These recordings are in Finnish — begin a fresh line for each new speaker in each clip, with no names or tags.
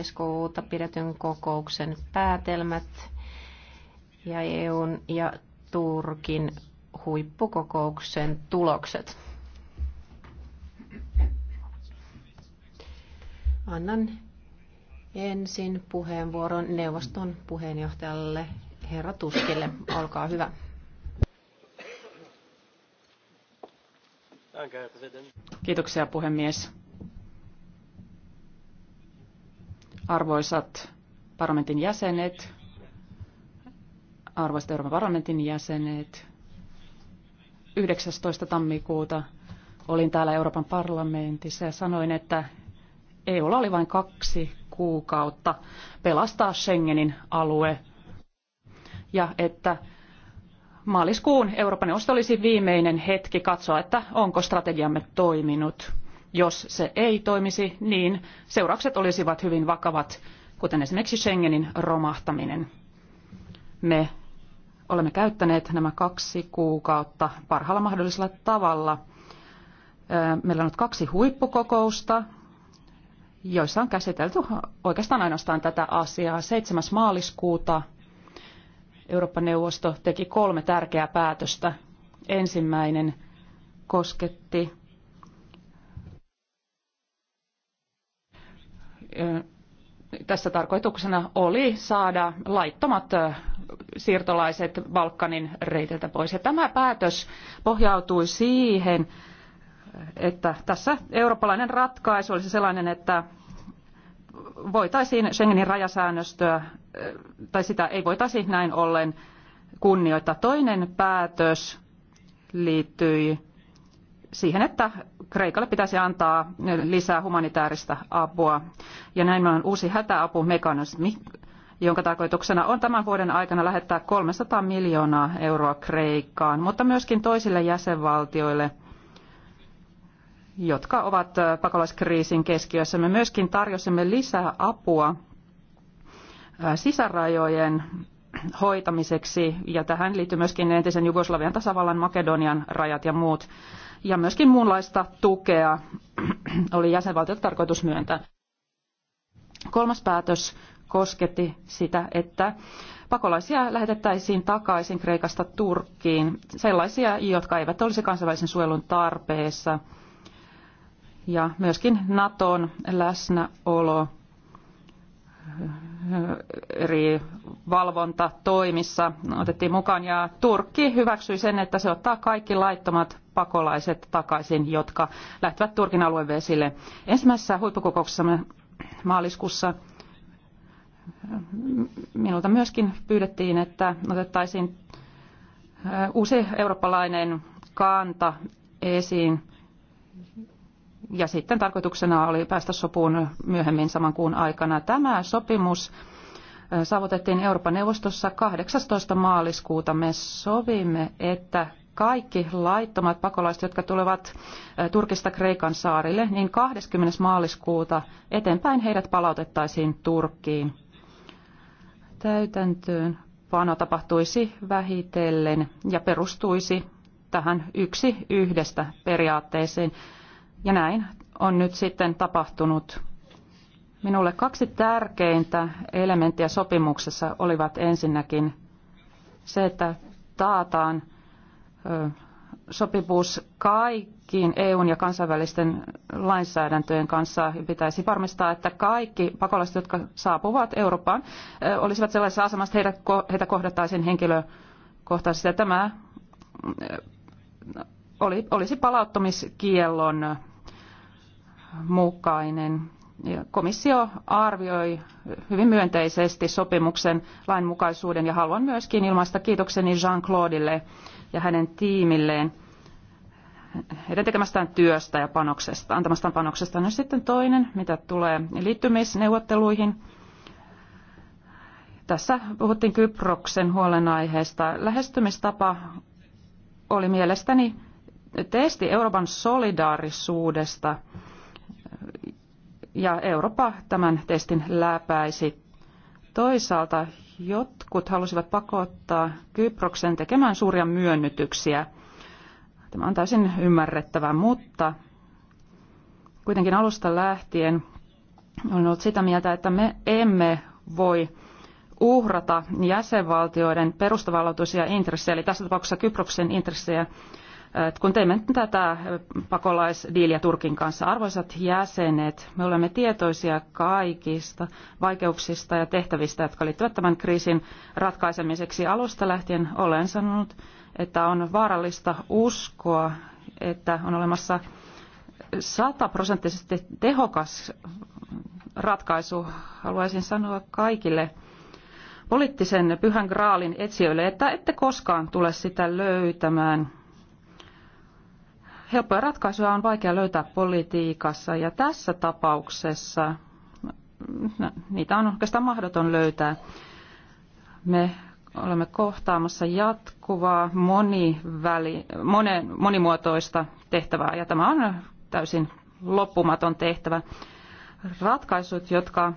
maaliskuuta pidetyn kokouksen päätelmät ja EUn ja Turkin huippukokouksen tulokset. Annan ensin puheenvuoron neuvoston puheenjohtajalle herra Tuskille.
Olkaa hyvä. Kiitoksia puhemies. Arvoisat parlamentin jäsenet, arvoisat Euroopan parlamentin jäsenet, 19. tammikuuta olin täällä Euroopan parlamentissa ja sanoin, että EUlla oli vain kaksi kuukautta pelastaa Schengenin alue ja että maaliskuun Euroopan neuvosto olisi viimeinen hetki katsoa, että onko strategiamme toiminut. Jos se ei toimisi, niin seuraukset olisivat hyvin vakavat, kuten esimerkiksi Schengenin romahtaminen. Me olemme käyttäneet nämä kaksi kuukautta parhaalla mahdollisella tavalla. Meillä on ollut kaksi huippukokousta, joissa on käsitelty oikeastaan ainoastaan tätä asiaa. 7. maaliskuuta Euroopan neuvosto teki kolme tärkeää päätöstä. Ensimmäinen kosketti tässä tarkoituksena oli saada laittomat siirtolaiset Balkanin reitiltä pois. Ja tämä päätös pohjautui siihen, että tässä eurooppalainen ratkaisu olisi sellainen, että voitaisiin Schengenin rajasäännöstöä, tai sitä ei voitaisi näin ollen kunnioittaa. Toinen päätös liittyi siihen, että Kreikalle pitäisi antaa lisää humanitaarista apua. Ja näin on uusi hätäapumekanismi, jonka tarkoituksena on tämän vuoden aikana lähettää 300 miljoonaa euroa Kreikkaan, mutta myöskin toisille jäsenvaltioille, jotka ovat pakolaiskriisin keskiössä. Me myöskin tarjosimme lisää apua sisärajojen hoitamiseksi ja tähän liittyy myöskin entisen Jugoslavian tasavallan Makedonian rajat ja muut ja myöskin muunlaista tukea oli jäsenvaltiot tarkoitus myöntää. Kolmas päätös kosketti sitä, että pakolaisia lähetettäisiin takaisin Kreikasta Turkkiin, sellaisia, jotka eivät olisi kansainvälisen suojelun tarpeessa. Ja myöskin Naton läsnäolo eri valvontatoimissa otettiin mukaan. Ja Turkki hyväksyi sen, että se ottaa kaikki laittomat pakolaiset takaisin, jotka lähtevät Turkin aluevesille. Ensimmäisessä huippukokouksessa maaliskuussa minulta myöskin pyydettiin, että otettaisiin uusi eurooppalainen kanta esiin ja sitten tarkoituksena oli päästä sopuun myöhemmin saman kuun aikana. Tämä sopimus saavutettiin Euroopan neuvostossa 18. maaliskuuta. Me sovimme, että kaikki laittomat pakolaiset, jotka tulevat Turkista Kreikan saarille, niin 20. maaliskuuta eteenpäin heidät palautettaisiin Turkkiin. Täytäntöön pano tapahtuisi vähitellen ja perustuisi tähän yksi yhdestä periaatteeseen. Ja näin on nyt sitten tapahtunut. Minulle kaksi tärkeintä elementtiä sopimuksessa olivat ensinnäkin se, että taataan sopivuus kaikkiin EUn ja kansainvälisten lainsäädäntöjen kanssa. Pitäisi varmistaa, että kaikki pakolaiset, jotka saapuvat Eurooppaan, olisivat sellaisessa asemassa, että heitä kohdattaisiin henkilökohtaisesti. tämä oli, olisi palauttamiskiellon mukainen. Komissio arvioi hyvin myönteisesti sopimuksen lainmukaisuuden ja haluan myöskin ilmaista kiitokseni Jean-Claudille ja hänen tiimilleen heidän tekemästään työstä ja panoksesta, antamastaan panoksesta. No sitten toinen, mitä tulee liittymisneuvotteluihin. Tässä puhuttiin Kyproksen huolenaiheesta. Lähestymistapa oli mielestäni testi Euroopan solidaarisuudesta – ja Eurooppa tämän testin läpäisi. Toisaalta jotkut halusivat pakottaa Kyproksen tekemään suuria myönnytyksiä. Tämä on täysin ymmärrettävää, mutta kuitenkin alusta lähtien olen ollut sitä mieltä, että me emme voi uhrata jäsenvaltioiden perustavanlaatuisia intressejä, eli tässä tapauksessa Kyproksen intressejä, Äh, kun teimme tätä pakolaisdiiliä Turkin kanssa. Arvoisat jäsenet, me olemme tietoisia kaikista vaikeuksista ja tehtävistä, jotka liittyvät tämän kriisin ratkaisemiseksi. Alusta lähtien olen sanonut, että on vaarallista uskoa, että on olemassa sataprosenttisesti tehokas ratkaisu, haluaisin sanoa kaikille poliittisen pyhän graalin etsijöille, että ette koskaan tule sitä löytämään – helppoja ratkaisuja on vaikea löytää politiikassa ja tässä tapauksessa no, niitä on oikeastaan mahdoton löytää. Me olemme kohtaamassa jatkuvaa moniväli, monen, monimuotoista tehtävää ja tämä on täysin loppumaton tehtävä. Ratkaisut, jotka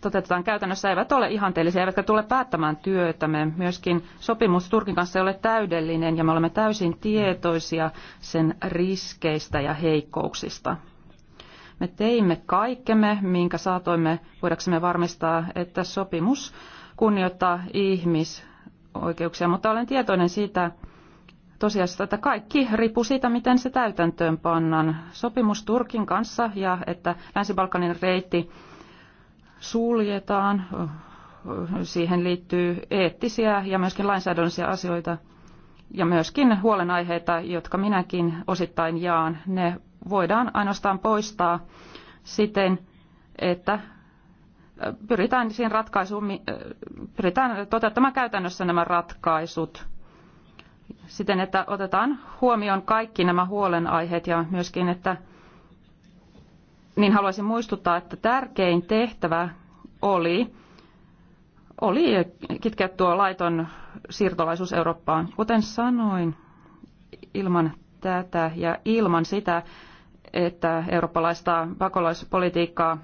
toteutetaan käytännössä eivät ole ihanteellisia, eivätkä tule päättämään työtämme. Myöskin sopimus Turkin kanssa ei ole täydellinen ja me olemme täysin tietoisia sen riskeistä ja heikkouksista. Me teimme kaikkemme, minkä saatoimme voidaksemme varmistaa, että sopimus kunnioittaa ihmisoikeuksia, mutta olen tietoinen siitä tosiasiassa, että kaikki riippuu siitä, miten se täytäntöön pannaan. Sopimus Turkin kanssa ja että Länsi-Balkanin reitti suljetaan. Siihen liittyy eettisiä ja myöskin lainsäädännöllisiä asioita ja myöskin huolenaiheita, jotka minäkin osittain jaan. Ne voidaan ainoastaan poistaa siten, että pyritään siihen ratkaisuun, pyritään toteuttamaan käytännössä nämä ratkaisut siten, että otetaan huomioon kaikki nämä huolenaiheet ja myöskin, että niin haluaisin muistuttaa, että tärkein tehtävä oli, oli kitkeä tuo laiton siirtolaisuus Eurooppaan. Kuten sanoin, ilman tätä ja ilman sitä, että eurooppalaista pakolaispolitiikkaa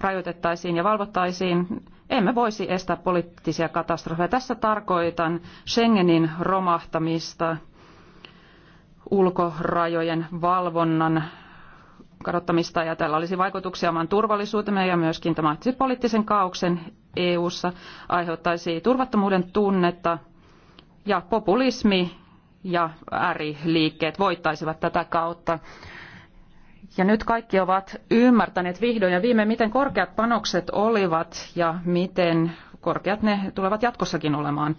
rajoitettaisiin ja valvottaisiin, emme voisi estää poliittisia katastrofeja. Tässä tarkoitan Schengenin romahtamista, ulkorajojen valvonnan kadottamista ja tällä olisi vaikutuksia maan turvallisuutemme ja myöskin tämä poliittisen kaauksen EU:ssa aiheuttaisi turvattomuuden tunnetta ja populismi ja ääriliikkeet voittaisivat tätä kautta. Ja nyt kaikki ovat ymmärtäneet vihdoin ja viime, miten korkeat panokset olivat ja miten korkeat ne tulevat jatkossakin olemaan.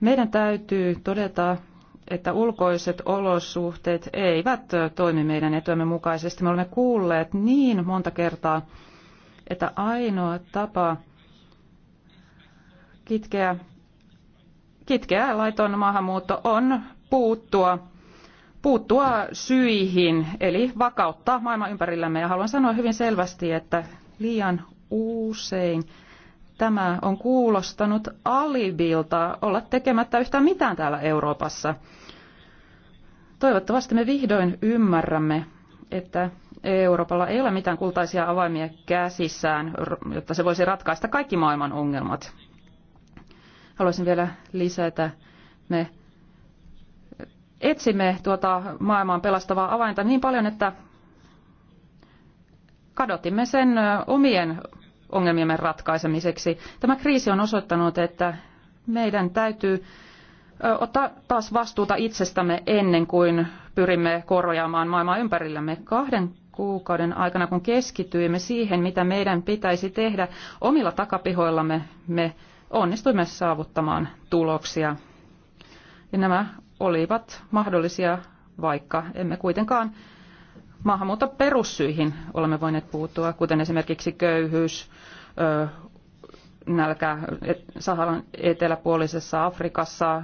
Meidän täytyy todeta että ulkoiset olosuhteet eivät toimi meidän etuemme mukaisesti. Me olemme kuulleet niin monta kertaa, että ainoa tapa kitkeä, kitkeä laiton maahanmuutto on puuttua puuttua syihin, eli vakauttaa maailman ympärillämme. Ja haluan sanoa hyvin selvästi, että liian usein Tämä on kuulostanut alibilta olla tekemättä yhtään mitään täällä Euroopassa. Toivottavasti me vihdoin ymmärrämme, että Euroopalla ei ole mitään kultaisia avaimia käsissään, jotta se voisi ratkaista kaikki maailman ongelmat. Haluaisin vielä lisätä, me etsimme tuota maailmaan pelastavaa avainta niin paljon, että kadotimme sen omien ongelmiemme ratkaisemiseksi. Tämä kriisi on osoittanut, että meidän täytyy ottaa taas vastuuta itsestämme ennen kuin pyrimme korjaamaan maailmaa ympärillämme. Kahden kuukauden aikana, kun keskityimme siihen, mitä meidän pitäisi tehdä omilla takapihoillamme, me onnistuimme saavuttamaan tuloksia. Ja nämä olivat mahdollisia, vaikka emme kuitenkaan maahanmuuton perussyihin olemme voineet puuttua, kuten esimerkiksi köyhyys, nälkä Saharan eteläpuolisessa Afrikassa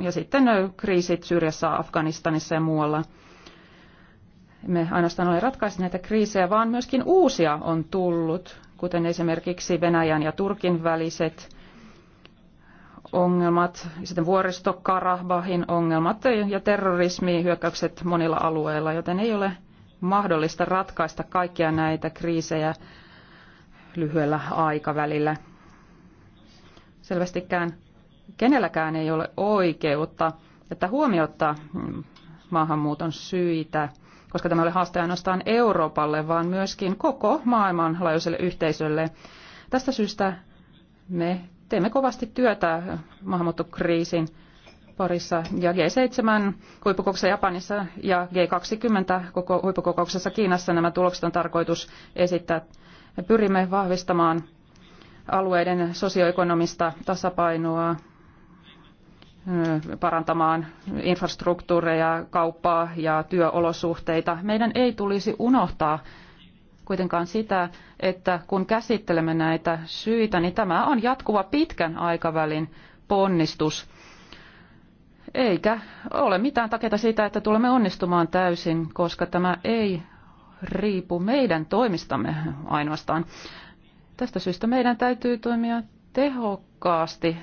ja sitten kriisit Syyriassa, Afganistanissa ja muualla. Me ainoastaan ole ratkaisi näitä kriisejä, vaan myöskin uusia on tullut, kuten esimerkiksi Venäjän ja Turkin väliset ongelmat, sitten vuoristo ongelmat ja terrorismi hyökkäykset monilla alueilla, joten ei ole mahdollista ratkaista kaikkia näitä kriisejä lyhyellä aikavälillä. Selvästikään kenelläkään ei ole oikeutta, että huomiota mm, maahanmuuton syitä, koska tämä oli haaste ainoastaan Euroopalle, vaan myöskin koko maailmanlaajuiselle yhteisölle. Tästä syystä me teemme kovasti työtä maahanmuuttokriisin Parissa ja G7 huippukokouksessa Japanissa ja G20 huippukokouksessa Kiinassa nämä tulokset on tarkoitus esittää. Me pyrimme vahvistamaan alueiden sosioekonomista tasapainoa, parantamaan infrastruktuureja, kauppaa ja työolosuhteita. Meidän ei tulisi unohtaa kuitenkaan sitä, että kun käsittelemme näitä syitä, niin tämä on jatkuva pitkän aikavälin ponnistus eikä ole mitään takeita siitä, että tulemme onnistumaan täysin, koska tämä ei riipu meidän toimistamme ainoastaan. Tästä syystä meidän täytyy toimia tehokkaasti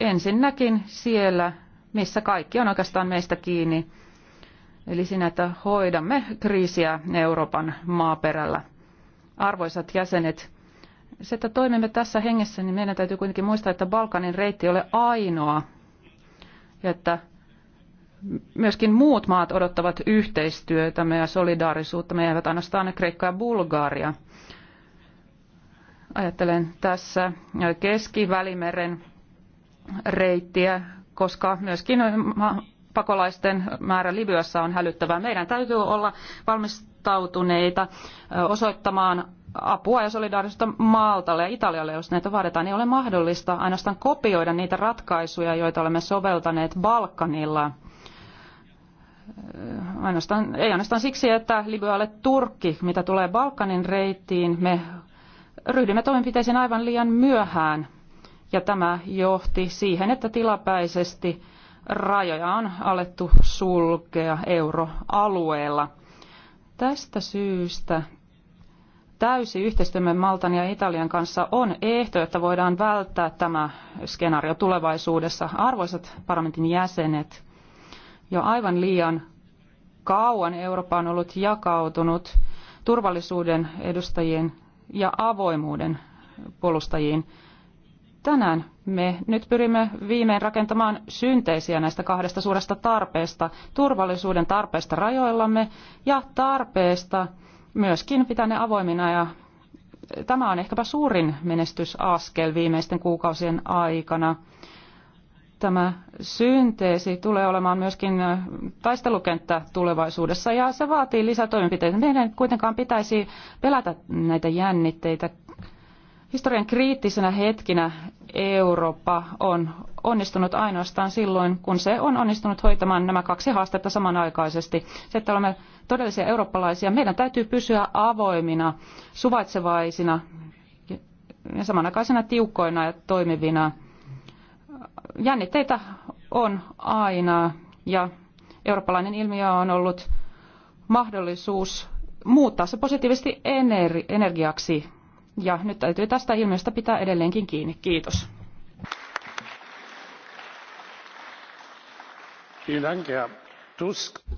ensinnäkin siellä, missä kaikki on oikeastaan meistä kiinni. Eli siinä, että hoidamme kriisiä Euroopan maaperällä. Arvoisat jäsenet, se, että toimimme tässä hengessä, niin meidän täytyy kuitenkin muistaa, että Balkanin reitti ei ole ainoa ja että myöskin muut maat odottavat yhteistyötämme ja solidaarisuuttamme, eivät ainoastaan Kreikka ja Bulgaria. Ajattelen tässä keskivälimeren reittiä, koska myöskin pakolaisten määrä Libyassa on hälyttävää. Meidän täytyy olla valmistautuneita osoittamaan apua ja solidaarisuutta Maltalle ja Italialle, jos näitä vaaditaan, niin ei ole mahdollista ainoastaan kopioida niitä ratkaisuja, joita olemme soveltaneet Balkanilla. Äh, ainoastaan, ei ainoastaan siksi, että Libyalle Turkki, mitä tulee Balkanin reittiin, me ryhdymme toimenpiteisiin aivan liian myöhään. Ja tämä johti siihen, että tilapäisesti rajoja on alettu sulkea euroalueella. Tästä syystä täysi yhteistyömme Maltan ja Italian kanssa on ehto, että voidaan välttää tämä skenaario tulevaisuudessa. Arvoisat parlamentin jäsenet, jo aivan liian kauan Eurooppa on ollut jakautunut turvallisuuden edustajien ja avoimuuden puolustajiin. Tänään me nyt pyrimme viimein rakentamaan synteisiä näistä kahdesta suuresta tarpeesta, turvallisuuden tarpeesta rajoillamme ja tarpeesta myöskin pitää ne avoimina ja tämä on ehkäpä suurin menestysaskel viimeisten kuukausien aikana. Tämä synteesi tulee olemaan myöskin taistelukenttä tulevaisuudessa ja se vaatii lisätoimenpiteitä. Meidän kuitenkaan pitäisi pelätä näitä jännitteitä. Historian kriittisenä hetkinä Eurooppa on onnistunut ainoastaan silloin, kun se on onnistunut hoitamaan nämä kaksi haastetta samanaikaisesti. Se, että olemme todellisia eurooppalaisia. Meidän täytyy pysyä avoimina, suvaitsevaisina ja samanaikaisena tiukkoina ja toimivina. Jännitteitä on aina ja eurooppalainen ilmiö on ollut mahdollisuus muuttaa se positiivisesti energiaksi. Ja nyt täytyy tästä ilmiöstä pitää edelleenkin kiinni. Kiitos.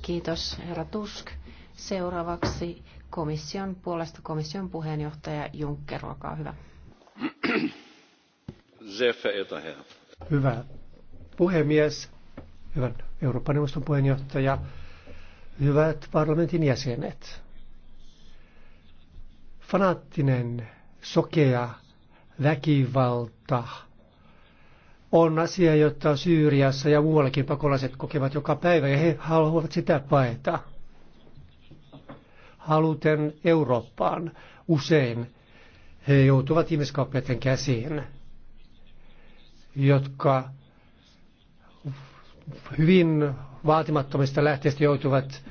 Kiitos, herra Tusk.
Seuraavaksi komission puolesta komission puheenjohtaja Juncker, olkaa hyvä.
Hyvä puhemies, hyvän Euroopan neuvoston puheenjohtaja, hyvät parlamentin jäsenet. Fanaattinen, sokea, väkivalta on asia, jota Syyriassa ja muuallakin pakolaiset kokevat joka päivä ja he haluavat sitä paeta – haluten Eurooppaan. Usein he joutuvat ihmiskauppiaiden käsiin, jotka hyvin vaatimattomista lähteistä joutuvat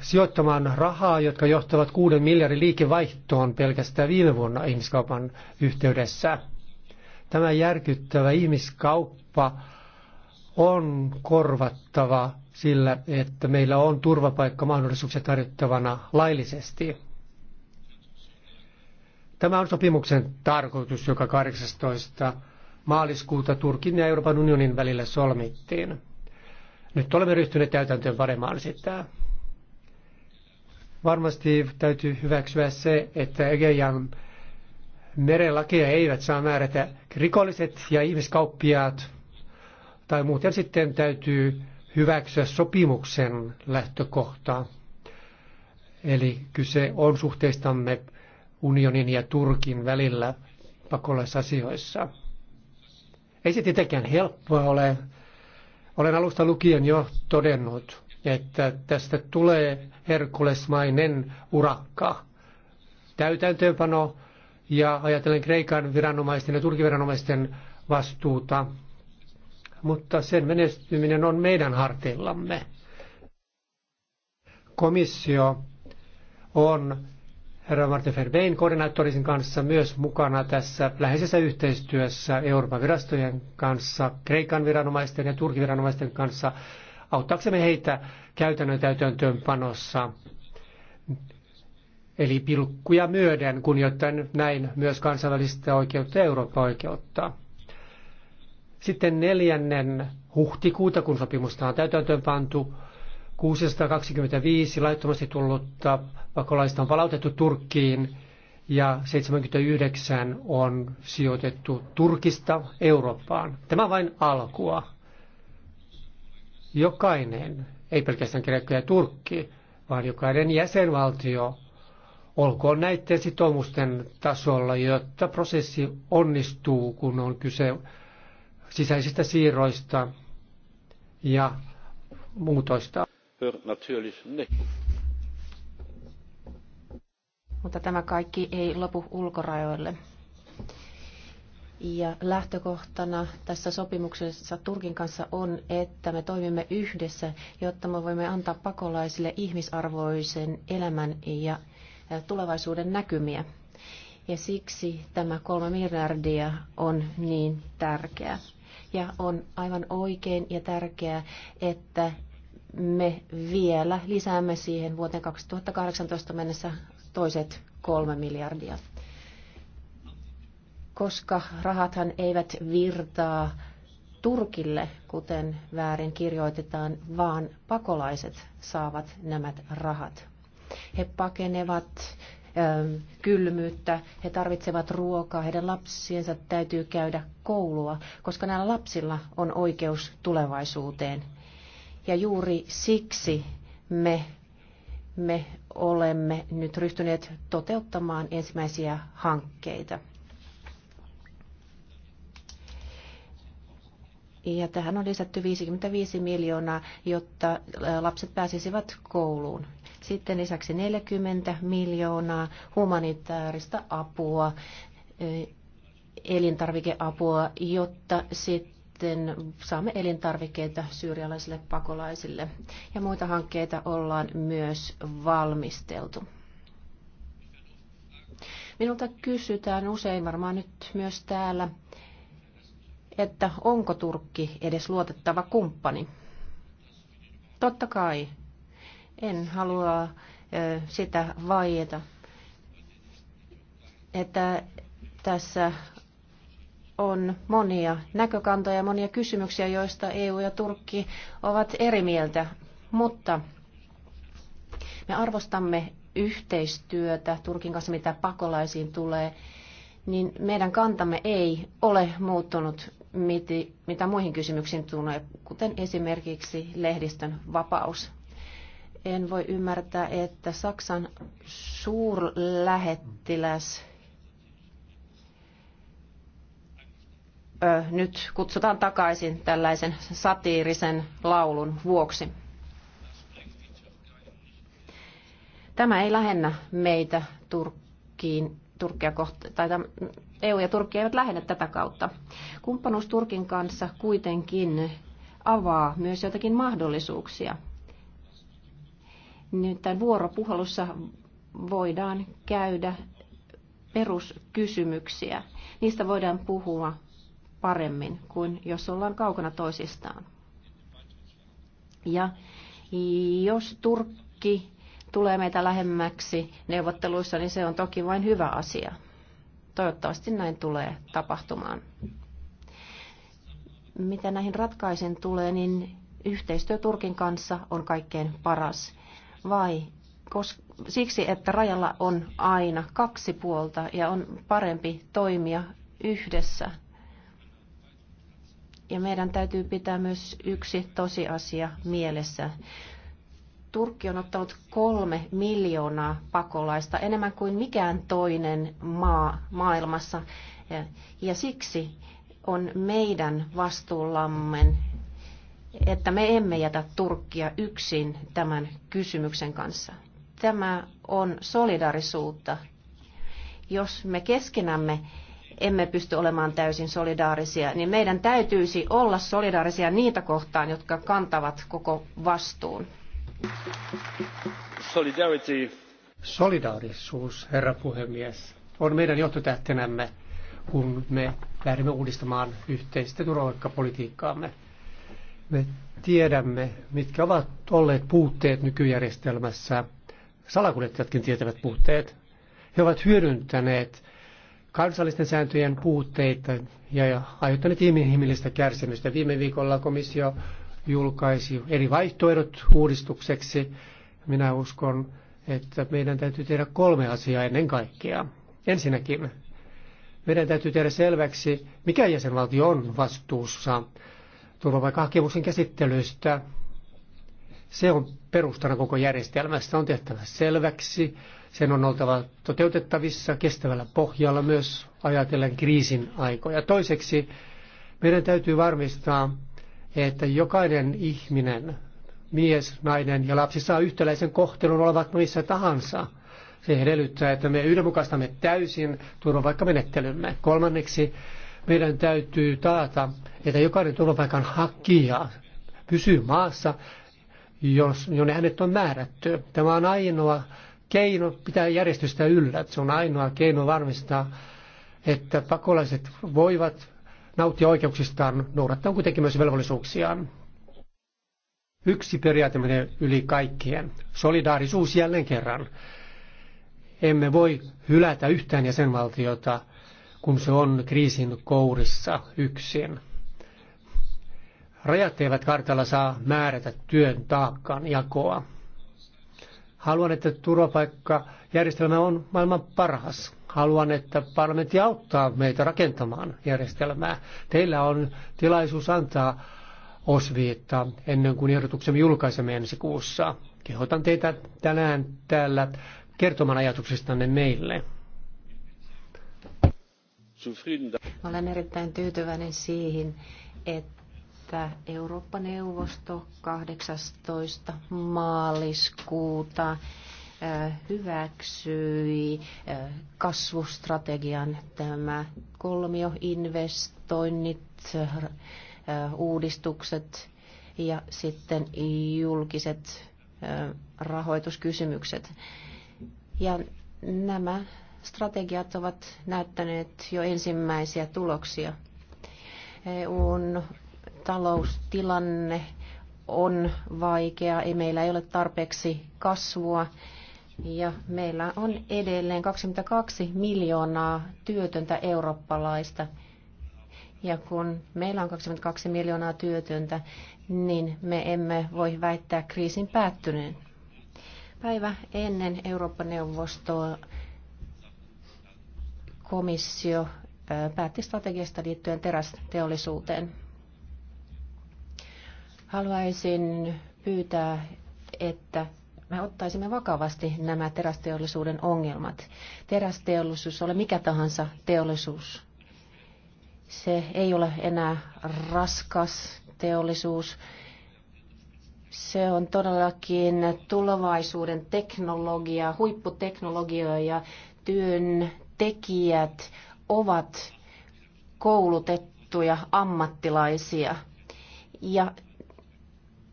sijoittamaan rahaa, jotka johtavat kuuden miljardin liikevaihtoon pelkästään viime vuonna ihmiskaupan yhteydessä. Tämä järkyttävä ihmiskauppa on korvattava sillä, että meillä on turvapaikkamahdollisuuksia tarjottavana laillisesti. Tämä on sopimuksen tarkoitus, joka 18. maaliskuuta Turkin ja Euroopan unionin välillä solmittiin. Nyt olemme ryhtyneet täytäntöön panemaan sitä. Varmasti täytyy hyväksyä se, että Egeian merelakeja eivät saa määrätä rikolliset ja ihmiskauppiaat, tai muuten sitten täytyy hyväksyä sopimuksen lähtökohtaa. Eli kyse on suhteistamme unionin ja Turkin välillä pakolaisasioissa. Ei se tietenkään helppoa ole. Olen alusta lukien jo todennut, että tästä tulee herkulesmainen urakka. Täytäntöönpano ja ajatellen Kreikan viranomaisten ja Turkin viranomaisten vastuuta mutta sen menestyminen on meidän harteillamme. Komissio on herra Martin Ferbein koordinaattorisin kanssa myös mukana tässä läheisessä yhteistyössä Euroopan virastojen kanssa, Kreikan viranomaisten ja Turkin viranomaisten kanssa, auttaaksemme heitä käytännön täytäntöönpanossa. Eli pilkkuja myöden, kunnioittain näin myös kansainvälistä oikeutta ja Euroopan oikeutta. Sitten neljännen huhtikuuta, kun sopimusta on täytäntöön pantu, 625 laittomasti tullutta pakolaista on palautettu Turkkiin ja 79 on sijoitettu Turkista Eurooppaan. Tämä vain alkua. Jokainen, ei pelkästään Kreikka ja Turkki, vaan jokainen jäsenvaltio olkoon näiden sitoumusten tasolla, jotta prosessi onnistuu, kun on kyse sisäisistä siirroista ja muutoista.
Mutta tämä kaikki ei lopu ulkorajoille. Ja lähtökohtana tässä sopimuksessa Turkin kanssa on, että me toimimme yhdessä, jotta me voimme antaa pakolaisille ihmisarvoisen elämän ja tulevaisuuden näkymiä. Ja siksi tämä kolme miljardia on niin tärkeä ja on aivan oikein ja tärkeää, että me vielä lisäämme siihen vuoteen 2018 mennessä toiset kolme miljardia. Koska rahathan eivät virtaa Turkille, kuten väärin kirjoitetaan, vaan pakolaiset saavat nämä rahat. He pakenevat Ähm, kylmyyttä, he tarvitsevat ruokaa, heidän lapsiensa täytyy käydä koulua, koska näillä lapsilla on oikeus tulevaisuuteen. Ja juuri siksi me, me olemme nyt ryhtyneet toteuttamaan ensimmäisiä hankkeita. Ja tähän on lisätty 55 miljoonaa, jotta äh, lapset pääsisivät kouluun. Sitten lisäksi 40 miljoonaa humanitaarista apua, elintarvikeapua, jotta sitten saamme elintarvikkeita syyrialaisille pakolaisille. Ja muita hankkeita ollaan myös valmisteltu. Minulta kysytään usein, varmaan nyt myös täällä, että onko Turkki edes luotettava kumppani? Totta kai en halua sitä vaieta, että tässä on monia näkökantoja ja monia kysymyksiä, joista EU ja Turkki ovat eri mieltä, mutta me arvostamme yhteistyötä Turkin kanssa, mitä pakolaisiin tulee, niin meidän kantamme ei ole muuttunut, mitä muihin kysymyksiin tulee, kuten esimerkiksi lehdistön vapaus. En voi ymmärtää, että Saksan suurlähettiläs ö, nyt kutsutaan takaisin tällaisen satiirisen laulun vuoksi. Tämä ei lähennä meitä Turkkiin, Turkia kohta, tai EU ja Turkki eivät lähennä tätä kautta. Kumppanuus Turkin kanssa kuitenkin avaa myös jotakin mahdollisuuksia – Nimittäin vuoropuhelussa voidaan käydä peruskysymyksiä. Niistä voidaan puhua paremmin kuin jos ollaan kaukana toisistaan. Ja jos Turkki tulee meitä lähemmäksi neuvotteluissa, niin se on toki vain hyvä asia. Toivottavasti näin tulee tapahtumaan. Mitä näihin ratkaisin tulee, niin yhteistyö Turkin kanssa on kaikkein paras vai siksi, että rajalla on aina kaksi puolta ja on parempi toimia yhdessä. Ja meidän täytyy pitää myös yksi tosiasia mielessä. Turkki on ottanut kolme miljoonaa pakolaista, enemmän kuin mikään toinen maa maailmassa. Ja, ja siksi on meidän vastuullamme että me emme jätä Turkkia yksin tämän kysymyksen kanssa. Tämä on solidarisuutta. Jos me keskenämme emme pysty olemaan täysin solidaarisia, niin meidän täytyisi olla solidaarisia niitä kohtaan, jotka kantavat koko vastuun.
Solidarity. Solidaarisuus, herra puhemies, on meidän johtotähtenämme, kun me lähdemme uudistamaan yhteistä turvapaikkapolitiikkaamme. Me tiedämme, mitkä ovat olleet puutteet nykyjärjestelmässä. Salakuljettajatkin tietävät puutteet. He ovat hyödyntäneet kansallisten sääntöjen puutteita ja aiheuttaneet inhimillistä kärsimystä. Viime viikolla komissio julkaisi eri vaihtoehdot uudistukseksi. Minä uskon, että meidän täytyy tehdä kolme asiaa ennen kaikkea. Ensinnäkin meidän täytyy tehdä selväksi, mikä jäsenvaltio on vastuussa turvapaikkahakemuksen käsittelystä. Se on perustana koko järjestelmästä, on tehtävä selväksi. Sen on oltava toteutettavissa kestävällä pohjalla myös ajatellen kriisin aikoja. Toiseksi meidän täytyy varmistaa, että jokainen ihminen, mies, nainen ja lapsi saa yhtäläisen kohtelun olevat missä tahansa. Se edellyttää, että me yhdenmukaistamme täysin turvapaikkamenettelymme. Kolmanneksi meidän täytyy taata, että jokainen turvapaikan hakija pysyy maassa, jos, jonne hänet on määrätty. Tämä on ainoa keino pitää järjestystä yllä. Se on ainoa keino varmistaa, että pakolaiset voivat nauttia oikeuksistaan, noudattaa kuitenkin myös velvollisuuksiaan. Yksi periaate menee yli kaikkien. Solidaarisuus jälleen kerran. Emme voi hylätä yhtään jäsenvaltiota kun se on kriisin kourissa yksin. Rajat eivät kartalla saa määrätä työn taakkaan jakoa. Haluan, että turvapaikkajärjestelmä on maailman parhas. Haluan, että parlamentti auttaa meitä rakentamaan järjestelmää. Teillä on tilaisuus antaa osviittaa ennen kuin ehdotuksemme julkaisemme ensi kuussa. Kehotan teitä tänään täällä kertomaan ajatuksistanne meille.
Olen erittäin tyytyväinen siihen, että Eurooppa-neuvosto 18. maaliskuuta hyväksyi kasvustrategian tämä investoinnit, uudistukset ja sitten julkiset rahoituskysymykset. Ja nämä strategiat ovat näyttäneet jo ensimmäisiä tuloksia. EUn taloustilanne on vaikea, ei meillä ei ole tarpeeksi kasvua ja meillä on edelleen 22 miljoonaa työtöntä eurooppalaista. Ja kun meillä on 22 miljoonaa työtöntä, niin me emme voi väittää kriisin päättyneen. Päivä ennen Eurooppa-neuvostoa komissio päätti strategiasta liittyen terästeollisuuteen. Haluaisin pyytää, että me ottaisimme vakavasti nämä terästeollisuuden ongelmat. Terästeollisuus ole mikä tahansa teollisuus. Se ei ole enää raskas teollisuus. Se on todellakin tulevaisuuden teknologia, huipputeknologia ja työn tekijät ovat koulutettuja ammattilaisia. Ja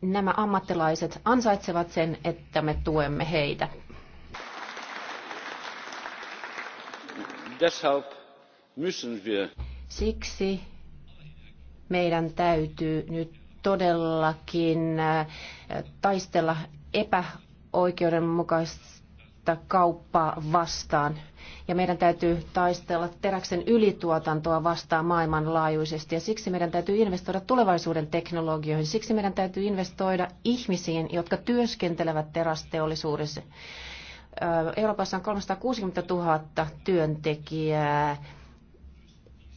nämä ammattilaiset ansaitsevat sen, että me tuemme heitä. Siksi meidän täytyy nyt todellakin äh, taistella epäoikeudenmukaista että kauppaa vastaan. Ja meidän täytyy taistella teräksen ylituotantoa vastaan maailmanlaajuisesti. Ja siksi meidän täytyy investoida tulevaisuuden teknologioihin. Siksi meidän täytyy investoida ihmisiin, jotka työskentelevät terästeollisuudessa. Euroopassa on 360 000 työntekijää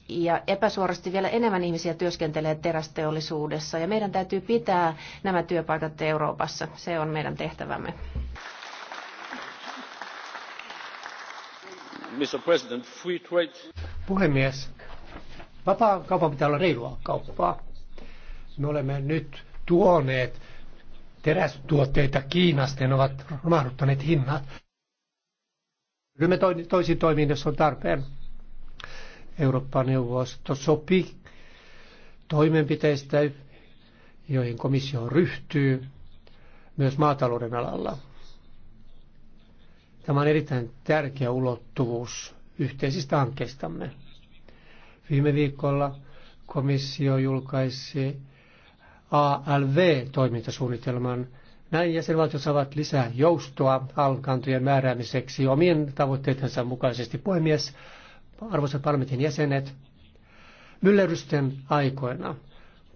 ja epäsuorasti vielä enemmän ihmisiä työskentelee terästeollisuudessa ja meidän täytyy pitää nämä työpaikat Euroopassa. Se on meidän tehtävämme.
Puhemies, vapaa kauppa pitää olla reilua kauppaa. Me olemme nyt tuoneet terästuotteita Kiinasta ja ne ovat romahduttaneet hinnat. Ryhmä toisiin toimiin, jos on tarpeen. Euroopan neuvosto sopii, toimenpiteistä, joihin komissio ryhtyy myös maatalouden alalla. Tämä on erittäin tärkeä ulottuvuus yhteisistä hankkeistamme. Viime viikolla komissio julkaisi ALV-toimintasuunnitelman. Näin jäsenvaltiot saavat lisää joustoa alkantojen määräämiseksi omien tavoitteidensa mukaisesti. Puhemies, arvoisat parlamentin jäsenet, myllerrysten aikoina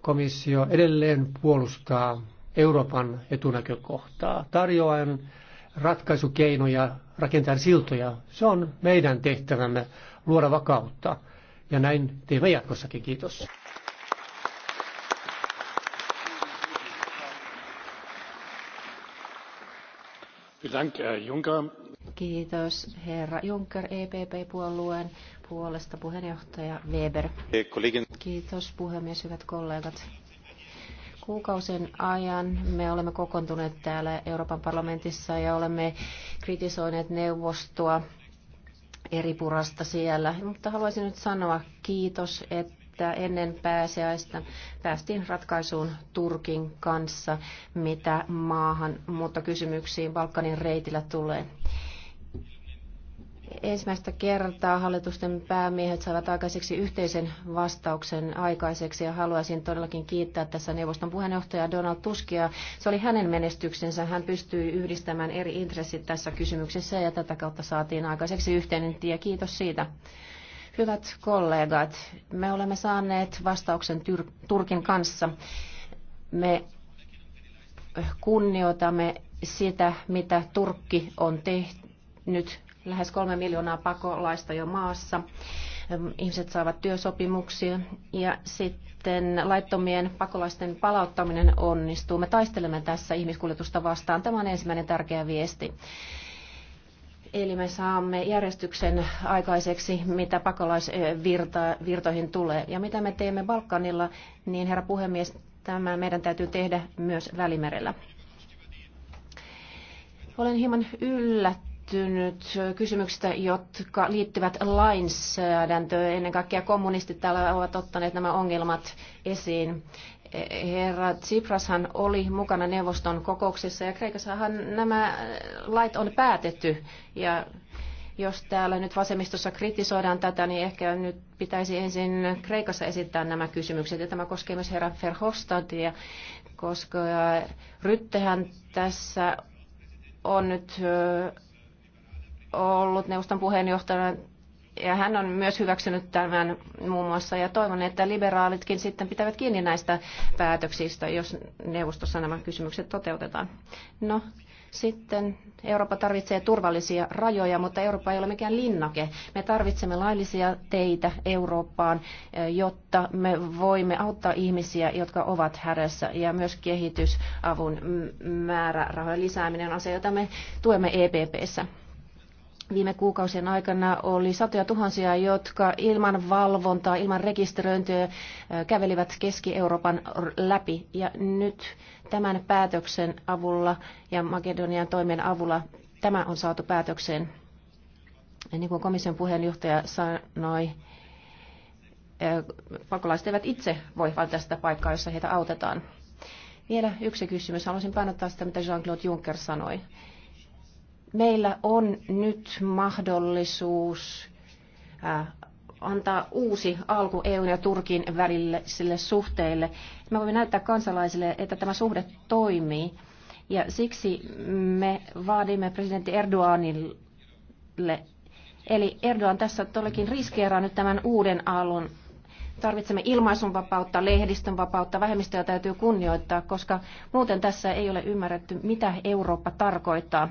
komissio edelleen puolustaa Euroopan etunäkökohtaa, tarjoaen ratkaisukeinoja rakentaa siltoja. Se on meidän tehtävämme luoda vakautta. Ja näin teemme jatkossakin. Kiitos.
Kiitos herra Juncker EPP-puolueen puolesta puheenjohtaja Weber. Kiitos puhemies, hyvät kollegat kuukausien ajan me olemme kokoontuneet täällä Euroopan parlamentissa ja olemme kritisoineet neuvostoa eri purasta siellä. Mutta haluaisin nyt sanoa kiitos, että ennen pääsiäistä päästiin ratkaisuun Turkin kanssa, mitä maahan, mutta kysymyksiin Balkanin reitillä tulee. Ensimmäistä kertaa hallitusten päämiehet saavat aikaiseksi yhteisen vastauksen aikaiseksi ja haluaisin todellakin kiittää tässä neuvoston puheenjohtaja Donald Tuskia. Se oli hänen menestyksensä. Hän pystyi yhdistämään eri intressit tässä kysymyksessä ja tätä kautta saatiin aikaiseksi yhteinen tie. Kiitos siitä. Hyvät kollegat, me olemme saaneet vastauksen Tyr- Turkin kanssa. Me kunnioitamme sitä, mitä Turkki on tehnyt lähes kolme miljoonaa pakolaista jo maassa. Ihmiset saavat työsopimuksia ja sitten laittomien pakolaisten palauttaminen onnistuu. Me taistelemme tässä ihmiskuljetusta vastaan. Tämä on ensimmäinen tärkeä viesti. Eli me saamme järjestyksen aikaiseksi, mitä pakolaisvirtoihin tulee. Ja mitä me teemme Balkanilla, niin herra puhemies, tämä meidän täytyy tehdä myös Välimerellä. Olen hieman yllättynyt liittynyt kysymyksistä, jotka liittyvät lainsäädäntöön. Ennen kaikkea kommunistit täällä ovat ottaneet nämä ongelmat esiin. Herra Tsiprashan oli mukana neuvoston kokouksessa ja Kreikassahan nämä lait on päätetty. Ja jos täällä nyt vasemmistossa kritisoidaan tätä, niin ehkä nyt pitäisi ensin Kreikassa esittää nämä kysymykset. Ja tämä koskee myös herra Verhofstadtia, koska Ryttehän tässä on nyt ollut neuvoston puheenjohtajana ja hän on myös hyväksynyt tämän muun muassa ja toivon, että liberaalitkin sitten pitävät kiinni näistä päätöksistä, jos neuvostossa nämä kysymykset toteutetaan. No, sitten Eurooppa tarvitsee turvallisia rajoja, mutta Eurooppa ei ole mikään linnake. Me tarvitsemme laillisia teitä Eurooppaan, jotta me voimme auttaa ihmisiä, jotka ovat hädässä. Ja myös kehitysavun määrärahojen lisääminen on asia, jota me tuemme EPPssä viime kuukausien aikana oli satoja tuhansia, jotka ilman valvontaa, ilman rekisteröintiä kävelivät Keski-Euroopan läpi. Ja nyt tämän päätöksen avulla ja Makedonian toimien avulla tämä on saatu päätökseen. Ja niin kuin komission puheenjohtaja sanoi, pakolaiset eivät itse voi valita sitä paikkaa, jossa heitä autetaan. Vielä yksi kysymys. Haluaisin painottaa sitä, mitä Jean-Claude Juncker sanoi meillä on nyt mahdollisuus äh, antaa uusi alku EUn ja Turkin välisille suhteille. Me voimme näyttää kansalaisille, että tämä suhde toimii. Ja siksi me vaadimme presidentti Erdoganille, eli Erdogan tässä todellakin riskeeraa nyt tämän uuden alun. Tarvitsemme ilmaisunvapautta, vapautta, vähemmistöjä täytyy kunnioittaa, koska muuten tässä ei ole ymmärretty, mitä Eurooppa tarkoittaa.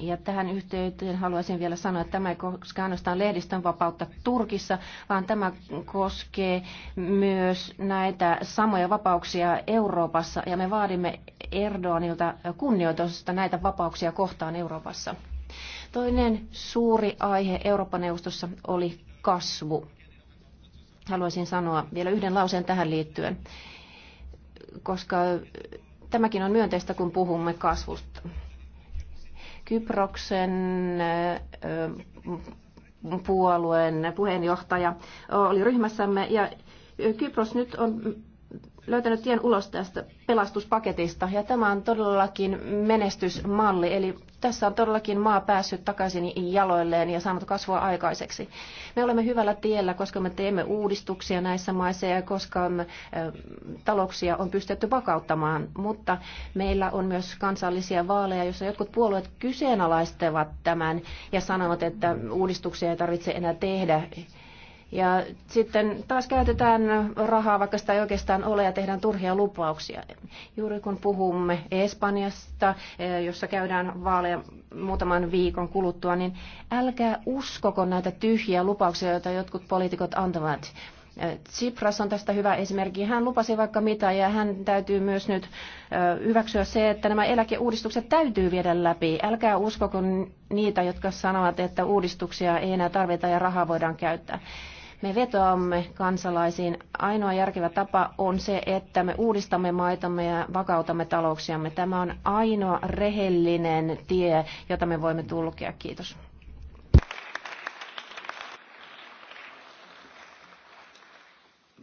Ja tähän yhteyteen haluaisin vielä sanoa, että tämä ei koske ainoastaan lehdistön vapautta Turkissa, vaan tämä koskee myös näitä samoja vapauksia Euroopassa. Ja me vaadimme Erdoganilta kunnioitusta näitä vapauksia kohtaan Euroopassa. Toinen suuri aihe Euroopan neuvostossa oli kasvu. Haluaisin sanoa vielä yhden lauseen tähän liittyen, koska tämäkin on myönteistä, kun puhumme kasvusta. Kyproksen puolueen puheenjohtaja oli ryhmässämme ja Kypros nyt on löytänyt tien ulos tästä pelastuspaketista ja tämä on todellakin menestysmalli, eli tässä on todellakin maa päässyt takaisin jaloilleen ja saanut kasvua aikaiseksi. Me olemme hyvällä tiellä, koska me teemme uudistuksia näissä maissa ja koska me, talouksia on pystytty vakauttamaan, mutta meillä on myös kansallisia vaaleja, joissa jotkut puolueet kyseenalaistavat tämän ja sanovat, että uudistuksia ei tarvitse enää tehdä ja sitten taas käytetään rahaa, vaikka sitä ei oikeastaan ole, ja tehdään turhia lupauksia. Juuri kun puhumme Espanjasta, eh, jossa käydään vaaleja muutaman viikon kuluttua, niin älkää uskoko näitä tyhjiä lupauksia, joita jotkut poliitikot antavat. Eh, Tsipras on tästä hyvä esimerkki. Hän lupasi vaikka mitä ja hän täytyy myös nyt eh, hyväksyä se, että nämä eläkeuudistukset täytyy viedä läpi. Älkää uskoko niitä, jotka sanovat, että uudistuksia ei enää tarvita ja rahaa voidaan käyttää. Me vetoamme kansalaisiin. Ainoa järkevä tapa on se, että me uudistamme maitamme ja vakautamme talouksiamme. Tämä on ainoa rehellinen tie, jota me voimme tulkea. Kiitos.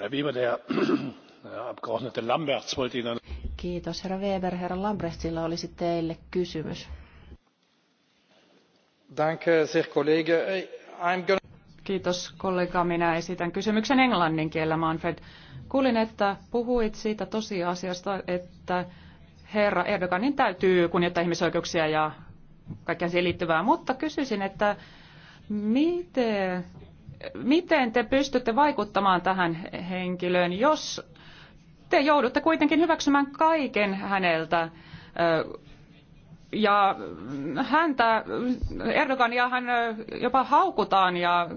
Äh, Kiitos, herra Weber. Herra Lambrechtsilla olisi teille kysymys.
Danke, sehr Kollege. Äh,
I'm gonna... Kiitos kollega, minä esitän kysymyksen englannin kielellä, Manfred. Kuulin, että puhuit siitä tosiasiasta, että herra Erdoganin täytyy kunnioittaa ihmisoikeuksia ja kaikkea siihen liittyvää, mutta kysyisin, että miten, miten te pystytte vaikuttamaan tähän henkilöön, jos te joudutte kuitenkin hyväksymään kaiken häneltä ja häntä, Erdogania hän jopa haukutaan ja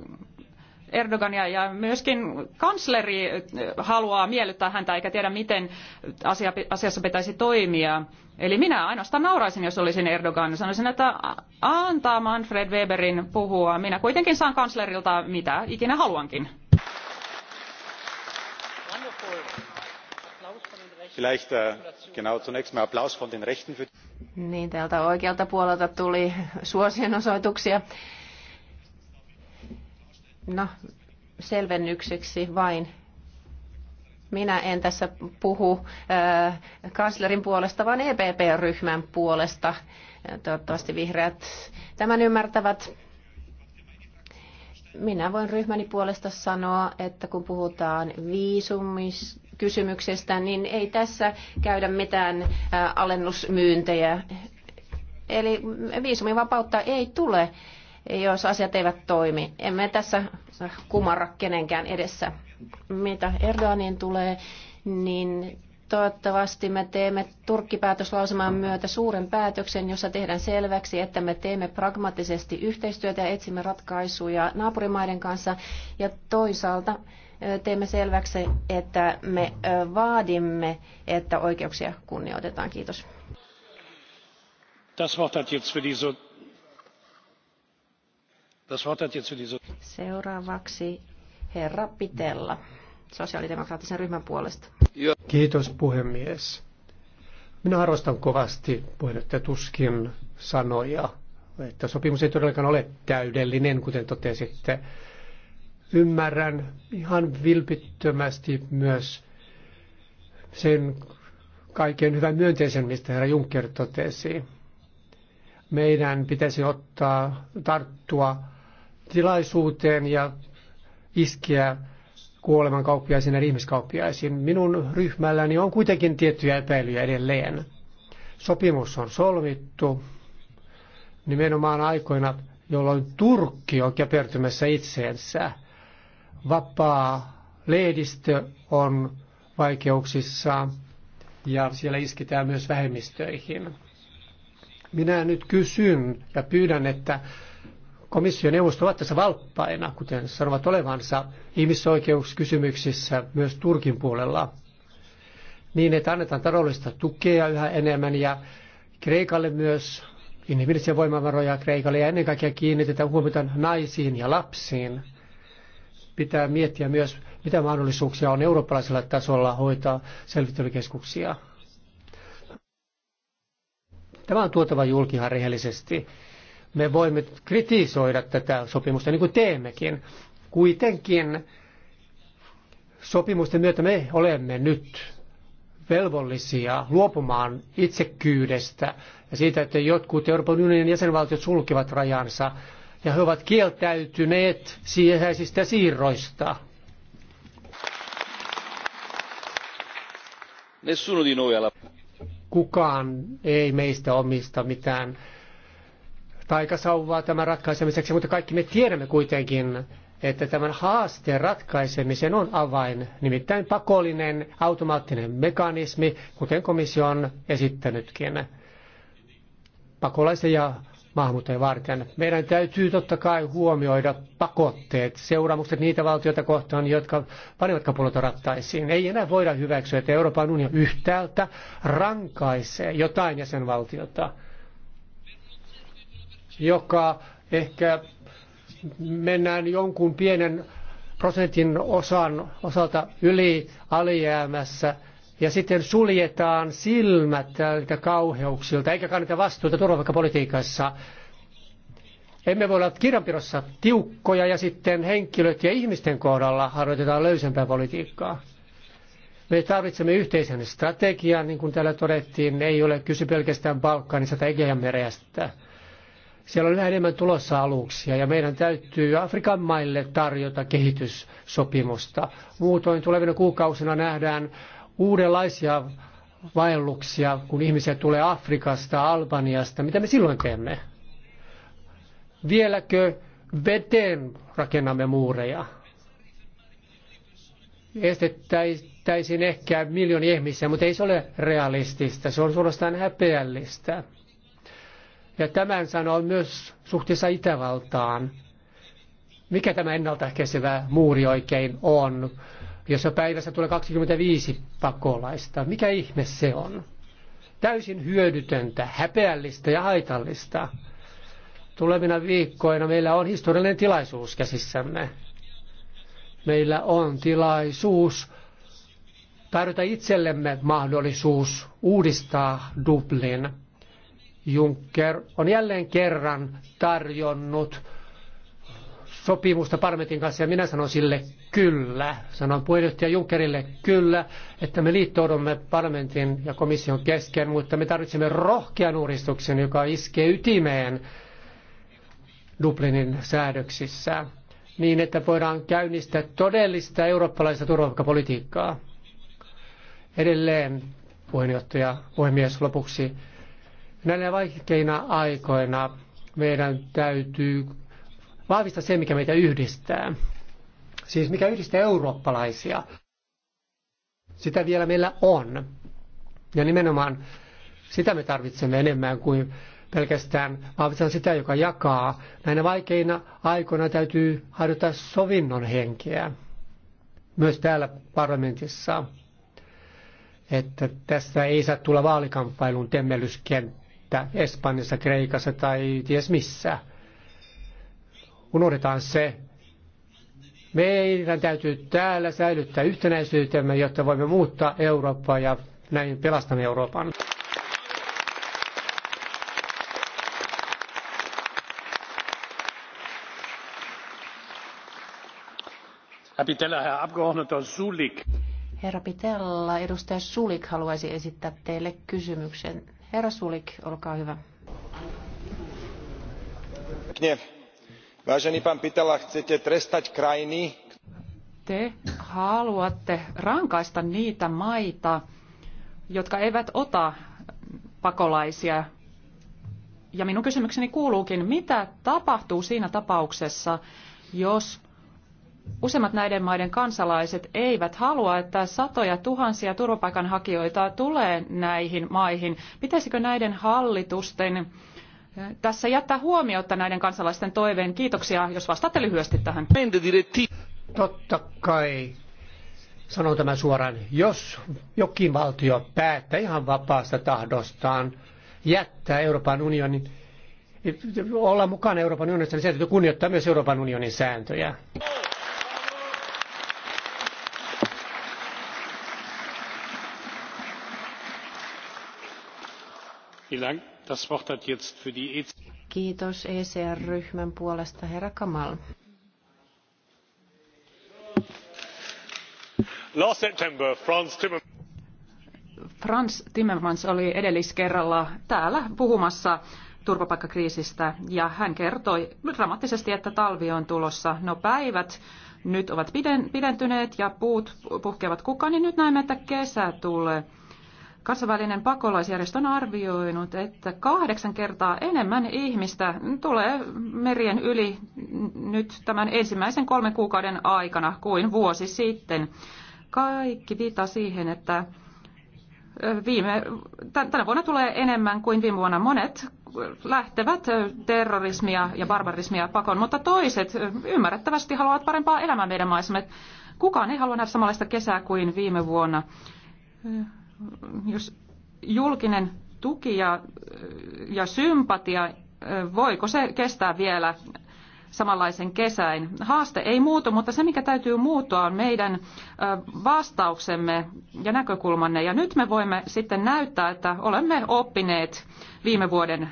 Erdogania ja myöskin kansleri haluaa miellyttää häntä eikä tiedä miten asia, asiassa pitäisi toimia. Eli minä ainoastaan nauraisin, jos olisin Erdogan. Sanoisin, että antaa Manfred Weberin puhua. Minä kuitenkin saan kanslerilta mitä ikinä haluankin.
vielleicht äh, genau zunächst mal applaus von den rechten für
niin täältä oikealta puolelta tuli suosionosoituksia. No, selvennykseksi vain. Minä en tässä puhu äh, kanslerin puolesta, vaan EPP-ryhmän puolesta. Toivottavasti vihreät tämän ymmärtävät minä voin ryhmäni puolesta sanoa, että kun puhutaan viisumiskysymyksestä, niin ei tässä käydä mitään alennusmyyntejä. Eli viisumivapautta ei tule, jos asiat eivät toimi. Emme tässä kumarra kenenkään edessä. Mitä Erdoganin tulee, niin Toivottavasti me teemme turkki päätöslausumaan myötä suuren päätöksen, jossa tehdään selväksi, että me teemme pragmaattisesti yhteistyötä ja etsimme ratkaisuja naapurimaiden kanssa. Ja toisaalta teemme selväksi, että me vaadimme, että oikeuksia kunnioitetaan. Kiitos.
Das Wort hat jetzt für diese
Seuraavaksi herra Pitella sosiaalidemokraattisen ryhmän puolesta.
Kiitos puhemies. Minä arvostan kovasti puheenjohtaja Tuskin sanoja, että sopimus ei todellakaan ole täydellinen, kuten totesitte. Ymmärrän ihan vilpittömästi myös sen kaiken hyvän myönteisen, mistä herra Juncker totesi. Meidän pitäisi ottaa, tarttua tilaisuuteen ja iskeä kauppiaisiin ja ihmiskauppiaisiin. Minun ryhmälläni on kuitenkin tiettyjä epäilyjä edelleen. Sopimus on solmittu nimenomaan aikoina, jolloin Turkki on käpertymässä itseensä. Vapaa lehdistö on vaikeuksissa ja siellä isketään myös vähemmistöihin. Minä nyt kysyn ja pyydän, että komissio neuvosto ovat tässä valppaina, kuten sanovat olevansa ihmisoikeuskysymyksissä myös Turkin puolella, niin että annetaan taloudellista tukea yhä enemmän ja Kreikalle myös inhimillisiä voimavaroja Kreikalle ja ennen kaikkea kiinnitetään huomiota naisiin ja lapsiin. Pitää miettiä myös, mitä mahdollisuuksia on eurooppalaisella tasolla hoitaa selvittelykeskuksia. Tämä on tuotava julkihan rehellisesti me voimme kritisoida tätä sopimusta, niin kuin teemmekin. Kuitenkin sopimusten myötä me olemme nyt velvollisia luopumaan itsekyydestä ja siitä, että jotkut Euroopan unionin jäsenvaltiot sulkivat rajansa ja he ovat kieltäytyneet sisäisistä siirroista. Kukaan ei meistä omista mitään taikasauvaa tämän ratkaisemiseksi, mutta kaikki me tiedämme kuitenkin, että tämän haasteen ratkaisemisen on avain, nimittäin pakollinen automaattinen mekanismi, kuten komissio on esittänytkin pakolaisen ja maahanmuuttajien varten. Meidän täytyy totta kai huomioida pakotteet, seuraamukset niitä valtioita kohtaan, jotka panivat kapulot rattaisiin. Ei enää voida hyväksyä, että Euroopan unioni yhtäältä rankaisee jotain jäsenvaltiota – joka ehkä mennään jonkun pienen prosentin osan, osalta yli alijäämässä ja sitten suljetaan silmät tältä kauheuksilta, eikä kannata vastuuta turvapaikkapolitiikassa. Emme voi olla kirjanpidossa tiukkoja ja sitten henkilöt ja ihmisten kohdalla harjoitetaan löysempää politiikkaa. Me tarvitsemme yhteisen strategian, niin kuin täällä todettiin, ei ole kyse pelkästään Balkanista tai Egeanmerestä. Siellä on yhä enemmän tulossa aluksia ja meidän täytyy Afrikan maille tarjota kehityssopimusta. Muutoin tulevina kuukausina nähdään uudenlaisia vaelluksia, kun ihmisiä tulee Afrikasta, Albaniasta. Mitä me silloin teemme? Vieläkö veteen rakennamme muureja? Estettäisiin ehkä miljoonia ihmisiä, mutta ei se ole realistista. Se on suorastaan häpeällistä. Ja tämän sanoo myös suhteessa Itävaltaan. Mikä tämä ennaltaehkäisevä muuri oikein on, jos päivässä tulee 25 pakolaista? Mikä ihme se on? Täysin hyödytöntä, häpeällistä ja haitallista. Tulevina viikkoina meillä on historiallinen tilaisuus käsissämme. Meillä on tilaisuus tarjota itsellemme mahdollisuus uudistaa Dublin Juncker on jälleen kerran tarjonnut sopimusta parlamentin kanssa ja minä sanon sille kyllä. Sanon puheenjohtaja Junckerille kyllä, että me liittoudumme parlamentin ja komission kesken, mutta me tarvitsemme rohkean uudistuksen, joka iskee ytimeen Dublinin säädöksissä niin, että voidaan käynnistää todellista eurooppalaista turvapaikkapolitiikkaa. Edelleen puheenjohtaja, puhemies lopuksi Näinä vaikeina aikoina meidän täytyy vahvistaa se, mikä meitä yhdistää. Siis mikä yhdistää eurooppalaisia. Sitä vielä meillä on. Ja nimenomaan sitä me tarvitsemme enemmän kuin pelkästään vahvistaa sitä, joka jakaa. Näinä vaikeina aikoina täytyy harjoittaa sovinnon henkeä myös täällä parlamentissa, että tästä ei saa tulla vaalikamppailun temmelyskenttää että Espanjassa, Kreikassa tai ties missä. Unohdetaan se. Meidän täytyy täällä säilyttää yhtenäisyytemme, jotta voimme muuttaa Eurooppaa ja näin pelastamme Euroopan.
Herra Pitella, edustaja Sulik haluaisi esittää teille kysymyksen. Herra Sulik, olkaa hyvä.
Vážený pán Pitela, chcete trestať krajiny?
Te haluatte rankaista niitä maita, jotka eivät ota pakolaisia. Ja minun kysymykseni kuuluukin, mitä tapahtuu siinä tapauksessa, jos useimmat näiden maiden kansalaiset eivät halua, että satoja tuhansia turvapaikanhakijoita tulee näihin maihin. Pitäisikö näiden hallitusten eh, tässä jättää huomiota näiden kansalaisten toiveen? Kiitoksia, jos vastaatte lyhyesti tähän. Totta
kai, sanon tämän suoraan, jos jokin valtio päättää ihan vapaasta tahdostaan jättää Euroopan unionin niin olla mukana Euroopan unionissa, niin se täytyy kunnioittaa myös Euroopan unionin sääntöjä. E
Kiitos ECR-ryhmän puolesta, herra Kamal.
Last September, Franz Timmermans.
Frans Timmermans oli edelliskerralla täällä puhumassa turvapaikkakriisistä ja hän kertoi dramaattisesti, että talvi on tulossa. No päivät nyt ovat pidentyneet ja puut puhkeavat kukaan, niin nyt näemme, että kesä tulee. Kansainvälinen pakolaisjärjestö on arvioinut, että kahdeksan kertaa enemmän ihmistä tulee merien yli nyt tämän ensimmäisen kolmen kuukauden aikana kuin vuosi sitten. Kaikki viittaa siihen, että viime, tänä vuonna tulee enemmän kuin viime vuonna. Monet lähtevät terrorismia ja barbarismia pakoon, mutta toiset ymmärrettävästi haluavat parempaa elämää meidän maissamme. Kukaan ei halua nähdä samanlaista kesää kuin viime vuonna jos julkinen tuki ja, ja sympatia, voiko se kestää vielä samanlaisen kesäin? Haaste ei muutu, mutta se mikä täytyy muuttua on meidän vastauksemme ja näkökulmanne. Ja nyt me voimme sitten näyttää, että olemme oppineet viime vuoden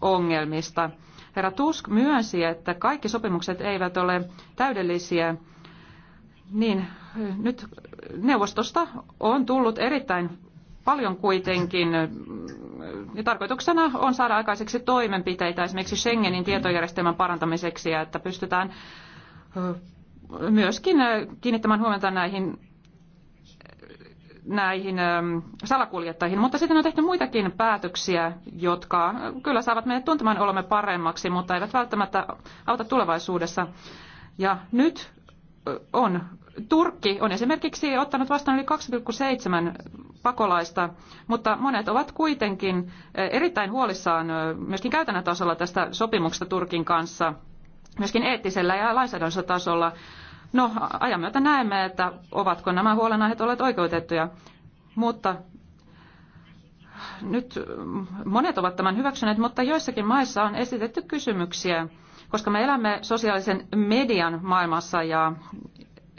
ongelmista. Herra Tusk myönsi, että kaikki sopimukset eivät ole täydellisiä, niin nyt neuvostosta on tullut erittäin paljon kuitenkin. Ja tarkoituksena on saada aikaiseksi toimenpiteitä esimerkiksi Schengenin tietojärjestelmän parantamiseksi ja että pystytään myöskin kiinnittämään huomiota näihin näihin salakuljettajiin, mutta sitten on tehty muitakin päätöksiä, jotka kyllä saavat meidät tuntemaan olemme paremmaksi, mutta eivät välttämättä auta tulevaisuudessa. Ja nyt on Turkki on esimerkiksi ottanut vastaan yli 2,7 pakolaista, mutta monet ovat kuitenkin eh, erittäin huolissaan eh, myöskin käytännön tasolla tästä sopimuksesta Turkin kanssa, myöskin eettisellä ja lainsäädännöllisellä tasolla. No, ajan myötä näemme, että ovatko nämä huolenaiheet olleet oikeutettuja, mutta nyt mm, monet ovat tämän hyväksyneet, mutta joissakin maissa on esitetty kysymyksiä, koska me elämme sosiaalisen median maailmassa ja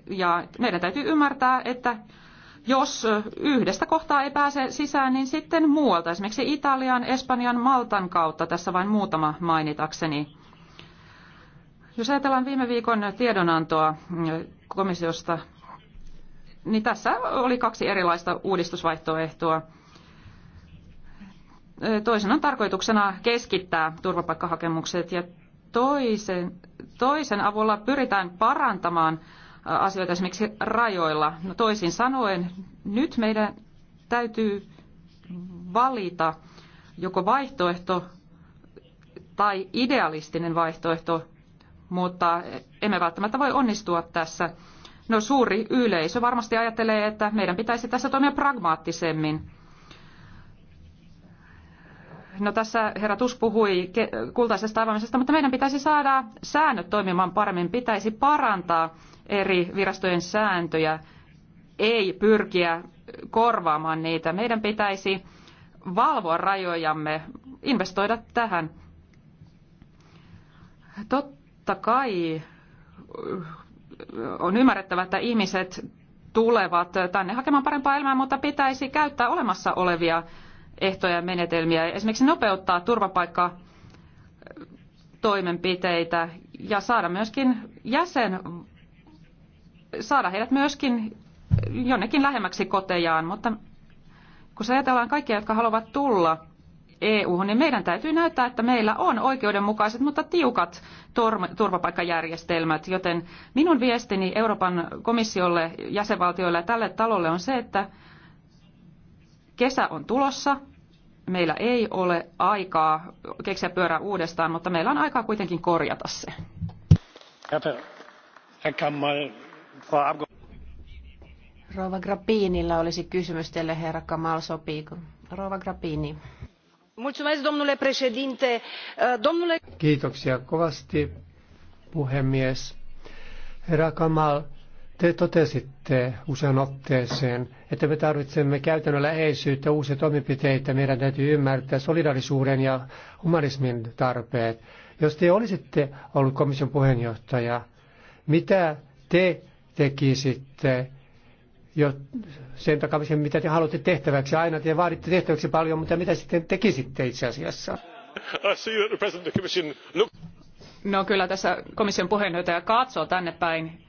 ja meidän täytyy ymmärtää, että jos yhdestä kohtaa ei pääse sisään, niin sitten muualta, esimerkiksi Italian, Espanjan, Maltan kautta, tässä vain muutama mainitakseni. Jos ajatellaan viime viikon tiedonantoa komissiosta, niin tässä oli kaksi erilaista uudistusvaihtoehtoa. Toisen on tarkoituksena keskittää turvapaikkahakemukset ja toisen, toisen avulla pyritään parantamaan asioita esimerkiksi rajoilla. No toisin sanoen, nyt meidän täytyy valita joko vaihtoehto tai idealistinen vaihtoehto, mutta emme välttämättä voi onnistua tässä. No suuri yleisö varmasti ajattelee, että meidän pitäisi tässä toimia pragmaattisemmin. No tässä herra Tus puhui kultaisesta avaamisesta, mutta meidän pitäisi saada säännöt toimimaan paremmin, pitäisi parantaa eri virastojen sääntöjä, ei pyrkiä korvaamaan niitä. Meidän pitäisi valvoa rajojamme, investoida tähän. Totta kai on ymmärrettävä, että ihmiset tulevat tänne hakemaan parempaa elämää, mutta pitäisi käyttää olemassa olevia ehtoja ja menetelmiä. Esimerkiksi nopeuttaa turvapaikkaa toimenpiteitä ja saada myöskin jäsen saada heidät myöskin jonnekin lähemmäksi kotejaan, mutta kun ajatellaan kaikkia, jotka haluavat tulla EU-hun, niin meidän täytyy näyttää, että meillä on oikeudenmukaiset, mutta tiukat turvapaikkajärjestelmät, joten minun viestini Euroopan komissiolle, jäsenvaltioille ja tälle talolle on se, että kesä on tulossa, meillä ei ole aikaa keksiä pyörää uudestaan, mutta meillä on aikaa kuitenkin korjata se. Herr Kammal,
Rova Grappinilla olisi kysymys teille, herra Kamal, sopiiko? Rova Grappini. Uh,
Kiitoksia kovasti, puhemies. Herra Kamal, te totesitte usean otteeseen, että me tarvitsemme käytännön läheisyyttä, uusia toimenpiteitä. Meidän täytyy ymmärtää solidarisuuden ja humanismin tarpeet. Jos te olisitte ollut komission puheenjohtaja, mitä te tekisitte jo sen takaisin, mitä te haluatte tehtäväksi. Aina te vaaditte tehtäväksi paljon, mutta mitä sitten tekisitte itse asiassa?
No kyllä tässä komission puheenjohtaja katsoo tänne päin.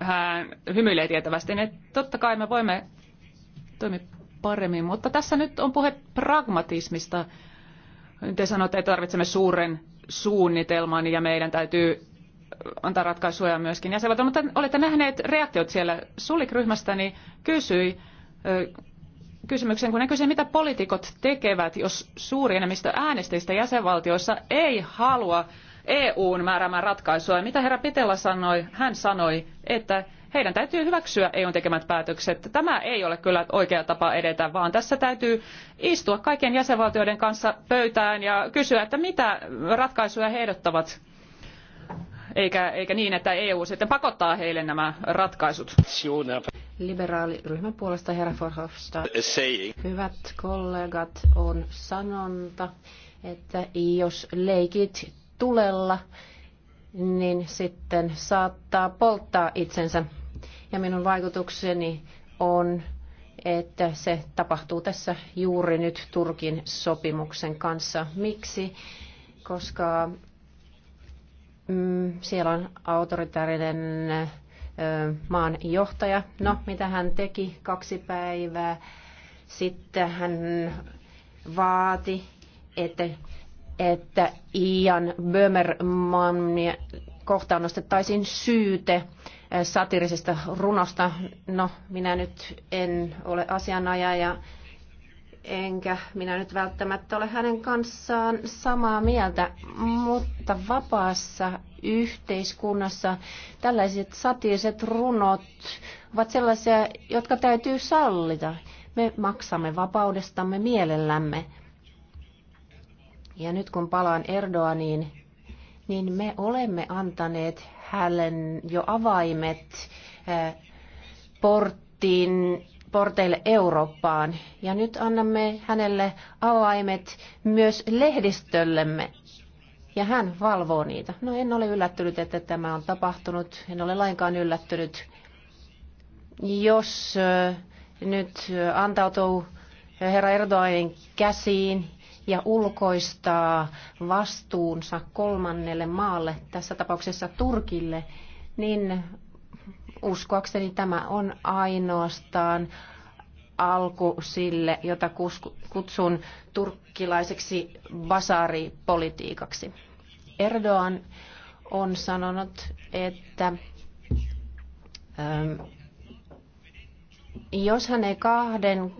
Hän hymyilee tietävästi. että niin totta kai me voimme toimia paremmin, mutta tässä nyt on puhe pragmatismista. Te sanotte, että tarvitsemme suuren suunnitelman ja meidän täytyy antaa ratkaisuja myöskin jäsenvaltio. mutta olette nähneet reaktiot siellä. Sulik ryhmästäni kysyi kysymyksen, kun ne kysyi, mitä poliitikot tekevät, jos suuri enemmistö äänestäjistä jäsenvaltioissa ei halua EUn määräämään ratkaisua. Mitä herra Pitella sanoi? Hän sanoi, että heidän täytyy hyväksyä EUn tekemät päätökset. Tämä ei ole kyllä oikea tapa edetä, vaan tässä täytyy istua kaikkien jäsenvaltioiden kanssa pöytään ja kysyä, että mitä ratkaisuja he ehdottavat eikä, eikä niin, että EU sitten pakottaa heille nämä ratkaisut. Liberaaliryhmän puolesta herra Forhofstad.
Hyvät kollegat, on sanonta, että jos leikit tulella, niin sitten saattaa polttaa itsensä. Ja minun vaikutukseni on, että se tapahtuu tässä juuri nyt Turkin sopimuksen kanssa. Miksi? Koska Mm, siellä on autoritaarinen maan johtaja. No, mitä hän teki kaksi päivää sitten? Hän vaati, että, että Ian Böhmermann kohtaan nostettaisiin syyte satirisesta runosta. No, minä nyt en ole asianajaja enkä minä nyt välttämättä ole hänen kanssaan samaa mieltä, mutta vapaassa yhteiskunnassa tällaiset satiiset runot ovat sellaisia, jotka täytyy sallita. Me maksamme vapaudestamme mielellämme. Ja nyt kun palaan Erdoaniin, niin me olemme antaneet hänen jo avaimet eh, porttiin porteille Eurooppaan. Ja nyt annamme hänelle avaimet myös lehdistöllemme. Ja hän valvoo niitä. No en ole yllättynyt, että tämä on tapahtunut. En ole lainkaan yllättynyt. Jos nyt antautuu herra Erdoganin käsiin ja ulkoistaa vastuunsa kolmannelle maalle, tässä tapauksessa Turkille, niin uskoakseni tämä on ainoastaan alku sille, jota kutsun turkkilaiseksi basaripolitiikaksi. Erdoğan on sanonut, että ähm, jos hän ei kahden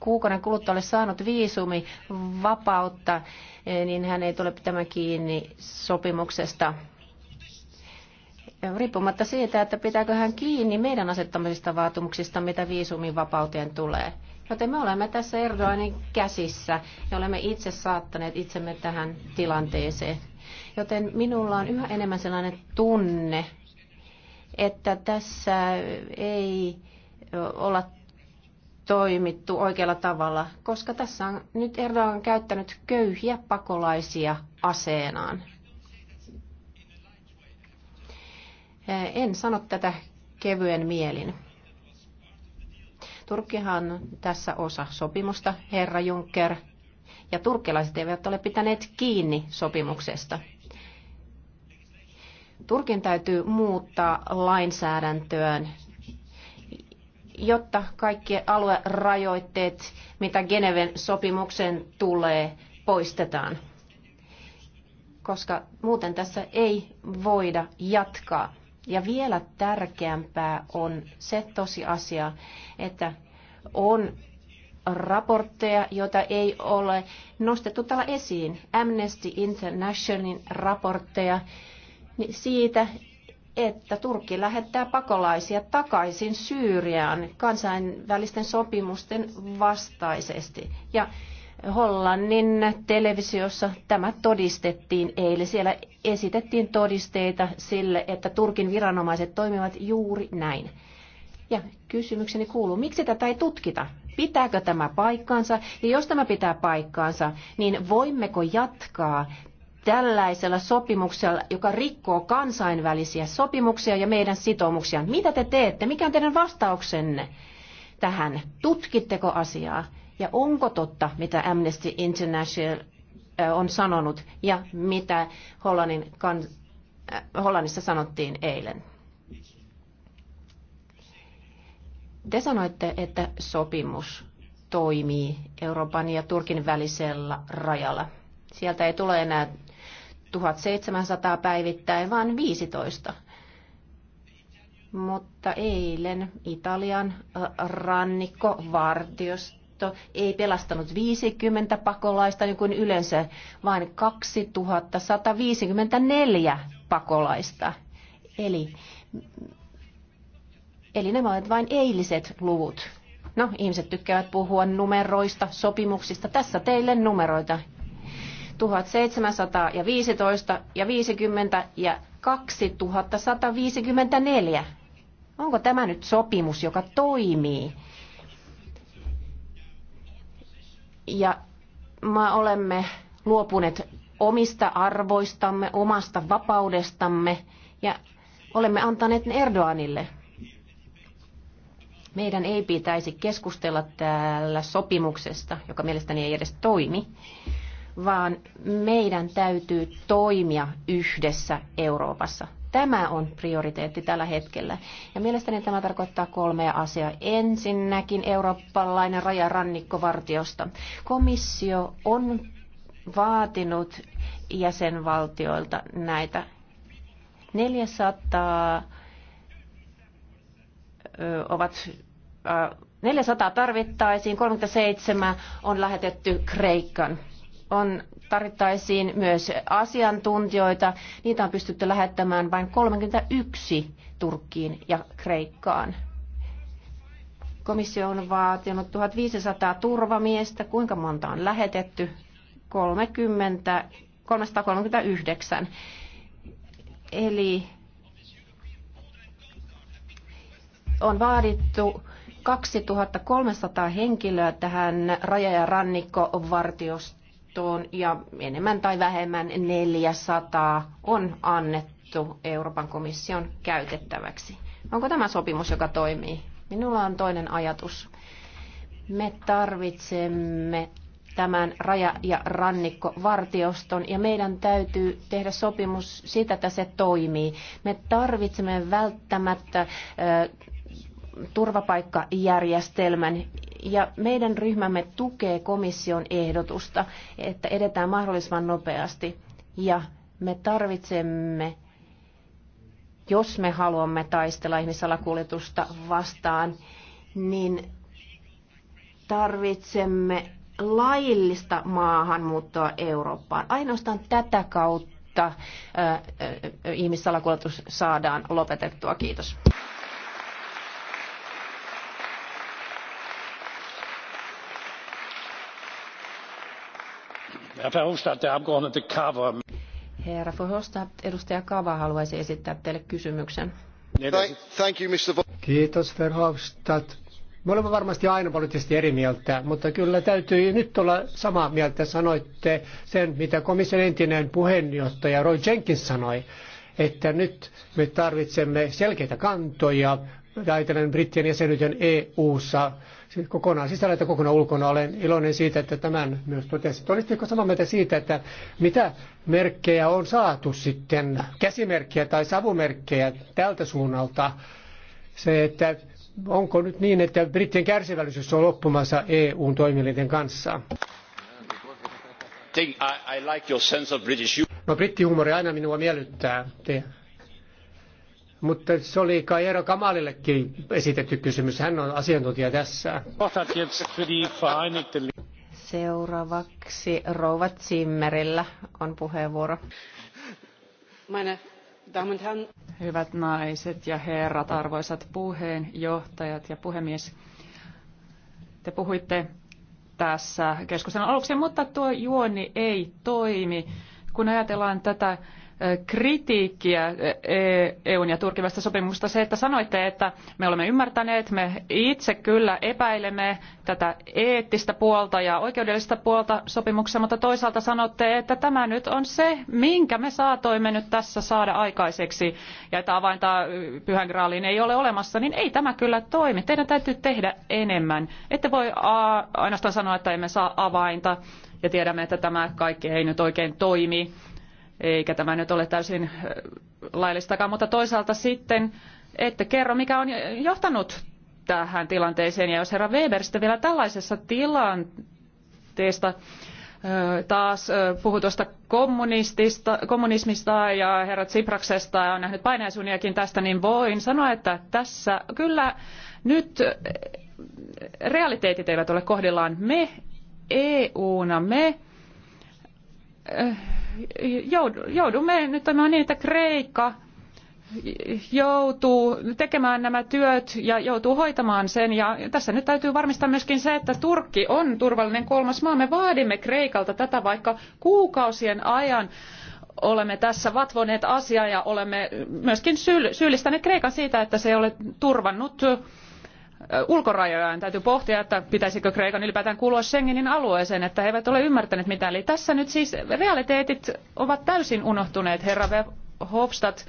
kuukauden kuluttua ole saanut viisumi vapautta, niin hän ei tule pitämään kiinni sopimuksesta riippumatta siitä, että pitääkö hän kiinni meidän asettamisista vaatimuksista, mitä viisumin vapauteen tulee. Joten me olemme tässä Erdoganin käsissä ja olemme itse saattaneet itsemme tähän tilanteeseen. Joten minulla on yhä enemmän sellainen tunne, että tässä ei olla toimittu oikealla tavalla, koska tässä on nyt Erdogan käyttänyt köyhiä pakolaisia aseenaan. Eh, en sano tätä kevyen mielin. Turkkihan tässä osa sopimusta, herra Juncker, ja turkkilaiset eivät ole pitäneet kiinni sopimuksesta. Turkin täytyy muuttaa lainsäädäntöön, jotta kaikki aluerajoitteet, mitä Geneven sopimuksen tulee, poistetaan. Koska muuten tässä ei voida jatkaa. Ja vielä tärkeämpää on se tosiasia, että on raportteja, joita ei ole nostettu täällä esiin. Amnesty Internationalin raportteja siitä, että Turkki lähettää pakolaisia takaisin Syyriaan kansainvälisten sopimusten vastaisesti. Ja Hollannin televisiossa tämä todistettiin eilen. Siellä esitettiin todisteita sille, että Turkin viranomaiset toimivat juuri näin. Ja kysymykseni kuuluu, miksi tätä ei tutkita? Pitääkö tämä paikkaansa? Ja jos tämä pitää paikkaansa, niin voimmeko jatkaa tällaisella sopimuksella, joka rikkoo kansainvälisiä sopimuksia ja meidän sitoumuksia? Mitä te teette? Mikä on teidän vastauksenne tähän? Tutkitteko asiaa? Ja onko totta, mitä Amnesty International äh, on sanonut ja mitä Hollannin kan, äh, Hollannissa sanottiin eilen? Te sanoitte, että sopimus toimii Euroopan ja Turkin välisellä rajalla. Sieltä ei tule enää 1700 päivittäin, vaan 15. Mutta eilen Italian äh, rannikkovartiosta Liitto ei pelastanut 50 pakolaista niin kuin yleensä, vaan 2154 pakolaista. Eli, eli nämä ovat vain eiliset luvut. No, ihmiset tykkäävät puhua numeroista, sopimuksista. Tässä teille numeroita. 1715 ja 50 ja 2154. Onko tämä nyt sopimus, joka toimii? ja me olemme luopuneet omista arvoistamme, omasta vapaudestamme ja olemme antaneet ne Erdoganille. Meidän ei pitäisi keskustella täällä sopimuksesta, joka mielestäni ei edes toimi, vaan meidän täytyy toimia yhdessä Euroopassa. Tämä on prioriteetti tällä hetkellä. Ja mielestäni tämä tarkoittaa kolmea asiaa. Ensinnäkin eurooppalainen rajarannikkovartiosta. Komissio on vaatinut jäsenvaltioilta näitä 400 ovat 400 tarvittaisiin, 37 on lähetetty Kreikan. On tarvittaisiin myös asiantuntijoita. Niitä on pystytty lähettämään vain 31 Turkkiin ja Kreikkaan. Komissio on vaatinut 1500 turvamiestä. Kuinka monta on lähetetty? 30, 339. Eli on vaadittu 2300 henkilöä tähän raja- ja rannikkovartiosta kattoon ja enemmän tai vähemmän 400 on annettu Euroopan komission käytettäväksi. Onko tämä sopimus, joka toimii? Minulla on toinen ajatus. Me tarvitsemme tämän raja- ja rannikkovartioston ja meidän täytyy tehdä sopimus siitä, että se toimii. Me tarvitsemme välttämättä turvapaikkajärjestelmän, ja meidän ryhmämme tukee komission ehdotusta, että edetään mahdollisimman nopeasti ja me tarvitsemme, jos me haluamme taistella ihmisalakuljetusta vastaan, niin tarvitsemme laillista maahanmuuttoa Eurooppaan. Ainoastaan tätä kautta ihmissalakuljetus saadaan lopetettua. Kiitos. Herra Verhofstadt, edustaja Kava haluaisi esittää teille kysymyksen.
Niin, niin. Kiitos Verhofstadt. Me olemme varmasti aina poliittisesti eri mieltä, mutta kyllä täytyy nyt olla samaa mieltä. Sanoitte sen, mitä komission entinen puheenjohtaja Roy Jenkins sanoi, että nyt me tarvitsemme selkeitä kantoja väitellen brittien jäsenyyden EU-ssa siis kokonaan sisällä ja kokonaan ulkona. Olen iloinen siitä, että tämän myös totesit. Olisitteko samaa mieltä siitä, että mitä merkkejä on saatu sitten, käsimerkkejä tai savumerkkejä tältä suunnalta? Se, että onko nyt niin, että brittien kärsivällisyys on loppumassa EUn toimielinten kanssa? No brittihumori aina minua miellyttää. Te mutta se oli kai Eero Kamalillekin esitetty kysymys. Hän on asiantuntija tässä.
Seuraavaksi Rouva Zimmerillä on puheenvuoro.
Hyvät naiset ja herrat, arvoisat puheenjohtajat ja puhemies. Te puhuitte tässä keskustelun aluksi, mutta tuo juoni ei toimi. Kun ajatellaan tätä kritiikkiä EUn e ja Turkin välistä sopimusta se, että sanoitte, että me olemme ymmärtäneet, me itse kyllä epäilemme tätä eettistä puolta ja oikeudellista puolta sopimuksessa, mutta toisaalta sanotte, että tämä nyt on se, minkä me saatoimme nyt tässä saada aikaiseksi ja että avainta pyhän graaliin ei ole olemassa, niin ei tämä kyllä toimi. Teidän täytyy tehdä enemmän. Ette voi ainoastaan sanoa, että emme saa avainta ja tiedämme, että tämä kaikki ei nyt oikein toimi eikä tämä nyt ole täysin laillistakaan, mutta toisaalta sitten ette kerro, mikä on johtanut tähän tilanteeseen. Ja jos herra Weber sitten vielä tällaisessa tilanteesta taas puhuu tuosta kommunistista, kommunismista ja herra Tsipraksesta ja on nähnyt painaisuuniakin tästä, niin voin sanoa, että tässä kyllä nyt realiteetit eivät ole kohdillaan. Me EU-na, me Äh, joudumme nyt olemaan niin, että Kreikka joutuu tekemään nämä työt ja joutuu hoitamaan sen. Ja tässä nyt täytyy varmistaa myöskin se, että Turkki on turvallinen kolmas maa. Me vaadimme Kreikalta tätä, vaikka kuukausien ajan olemme tässä vatvoneet asiaa ja olemme myöskin syyllistäneet Kreikan siitä, että se ei ole turvannut ulkorajojaan. Täytyy pohtia, että pitäisikö Kreikan ylipäätään kuulua Schengenin alueeseen, että he eivät ole ymmärtäneet mitään. Eli tässä nyt siis realiteetit ovat täysin unohtuneet. Herra Hofstadt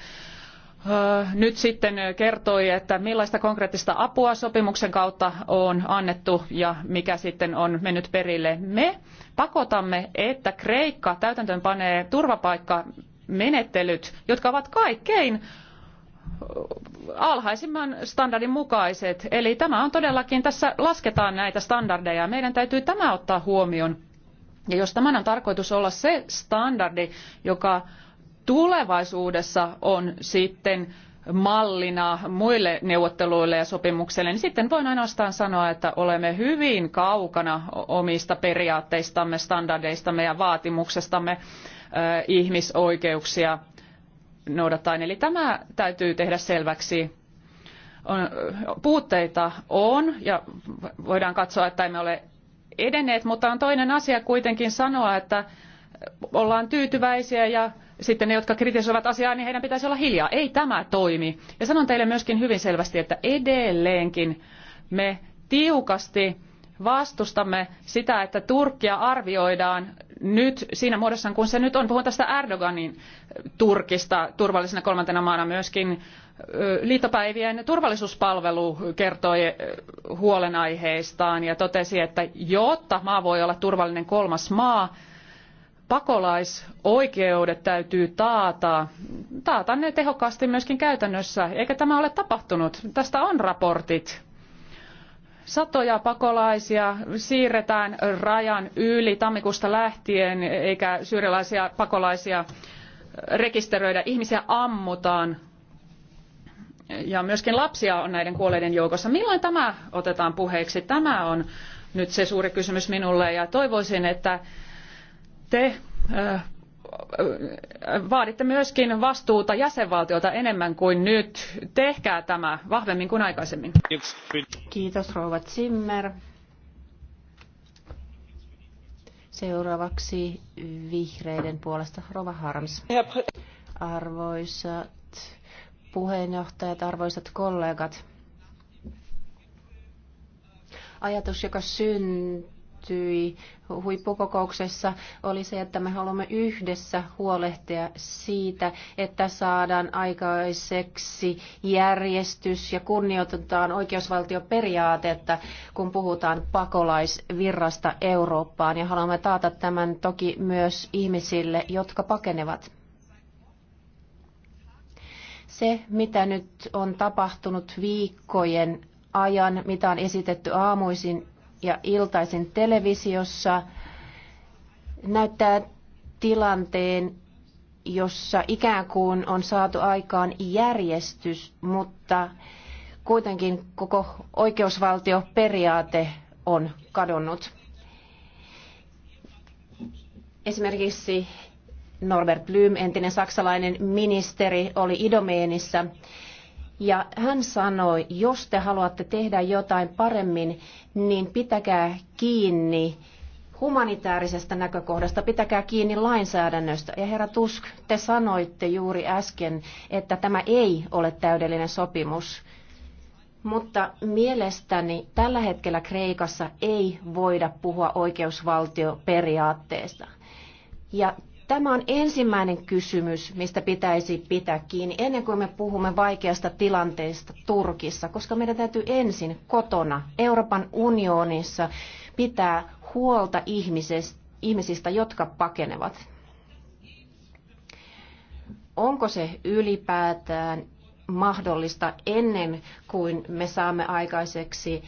nyt sitten kertoi, että millaista konkreettista apua sopimuksen kautta on annettu ja mikä sitten on mennyt perille. Me pakotamme, että Kreikka täytäntöön panee turvapaikkamenettelyt, jotka ovat kaikkein alhaisimman standardin mukaiset. Eli tämä on todellakin, tässä lasketaan näitä standardeja. Meidän täytyy tämä ottaa huomioon. Ja jos tämän on tarkoitus olla se standardi, joka tulevaisuudessa on sitten mallina muille neuvotteluille ja sopimuksille, niin sitten voin ainoastaan sanoa, että olemme hyvin kaukana omista periaatteistamme, standardeistamme ja vaatimuksestamme ihmisoikeuksia noudattaen. Eli tämä täytyy tehdä selväksi. puutteita on ja voidaan katsoa, että emme ole edenneet, mutta on toinen asia kuitenkin sanoa, että ollaan tyytyväisiä ja sitten ne, jotka kritisoivat asiaa, niin heidän pitäisi olla hiljaa. Ei tämä toimi. Ja sanon teille myöskin hyvin selvästi, että edelleenkin me tiukasti vastustamme sitä, että Turkkia arvioidaan nyt siinä muodossa, kun se nyt on. Puhun tästä Erdoganin äh, Turkista turvallisena kolmantena maana myöskin. Liittopäivien turvallisuuspalvelu kertoi äh, huolenaiheistaan ja totesi, että jotta maa voi olla turvallinen kolmas maa, pakolaisoikeudet täytyy taata, taata ne tehokkaasti myöskin käytännössä, eikä tämä ole tapahtunut. Tästä on raportit Satoja pakolaisia siirretään rajan yli tammikuusta lähtien, eikä syyrialaisia pakolaisia rekisteröidä. Ihmisiä ammutaan ja myöskin lapsia on näiden kuolleiden joukossa. Milloin tämä otetaan puheeksi? Tämä on nyt se suuri kysymys minulle ja toivoisin, että te vaaditte myöskin vastuuta jäsenvaltiota enemmän kuin nyt. Tehkää tämä vahvemmin kuin aikaisemmin. Kiitos rouva Zimmer.
Seuraavaksi vihreiden puolesta Rova Harms. Arvoisat puheenjohtajat, arvoisat kollegat. Ajatus, joka syntyy päättyi huippukokouksessa, oli se, että me haluamme yhdessä huolehtia siitä, että saadaan aikaiseksi järjestys ja kunnioitetaan oikeusvaltioperiaatetta, kun puhutaan pakolaisvirrasta Eurooppaan. Ja haluamme taata tämän toki myös ihmisille, jotka pakenevat se, mitä nyt on tapahtunut viikkojen ajan, mitä on esitetty aamuisin ja iltaisin televisiossa näyttää tilanteen, jossa ikään kuin on saatu aikaan järjestys, mutta kuitenkin koko oikeusvaltioperiaate on kadonnut. Esimerkiksi Norbert Blüm, entinen saksalainen ministeri, oli Idomeenissä ja hän sanoi, jos te haluatte tehdä jotain paremmin, niin pitäkää kiinni humanitaarisesta näkökohdasta, pitäkää kiinni lainsäädännöstä. Ja herra Tusk, te sanoitte juuri äsken, että tämä ei ole täydellinen sopimus. Mutta mielestäni tällä hetkellä Kreikassa ei voida puhua oikeusvaltioperiaatteesta. Ja Tämä on ensimmäinen kysymys, mistä pitäisi pitää kiinni ennen kuin me puhumme vaikeasta tilanteesta Turkissa, koska meidän täytyy ensin kotona Euroopan unionissa pitää huolta ihmisistä, jotka pakenevat. Onko se ylipäätään mahdollista ennen kuin me saamme aikaiseksi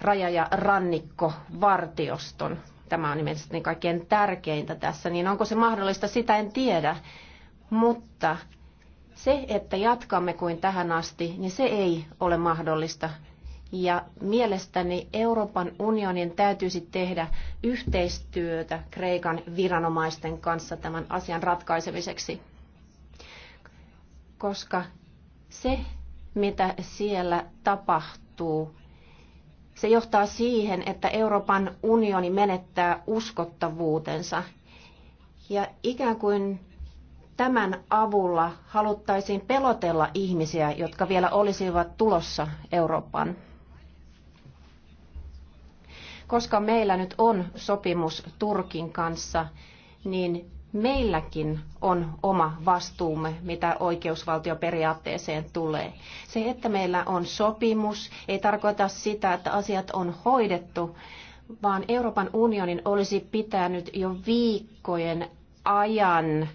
raja- ja rannikkovartioston? Tämä on mielestäni kaikkein tärkeintä tässä, niin onko se mahdollista, sitä en tiedä. Mutta se, että jatkamme kuin tähän asti, niin se ei ole mahdollista. Ja mielestäni Euroopan unionin täytyisi tehdä yhteistyötä Kreikan viranomaisten kanssa tämän asian ratkaisemiseksi. Koska se, mitä siellä tapahtuu, se johtaa siihen, että Euroopan unioni menettää uskottavuutensa. Ja ikään kuin tämän avulla haluttaisiin pelotella ihmisiä, jotka vielä olisivat tulossa Eurooppaan. Koska meillä nyt on sopimus Turkin kanssa, niin meilläkin on oma vastuumme, mitä oikeusvaltioperiaatteeseen tulee. Se, että meillä on sopimus, ei tarkoita sitä, että asiat on hoidettu, vaan Euroopan unionin olisi pitänyt jo viikkojen ajan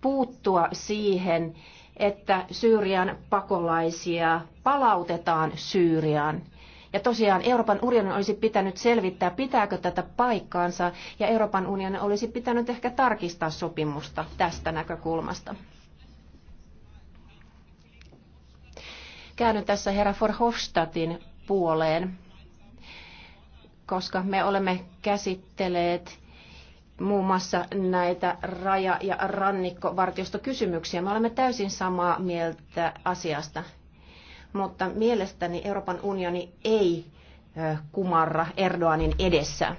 puuttua siihen, että Syyrian pakolaisia palautetaan Syyriaan. Ja tosiaan Euroopan unionin olisi pitänyt selvittää, pitääkö tätä paikkaansa, ja Euroopan unionin olisi pitänyt ehkä tarkistaa sopimusta tästä näkökulmasta. Käännyn tässä herra Forhofstadtin puoleen, koska me olemme käsitteleet muun muassa näitä raja- ja rannikkovartiostokysymyksiä. Me olemme täysin samaa mieltä asiasta mutta mielestäni Euroopan unioni ei kumarra Erdoganin edessä.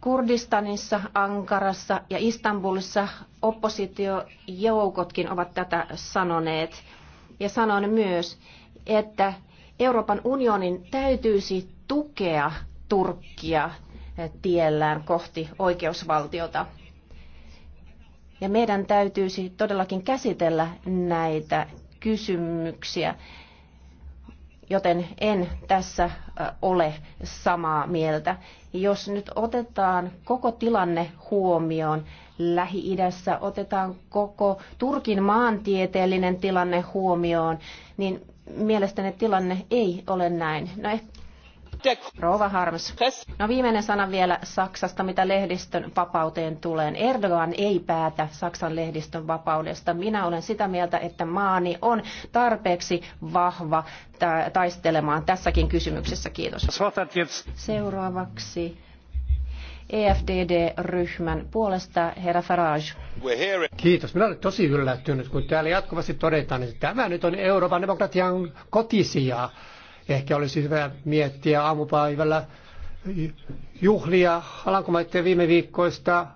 Kurdistanissa, Ankarassa ja Istanbulissa oppositiojoukotkin ovat tätä sanoneet. Ja sanon myös, että Euroopan unionin täytyisi tukea Turkkia tiellään kohti oikeusvaltiota. Ja meidän täytyisi todellakin käsitellä näitä kysymyksiä, joten en tässä ole samaa mieltä. Jos nyt otetaan koko tilanne huomioon, Lähi-idässä otetaan koko Turkin maantieteellinen tilanne huomioon, niin mielestäni tilanne ei ole näin. No Rova Harms. No viimeinen sana vielä Saksasta, mitä lehdistön vapauteen tulee. Erdogan ei päätä Saksan lehdistön vapaudesta. Minä olen sitä mieltä, että maani on tarpeeksi vahva taistelemaan tässäkin kysymyksessä. Kiitos. Seuraavaksi EFDD-ryhmän puolesta, herra Farage.
Kiitos. Minä olen tosi yllättynyt, kun täällä jatkuvasti todetaan, että tämä nyt on Euroopan demokratian kotisijaa Ehkä olisi hyvä miettiä aamupäivällä juhlia Alankomaiden viime viikkoista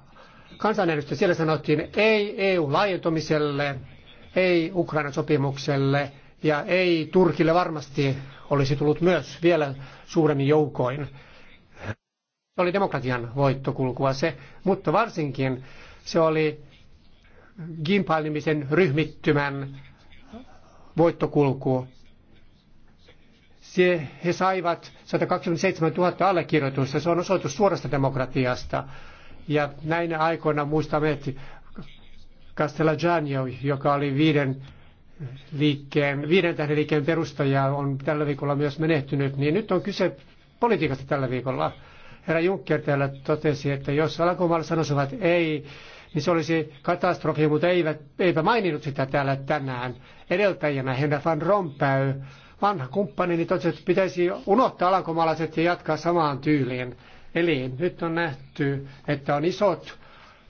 kansanedusta. Siellä sanottiin ei EU-laajentumiselle, ei Ukrainan sopimukselle ja ei Turkille varmasti olisi tullut myös vielä suuremmin joukoin. Se oli demokratian voittokulkua se, mutta varsinkin se oli Gimpail-nimisen ryhmittymän voittokulku, he saivat 127 000 allekirjoitusta. Se on osoitus suorasta demokratiasta. Ja näinä aikoina muistamme, että Castellajanio, joka oli viiden liikkeen, viiden tähden liikkeen perustaja, on tällä viikolla myös menehtynyt, niin nyt on kyse politiikasta tällä viikolla. Herra Juncker täällä totesi, että jos alankomaalla sanoisivat ei, niin se olisi katastrofi, mutta eivät, eipä maininnut sitä täällä tänään. Edeltäjänä Henna van Rompuy vanha kumppani, niin totesi, että pitäisi unohtaa alankomalaiset ja jatkaa samaan tyyliin. Eli nyt on nähty, että on isot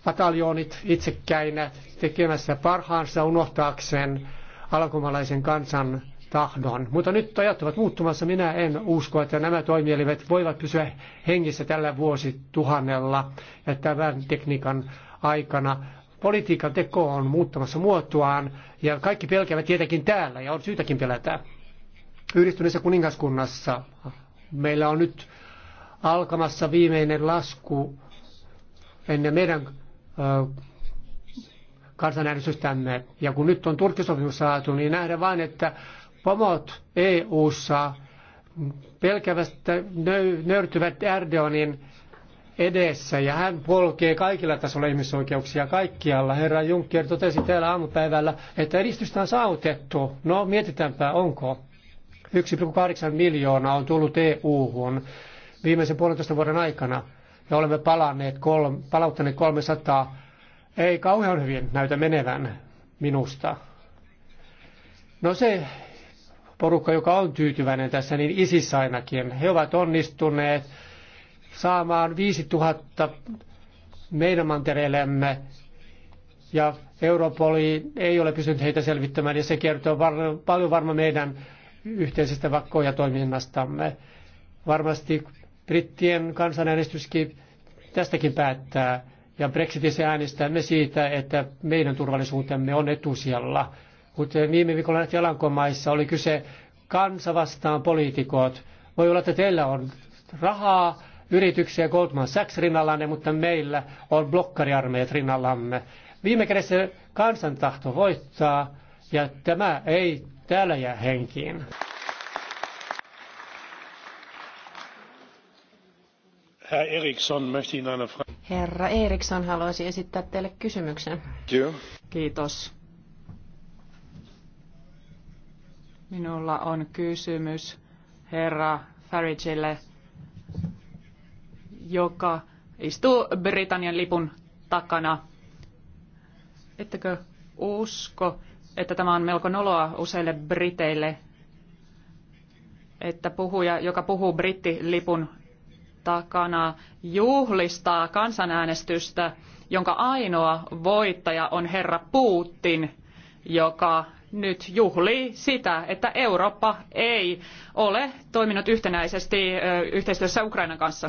pataljoonit itsekkäinä tekemässä parhaansa unohtaakseen alankomalaisen kansan tahdon. Mutta nyt ajat ovat muuttumassa. Minä en usko, että nämä toimielimet voivat pysyä hengissä tällä vuosituhannella ja tämän tekniikan aikana. Politiikan teko on muuttamassa muotoaan ja kaikki pelkäävät tietenkin täällä ja on syytäkin pelätä. Yhdistyneessä kuningaskunnassa meillä on nyt alkamassa viimeinen lasku ennen meidän kansanäänestystämme. Ja kun nyt on Turkisopimus saatu, niin nähdään vain, että pomot EU-ssa pelkävästä nöyrtyvät Erdoganin edessä ja hän polkee kaikilla tasolla ihmisoikeuksia kaikkialla. Herra Juncker totesi täällä aamupäivällä, että edistystä on saavutettu. No mietitäänpä, onko. 1,8 miljoonaa on tullut EU-hun viimeisen puolentoista vuoden aikana ja olemme palanneet kolm palauttaneet 300. Ei kauhean hyvin näytä menevän minusta. No se porukka, joka on tyytyväinen tässä, niin ISIS ainakin. He ovat onnistuneet saamaan 5000 meidän mantereellemme ja Europoli ei ole pystynyt heitä selvittämään ja se kertoo var- paljon varma meidän yhteisestä vakkoja toiminnastamme. Varmasti brittien kansanäänestyskin tästäkin päättää. Ja Brexitissä äänestämme siitä, että meidän turvallisuutemme on etusijalla. Mutta viime viikolla nähtiin Alankomaissa, oli kyse kansa vastaan poliitikot. Voi olla, että teillä on rahaa, yrityksiä Goldman Sachs rinnallanne, mutta meillä on blokkariarmeijat rinnallamme. Viime kädessä kansan tahto voittaa, ja tämä ei täällä jää henkiin. Herr Eriksson, möchte Ihnen eine Frage.
Herra Eriksson haluaisi esittää teille kysymyksen.
Kiitos. Minulla on kysymys herra Farageille, joka istuu Britannian lipun takana. Ettekö usko, että tämä on melko noloa useille briteille, että puhuja, joka puhuu brittilipun takana, juhlistaa kansanäänestystä, jonka ainoa voittaja on herra Putin, joka nyt juhlii sitä, että Eurooppa ei ole toiminut yhtenäisesti yhteistyössä Ukrainan kanssa.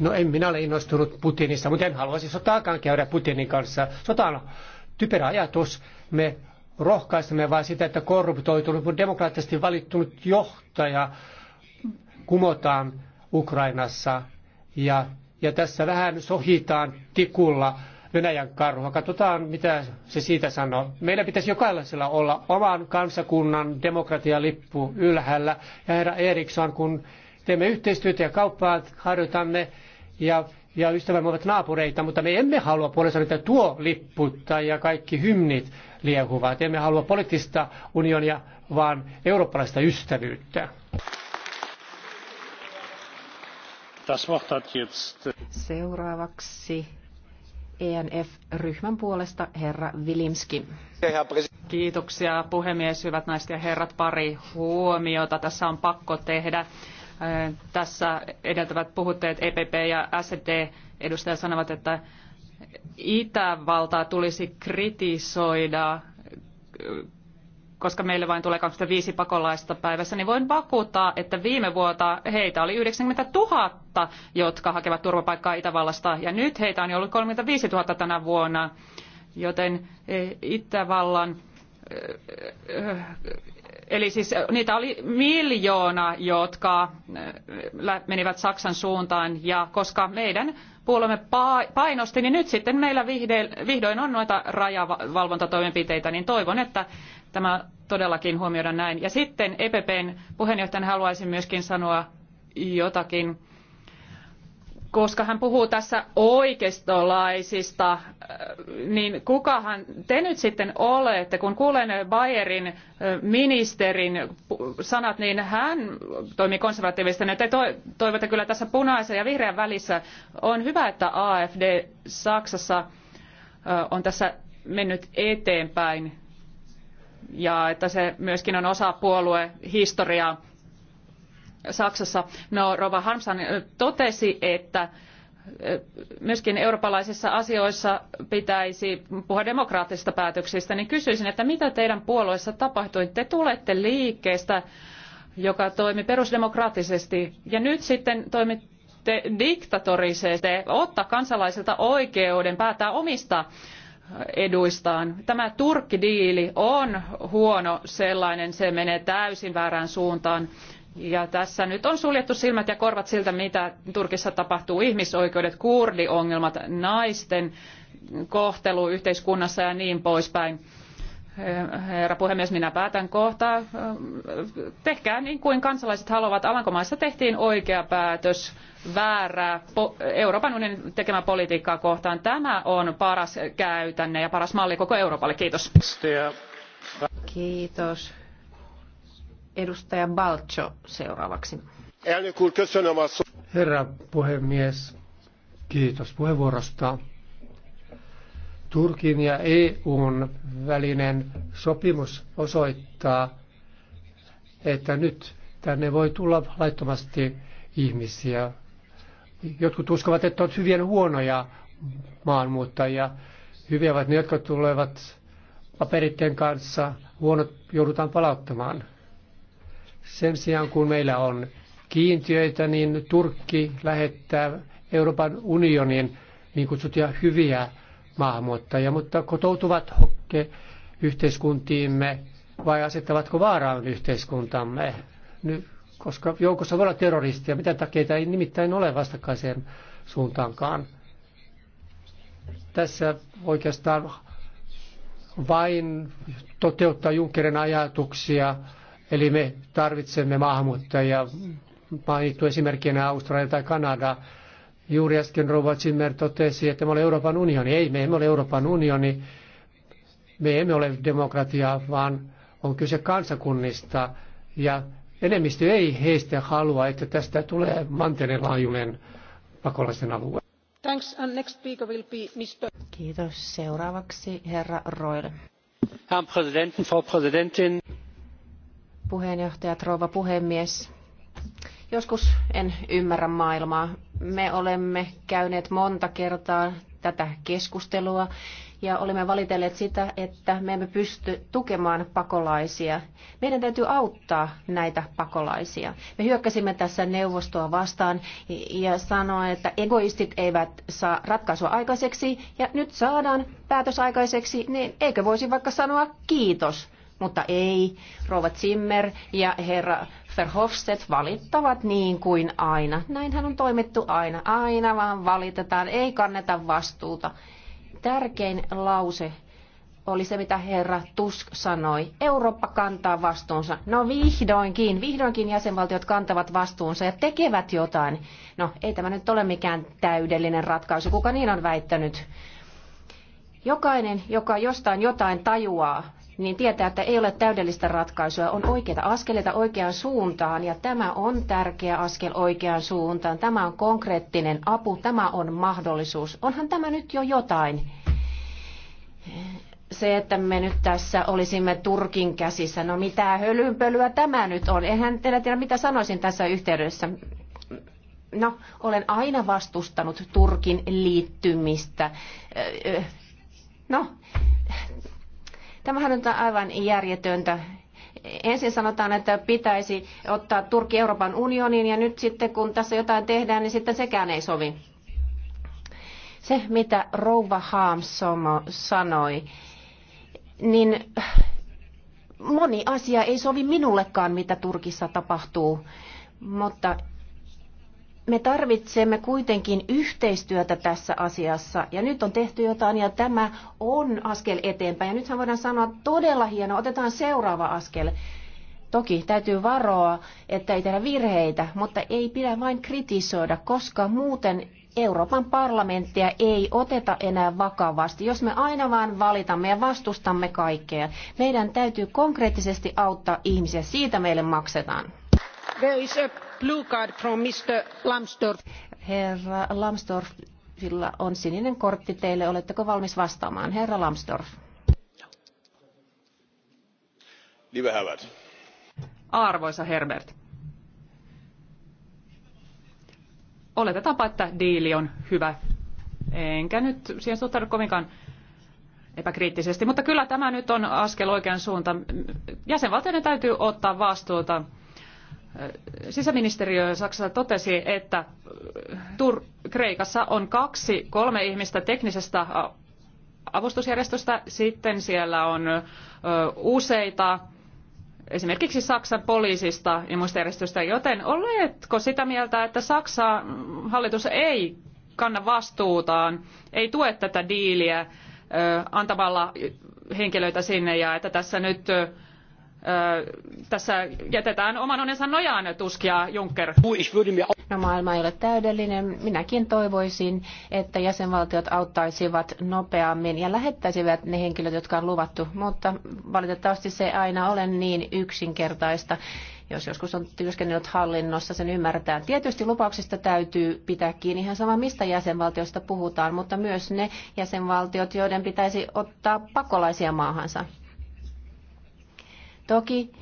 No en minä ole innostunut Putinista, mutta en haluaisi sotaakaan käydä Putinin kanssa. Sota on typerä ajatus. Me rohkaisemme vain sitä, että korruptoitunut, mutta demokraattisesti valittunut johtaja kumotaan Ukrainassa. Ja, ja tässä vähän sohitaan tikulla Venäjän karhua. Katsotaan, mitä se siitä sanoo. Meillä pitäisi jokaisella olla oman kansakunnan demokratialippu ylhäällä. Ja herra Eriksson, kun teemme yhteistyötä ja kauppaa harjoitamme ja ja ystävämme ovat naapureita, mutta me emme halua puolesta, että tuo lippu tai ja kaikki hymnit liehuvat. Emme halua poliittista unionia, vaan eurooppalaista ystävyyttä. Seuraavaksi
ENF-ryhmän puolesta herra Vilimski.
Kiitoksia puhemies, hyvät naiset ja herrat. Pari huomiota tässä on pakko tehdä tässä edeltävät puhutteet EPP ja SD edustajat sanovat, että Itävaltaa tulisi kritisoida, koska meille vain tulee 25 pakolaista päivässä, niin voin vakuuttaa, että viime vuotta heitä oli 90 000, jotka hakevat turvapaikkaa Itävallasta, ja nyt heitä on jo ollut 35 000 tänä vuonna, joten e, Itävallan e, e, Eli siis niitä oli miljoona, jotka menivät Saksan suuntaan ja koska meidän puolemme painosti, niin nyt sitten meillä vihdoin on noita rajavalvontatoimenpiteitä, niin toivon, että tämä todellakin huomioidaan näin. Ja sitten EPPn puheenjohtajana haluaisin myöskin sanoa jotakin koska hän puhuu tässä oikeistolaisista, äh, niin kukahan te nyt sitten olette? Kun kuulen Bayerin äh, ministerin sanat, niin hän toimii konservatiivistina. Te toivotte kyllä tässä punaisen ja vihreän välissä. On hyvä, että AFD Saksassa äh, on tässä mennyt eteenpäin ja että se myöskin on osa puoluehistoriaa. Saksassa. No, Rova Harmsan totesi, että myöskin eurooppalaisissa asioissa pitäisi puhua demokraattisista päätöksistä, niin kysyisin, että mitä teidän puolueessa tapahtui? Te tulette liikkeestä, joka toimi perusdemokraattisesti, ja nyt sitten toimitte diktatorisesti, ottaa kansalaisilta oikeuden päättää omista eduistaan. Tämä Turkki-diili on huono sellainen, se menee täysin väärään suuntaan. Ja tässä nyt on suljettu silmät ja korvat siltä, mitä Turkissa tapahtuu. Ihmisoikeudet, kurdiongelmat, naisten kohtelu yhteiskunnassa ja niin poispäin. Herra puhemies, minä päätän kohta. Tehkää niin kuin kansalaiset haluavat. Alankomaissa tehtiin oikea päätös väärää Euroopan unionin tekemää politiikkaa kohtaan. Tämä on paras käytänne ja paras malli koko Euroopalle. Kiitos. Kiitos. Edustaja Balcho seuraavaksi.
Herra puhemies, kiitos puheenvuorosta. Turkin ja EUn välinen sopimus osoittaa, että nyt tänne voi tulla laittomasti ihmisiä. Jotkut uskovat, että ovat hyvien huonoja maanmuuttajia. Hyviä ovat ne, jotka tulevat paperitten kanssa. Huonot joudutaan palauttamaan. Sen sijaan kun meillä on kiintiöitä, niin Turkki lähettää Euroopan unionin niin kutsutia hyviä maahanmuuttajia, mutta kotoutuvat hokke yhteiskuntiimme vai asettavatko vaaraan yhteiskuntamme? Nyt, koska joukossa voi olla terroristia, mitä takia ei nimittäin ole vastakkaiseen suuntaankaan. Tässä oikeastaan vain toteuttaa Junckerin ajatuksia Eli me tarvitsemme maahanmuuttajia, mainittu esimerkkinä Australia tai Kanada. Juuri äsken Rova Zimmer totesi, että me olemme Euroopan unioni. Ei, me emme ole Euroopan unioni. Me emme ole demokratia vaan on kyse kansakunnista. Ja enemmistö ei heistä halua, että tästä tulee mantereen laajuinen pakolaisten alue.
Thanks, and next speaker will be Mr.
Kiitos. Seuraavaksi herra Roil. Herr presidentti, Frau Präsidentin
puheenjohtaja, rouva puhemies. Joskus en ymmärrä maailmaa. Me olemme käyneet monta kertaa tätä keskustelua ja olemme valitelleet sitä, että me emme pysty tukemaan pakolaisia. Meidän täytyy auttaa näitä pakolaisia. Me hyökkäsimme tässä neuvostoa vastaan ja sanoin, että egoistit eivät saa ratkaisua aikaiseksi ja nyt saadaan päätös aikaiseksi, niin eikö voisi vaikka sanoa kiitos mutta ei. Rova Zimmer ja herra Verhofstedt valittavat niin kuin aina. Näinhän on toimittu aina. Aina vaan valitetaan, ei kanneta vastuuta. Tärkein lause oli se, mitä herra Tusk sanoi. Eurooppa kantaa vastuunsa. No vihdoinkin, vihdoinkin jäsenvaltiot kantavat vastuunsa ja tekevät jotain. No ei tämä nyt ole mikään täydellinen ratkaisu, kuka niin on väittänyt. Jokainen, joka jostain jotain tajuaa, niin tietää, että ei ole täydellistä ratkaisua. On oikeita askeleita oikeaan suuntaan ja tämä on tärkeä askel oikeaan suuntaan. Tämä on konkreettinen apu, tämä on mahdollisuus. Onhan tämä nyt jo jotain. Se, että me nyt tässä olisimme Turkin käsissä, no mitä hölynpölyä tämä nyt on. Eihän teillä tiedä, mitä sanoisin tässä yhteydessä. No, olen aina vastustanut Turkin liittymistä. No, Tämähän on aivan järjetöntä. Ensin sanotaan, että pitäisi ottaa Turkki Euroopan unioniin ja nyt sitten kun tässä jotain tehdään, niin sitten sekään ei sovi. Se, mitä Rouva Haams sanoi, niin moni asia ei sovi minullekaan, mitä Turkissa tapahtuu, mutta me tarvitsemme kuitenkin yhteistyötä tässä asiassa ja nyt on tehty jotain ja tämä on askel eteenpäin. Ja nythän voidaan sanoa todella hieno, otetaan seuraava askel. Toki täytyy varoa, että ei tehdä virheitä, mutta ei pidä vain kritisoida, koska muuten Euroopan parlamenttia ei oteta enää vakavasti, jos me aina vaan valitamme ja vastustamme kaikkea. Meidän täytyy konkreettisesti auttaa ihmisiä, siitä meille maksetaan. There is Herra Lambsdorffilla on sininen kortti teille. Oletteko valmis vastaamaan? Herra Lambsdorff.
Arvoisa Herbert. Oletetaanpa, että diili on hyvä. Enkä nyt siihen suhtaudu kovinkaan epäkriittisesti, mutta kyllä tämä nyt on askel oikean suuntaan. Jäsenvaltioiden täytyy ottaa vastuuta sisäministeriö Saksassa totesi, että äh, Kreikassa on kaksi, kolme ihmistä teknisestä äh, avustusjärjestöstä. Sitten siellä on äh, useita esimerkiksi Saksan poliisista ja muista järjestöistä, joten oletko sitä mieltä, että Saksan mm, hallitus ei kanna vastuutaan, ei tue tätä diiliä antamalla henkilöitä sinne ja että tässä nyt tässä jätetään oman onensa nojaan tuskia Juncker. No
maailma ei ole täydellinen. Minäkin toivoisin, että jäsenvaltiot auttaisivat nopeammin ja lähettäisivät ne henkilöt, jotka on luvattu, mutta valitettavasti se ei aina ole niin yksinkertaista. Jos joskus on työskennellyt hallinnossa, sen ymmärtää. Tietysti lupauksista täytyy pitää kiinni ihan sama, mistä jäsenvaltiosta puhutaan, mutta myös ne jäsenvaltiot, joiden pitäisi ottaa pakolaisia maahansa. Toki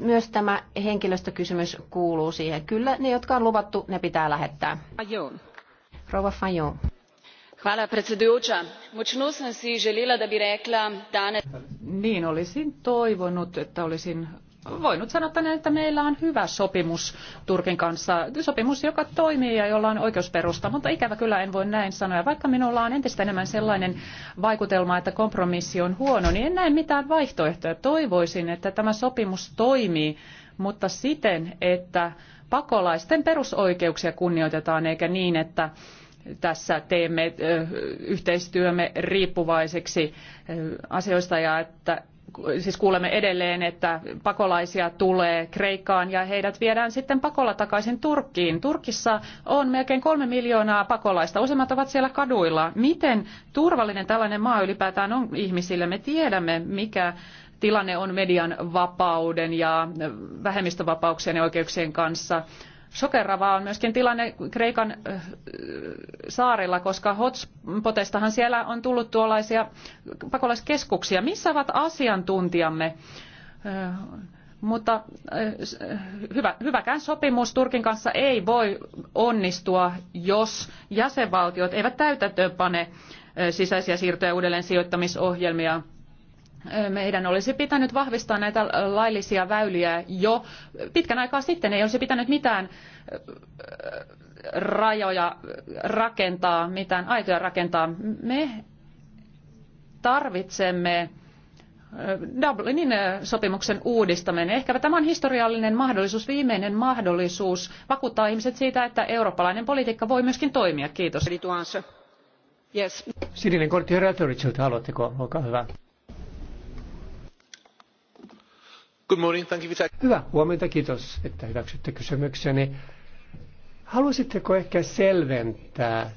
myös tämä henkilöstökysymys kuuluu siihen. Kyllä ne, jotka on luvattu, ne pitää
lähettää. Fajon. Rouva Fajon.
Hvala predsedujuča. Močno sem si želila, da bi rekla danes.
Niin olisin toivonut, että olisin voinut sanoa tänään, että meillä on hyvä sopimus Turkin kanssa. Sopimus, joka toimii ja jolla on oikeusperusta, mutta ikävä kyllä en voi näin sanoa. Vaikka minulla on entistä enemmän sellainen vaikutelma, että kompromissi on huono, niin en näe mitään vaihtoehtoja. Toivoisin, että tämä sopimus toimii, mutta siten, että pakolaisten perusoikeuksia kunnioitetaan, eikä niin, että tässä teemme yhteistyömme riippuvaiseksi asioista ja että siis kuulemme edelleen, että pakolaisia tulee Kreikkaan ja heidät viedään sitten pakolla takaisin Turkkiin. Turkissa on melkein kolme miljoonaa pakolaista. Useimmat ovat siellä kaduilla. Miten turvallinen tällainen maa ylipäätään on ihmisille? Me tiedämme, mikä tilanne on median vapauden ja vähemmistövapauksien ja oikeuksien kanssa. Sokeravaa on myöskin tilanne Kreikan saarilla, koska hotspotestahan siellä on tullut tuollaisia pakolaiskeskuksia. Missä ovat asiantuntijamme? Mutta hyvä, hyväkään sopimus Turkin kanssa ei voi onnistua, jos jäsenvaltiot eivät täytäntöönpane sisäisiä siirtoja ja uudelleen sijoittamisohjelmia meidän olisi pitänyt vahvistaa näitä laillisia väyliä jo pitkän aikaa sitten. Ei olisi pitänyt mitään äh, rajoja rakentaa, mitään aitoja rakentaa. Me tarvitsemme äh, Dublinin äh, sopimuksen uudistaminen. Ehkä tämä on historiallinen mahdollisuus, viimeinen mahdollisuus vakuuttaa ihmiset siitä, että eurooppalainen politiikka voi myöskin toimia. Kiitos. Yes.
Sininen kortti Ratoritsilta, haluatteko? Olkaa hyvä. Good morning, thank you for Hyvä huomenta, kiitos, että hyväksytte kysymykseni. Haluaisitteko ehkä selventää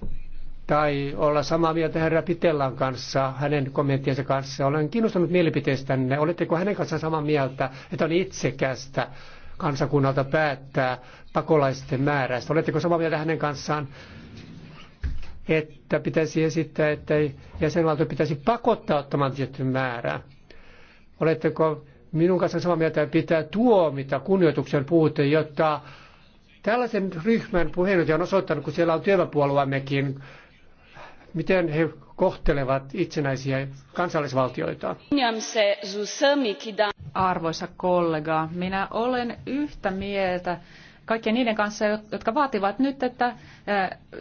tai olla samaa mieltä herra Pitellan kanssa, hänen kommenttiensa kanssa? Olen kiinnostunut mielipiteestänne. Oletteko hänen kanssaan samaa mieltä, että on itsekästä kansakunnalta päättää pakolaisten määrästä? Oletteko samaa mieltä hänen kanssaan? että pitäisi esittää, että jäsenvaltio pitäisi pakottaa ottamaan tietty määrä. Oletteko minun kanssa samaa mieltä pitää tuomita kunnioituksen puute, jotta tällaisen ryhmän puheenjohtaja on osoittanut, kun siellä on työväpuolueemmekin, miten he kohtelevat itsenäisiä kansallisvaltioita. Arvoisa
kollega, minä olen yhtä mieltä kaikkien niiden kanssa, jotka vaativat nyt, että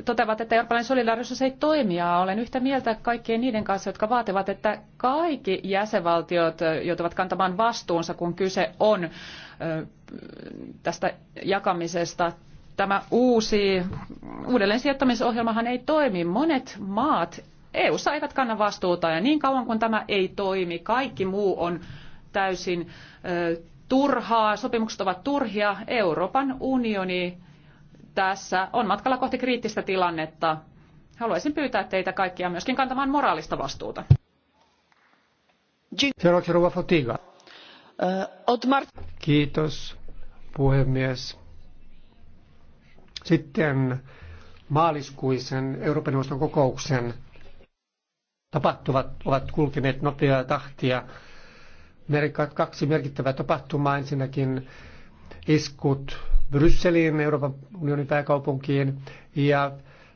toteavat, että eurooppalainen solidaarisuus ei toimi. Ja olen yhtä mieltä kaikkien niiden kanssa, jotka vaativat, että kaikki jäsenvaltiot joutuvat kantamaan vastuunsa, kun kyse on tästä jakamisesta tämä uusi uudelleen sijoittamisohjelmahan ei toimi. Monet maat EU-ssa eivät kanna vastuuta ja niin kauan kuin tämä ei toimi, kaikki muu on täysin turhaa, sopimukset ovat turhia. Euroopan unioni tässä on matkalla kohti kriittistä tilannetta. Haluaisin pyytää teitä kaikkia myöskin kantamaan moraalista vastuuta.
Kiitos puhemies. Sitten maaliskuisen Euroopan neuvoston kokouksen tapahtuvat ovat kulkeneet nopeaa tahtia kaksi merkittävää tapahtumaa. Ensinnäkin iskut Brysseliin, Euroopan unionin pääkaupunkiin, ja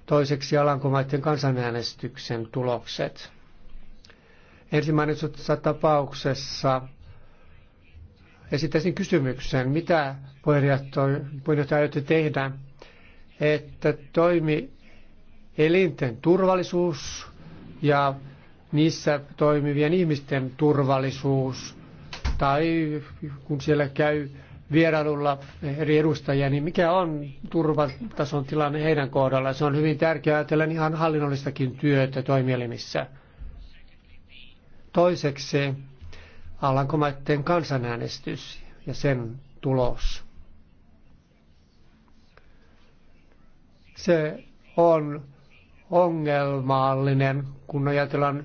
toiseksi Alankomaiden kansanäänestyksen tulokset. Ensimmäisessä tapauksessa esittäisin kysymyksen, mitä puheenjohtaja aiotte tehdä, että toimi elinten turvallisuus ja niissä toimivien ihmisten turvallisuus tai kun siellä käy vierailulla eri edustajia, niin mikä on turvatason tilanne heidän kohdallaan. Se on hyvin tärkeää ajatella ihan hallinnollistakin työtä toimielimissä. Toiseksi Alankomaiden kansanäänestys ja sen tulos. Se on ongelmallinen, kun ajatellaan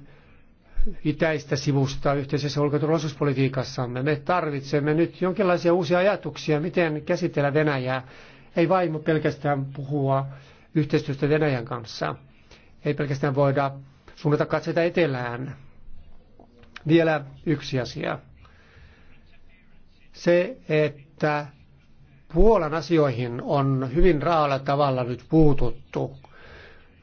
itäistä sivusta yhteisessä ulkoturvallisuuspolitiikassamme. Me tarvitsemme nyt jonkinlaisia uusia ajatuksia, miten käsitellä Venäjää. Ei vain pelkästään puhua yhteistyöstä Venäjän kanssa. Ei pelkästään voida suunnata katseita etelään. Vielä yksi asia. Se, että Puolan asioihin on hyvin raalla tavalla nyt puututtu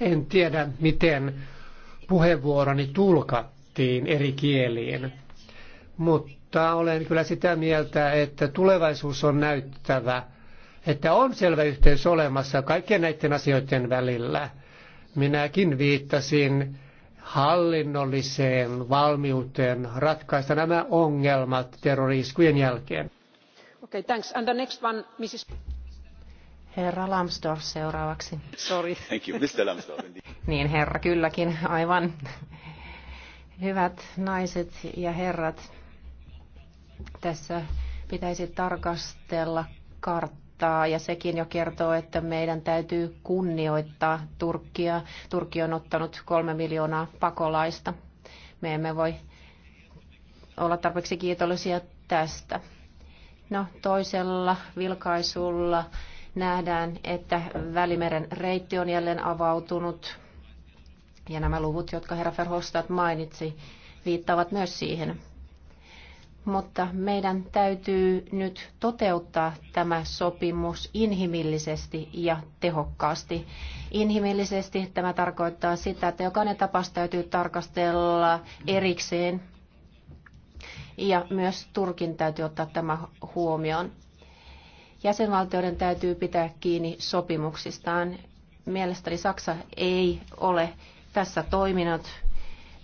en tiedä, miten puheenvuoroni tulkattiin eri kieliin, mutta olen kyllä sitä mieltä, että tulevaisuus on näyttävä, että on selvä yhteys olemassa kaikkien näiden asioiden välillä. Minäkin viittasin hallinnolliseen valmiuteen ratkaista nämä ongelmat terroriskujen jälkeen.
Okay, thanks. And
the next one, Mrs.
Herra Lambsdorff seuraavaksi.
Sorry. Thank you, Mr. Lambsdorff. niin, herra kylläkin, aivan. Hyvät naiset ja herrat, tässä pitäisi tarkastella karttaa ja sekin jo kertoo, että meidän täytyy kunnioittaa Turkkia. Turkki on ottanut kolme miljoonaa pakolaista. Me emme voi olla tarpeeksi kiitollisia tästä. No toisella vilkaisulla nähdään, että Välimeren reitti on jälleen avautunut. Ja nämä luvut, jotka herra Verhofstadt mainitsi, viittaavat myös siihen. Mutta meidän täytyy nyt toteuttaa tämä sopimus inhimillisesti ja tehokkaasti. Inhimillisesti tämä tarkoittaa sitä, että jokainen tapaus täytyy tarkastella erikseen. Ja myös Turkin täytyy ottaa tämä huomioon. Jäsenvaltioiden täytyy pitää kiinni sopimuksistaan. Mielestäni Saksa ei ole tässä toiminut.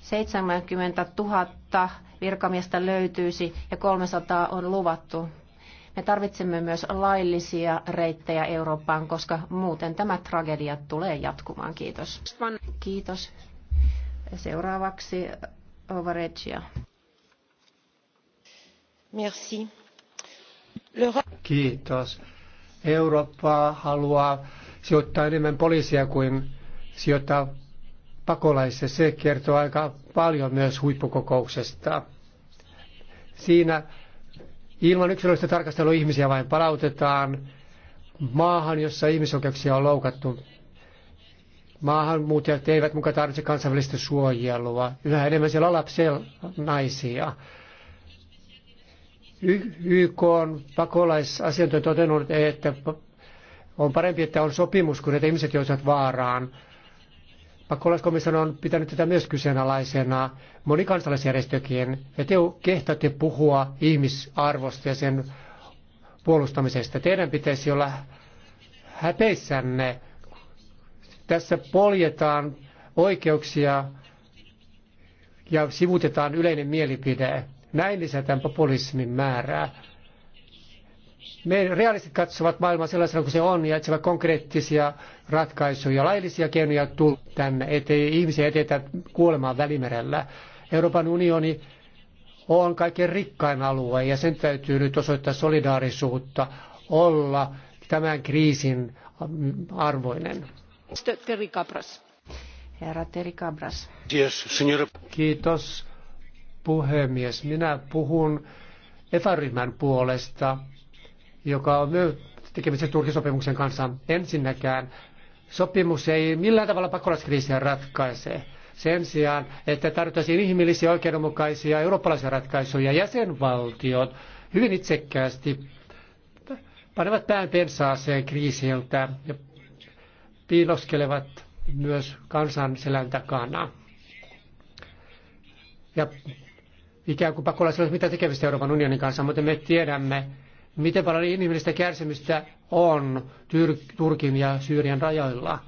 70 000 virkamiestä löytyisi ja 300 on luvattu. Me tarvitsemme myös laillisia reittejä Eurooppaan, koska muuten tämä tragedia tulee jatkumaan. Kiitos. Kiitos. Seuraavaksi Ovaregia. Merci
Kiitos. Eurooppa haluaa sijoittaa enemmän poliisia kuin sijoittaa pakolaisia. Se kertoo aika paljon myös huippukokouksesta. Siinä ilman yksilöllistä tarkastelua ihmisiä vain palautetaan maahan, jossa ihmisoikeuksia on loukattu. Maahanmuuttajat eivät mukaan tarvitse kansainvälistä suojelua. Yhä enemmän siellä on lapsia naisia. YK on pakolaisasiantuntija todennut, että on parempi, että on sopimus kuin että ihmiset joutuvat vaaraan. Pakolaiskomissio on pitänyt tätä myös kyseenalaisena. Moni kansalaisjärjestökin, ja te kehtaatte puhua ihmisarvosta ja sen puolustamisesta. Teidän pitäisi olla häpeissänne. Tässä poljetaan oikeuksia ja sivutetaan yleinen mielipide. Näin lisätään populismin määrää. Me realistit katsovat maailmaa sellaisena kuin se on ja etsivät konkreettisia ratkaisuja, laillisia keinoja tulla tänne, ettei ihmisiä etetä kuolemaan välimerellä. Euroopan unioni on kaikkein rikkain alue ja sen täytyy nyt osoittaa solidaarisuutta, olla tämän kriisin arvoinen.
Herra Terikabras.
Kiitos puhemies. Minä puhun EFA-ryhmän puolesta, joka on myös tekemisen Turkisopimuksen kanssa ensinnäkään. Sopimus ei millään tavalla pakolaiskriisiä ratkaise. Sen sijaan, että tarvittaisiin ihmillisiä, oikeudenmukaisia eurooppalaisia ratkaisuja, jäsenvaltiot hyvin itsekkäästi panevat pään pensaaseen kriisiltä ja piiloskelevat myös kansan selän takana. Ja ikään kuin pakolaisilla mitä tekemistä Euroopan unionin kanssa, mutta me tiedämme, miten paljon inhimillistä kärsimystä on Turkin ja Syyrian rajoilla.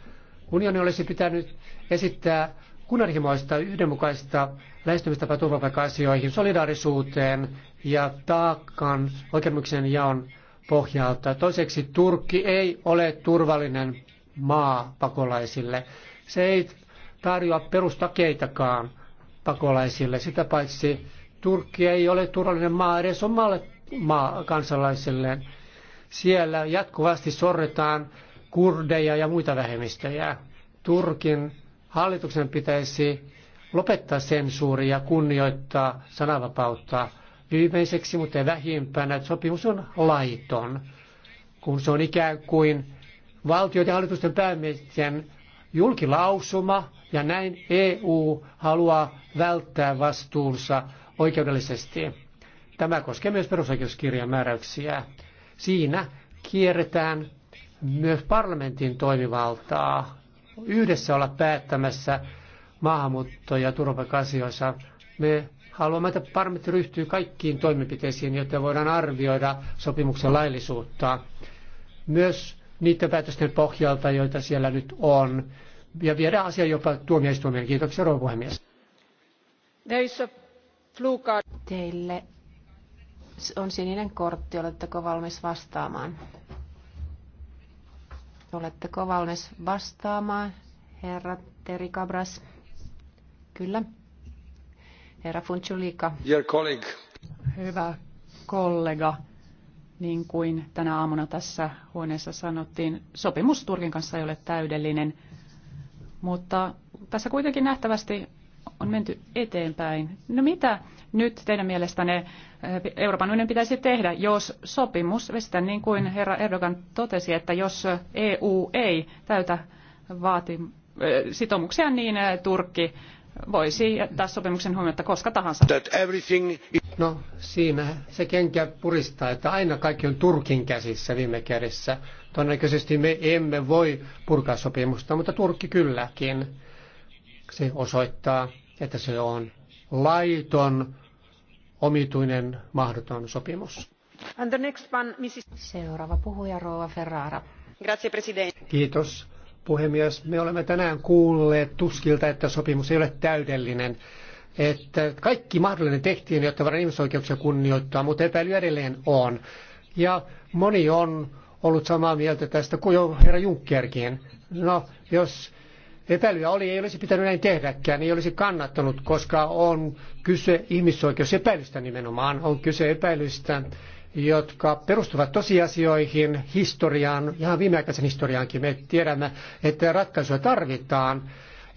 Unioni olisi pitänyt esittää kunnanhimoista, yhdenmukaista lähestymistapa turvapaikka-asioihin, solidaarisuuteen ja taakkan oikeuksien jaon pohjalta. Toiseksi Turkki ei ole turvallinen maa pakolaisille. Se ei tarjoa perustakeitakaan pakolaisille. Sitä paitsi Turkki ei ole turvallinen maa edes omalle maa kansalaisilleen. Siellä jatkuvasti sorretaan kurdeja ja muita vähemmistöjä. Turkin hallituksen pitäisi lopettaa sensuuri ja kunnioittaa sananvapautta. Viimeiseksi, mutta ei vähimpänä, että sopimus on laiton, kun se on ikään kuin valtioiden ja hallitusten päämiesten julkilausuma, ja näin EU haluaa välttää vastuunsa oikeudellisesti. Tämä koskee myös perusoikeuskirjan määräyksiä. Siinä kierretään myös parlamentin toimivaltaa yhdessä olla päättämässä maahanmuutto- ja turvapaikka-asioissa. Me haluamme, että parlamentti ryhtyy kaikkiin toimenpiteisiin, jotta voidaan arvioida sopimuksen laillisuutta. Myös niiden päätösten pohjalta, joita siellä nyt on, ja viedä asia jopa tuomioistuimeen. Kiitoksia, rouva puhemies.
There is a
Teille on sininen kortti. Oletteko valmis vastaamaan? Oletteko valmis vastaamaan, herra Teri Cabras? Kyllä. Herra Funchulika.
colleague.
Hyvä kollega, niin kuin tänä aamuna tässä huoneessa sanottiin, sopimus Turkin kanssa ei ole täydellinen, mutta tässä kuitenkin nähtävästi on menty eteenpäin. No mitä nyt teidän mielestänne eh, Euroopan unionin pitäisi tehdä, jos sopimus vestetään niin kuin herra Erdogan totesi, että jos EU ei täytä vaati, eh, sitoumuksia, niin eh, Turkki voisi jättää sopimuksen huomiota koska tahansa.
No siinä se kenkä puristaa, että aina kaikki on Turkin käsissä viime kädessä. Todennäköisesti me emme voi purkaa sopimusta, mutta Turkki kylläkin. Se osoittaa, että se on laiton, omituinen, mahdoton sopimus.
And the next one, Mrs. Seuraava puhuja, Rova Ferrara. Grazie, president.
Kiitos, puhemies. Me olemme tänään kuulleet tuskilta, että sopimus ei ole täydellinen että kaikki mahdollinen tehtiin, jotta voidaan ihmisoikeuksia kunnioittaa, mutta epäily edelleen on. Ja moni on ollut samaa mieltä tästä kuin jo herra Junckerkin. No, jos epäilyjä oli, ei olisi pitänyt näin tehdäkään, ei olisi kannattanut, koska on kyse ihmisoikeusepäilystä nimenomaan. On kyse epäilystä, jotka perustuvat tosiasioihin, historiaan, ihan viimeaikaisen historiaankin. Me tiedämme, että ratkaisuja tarvitaan.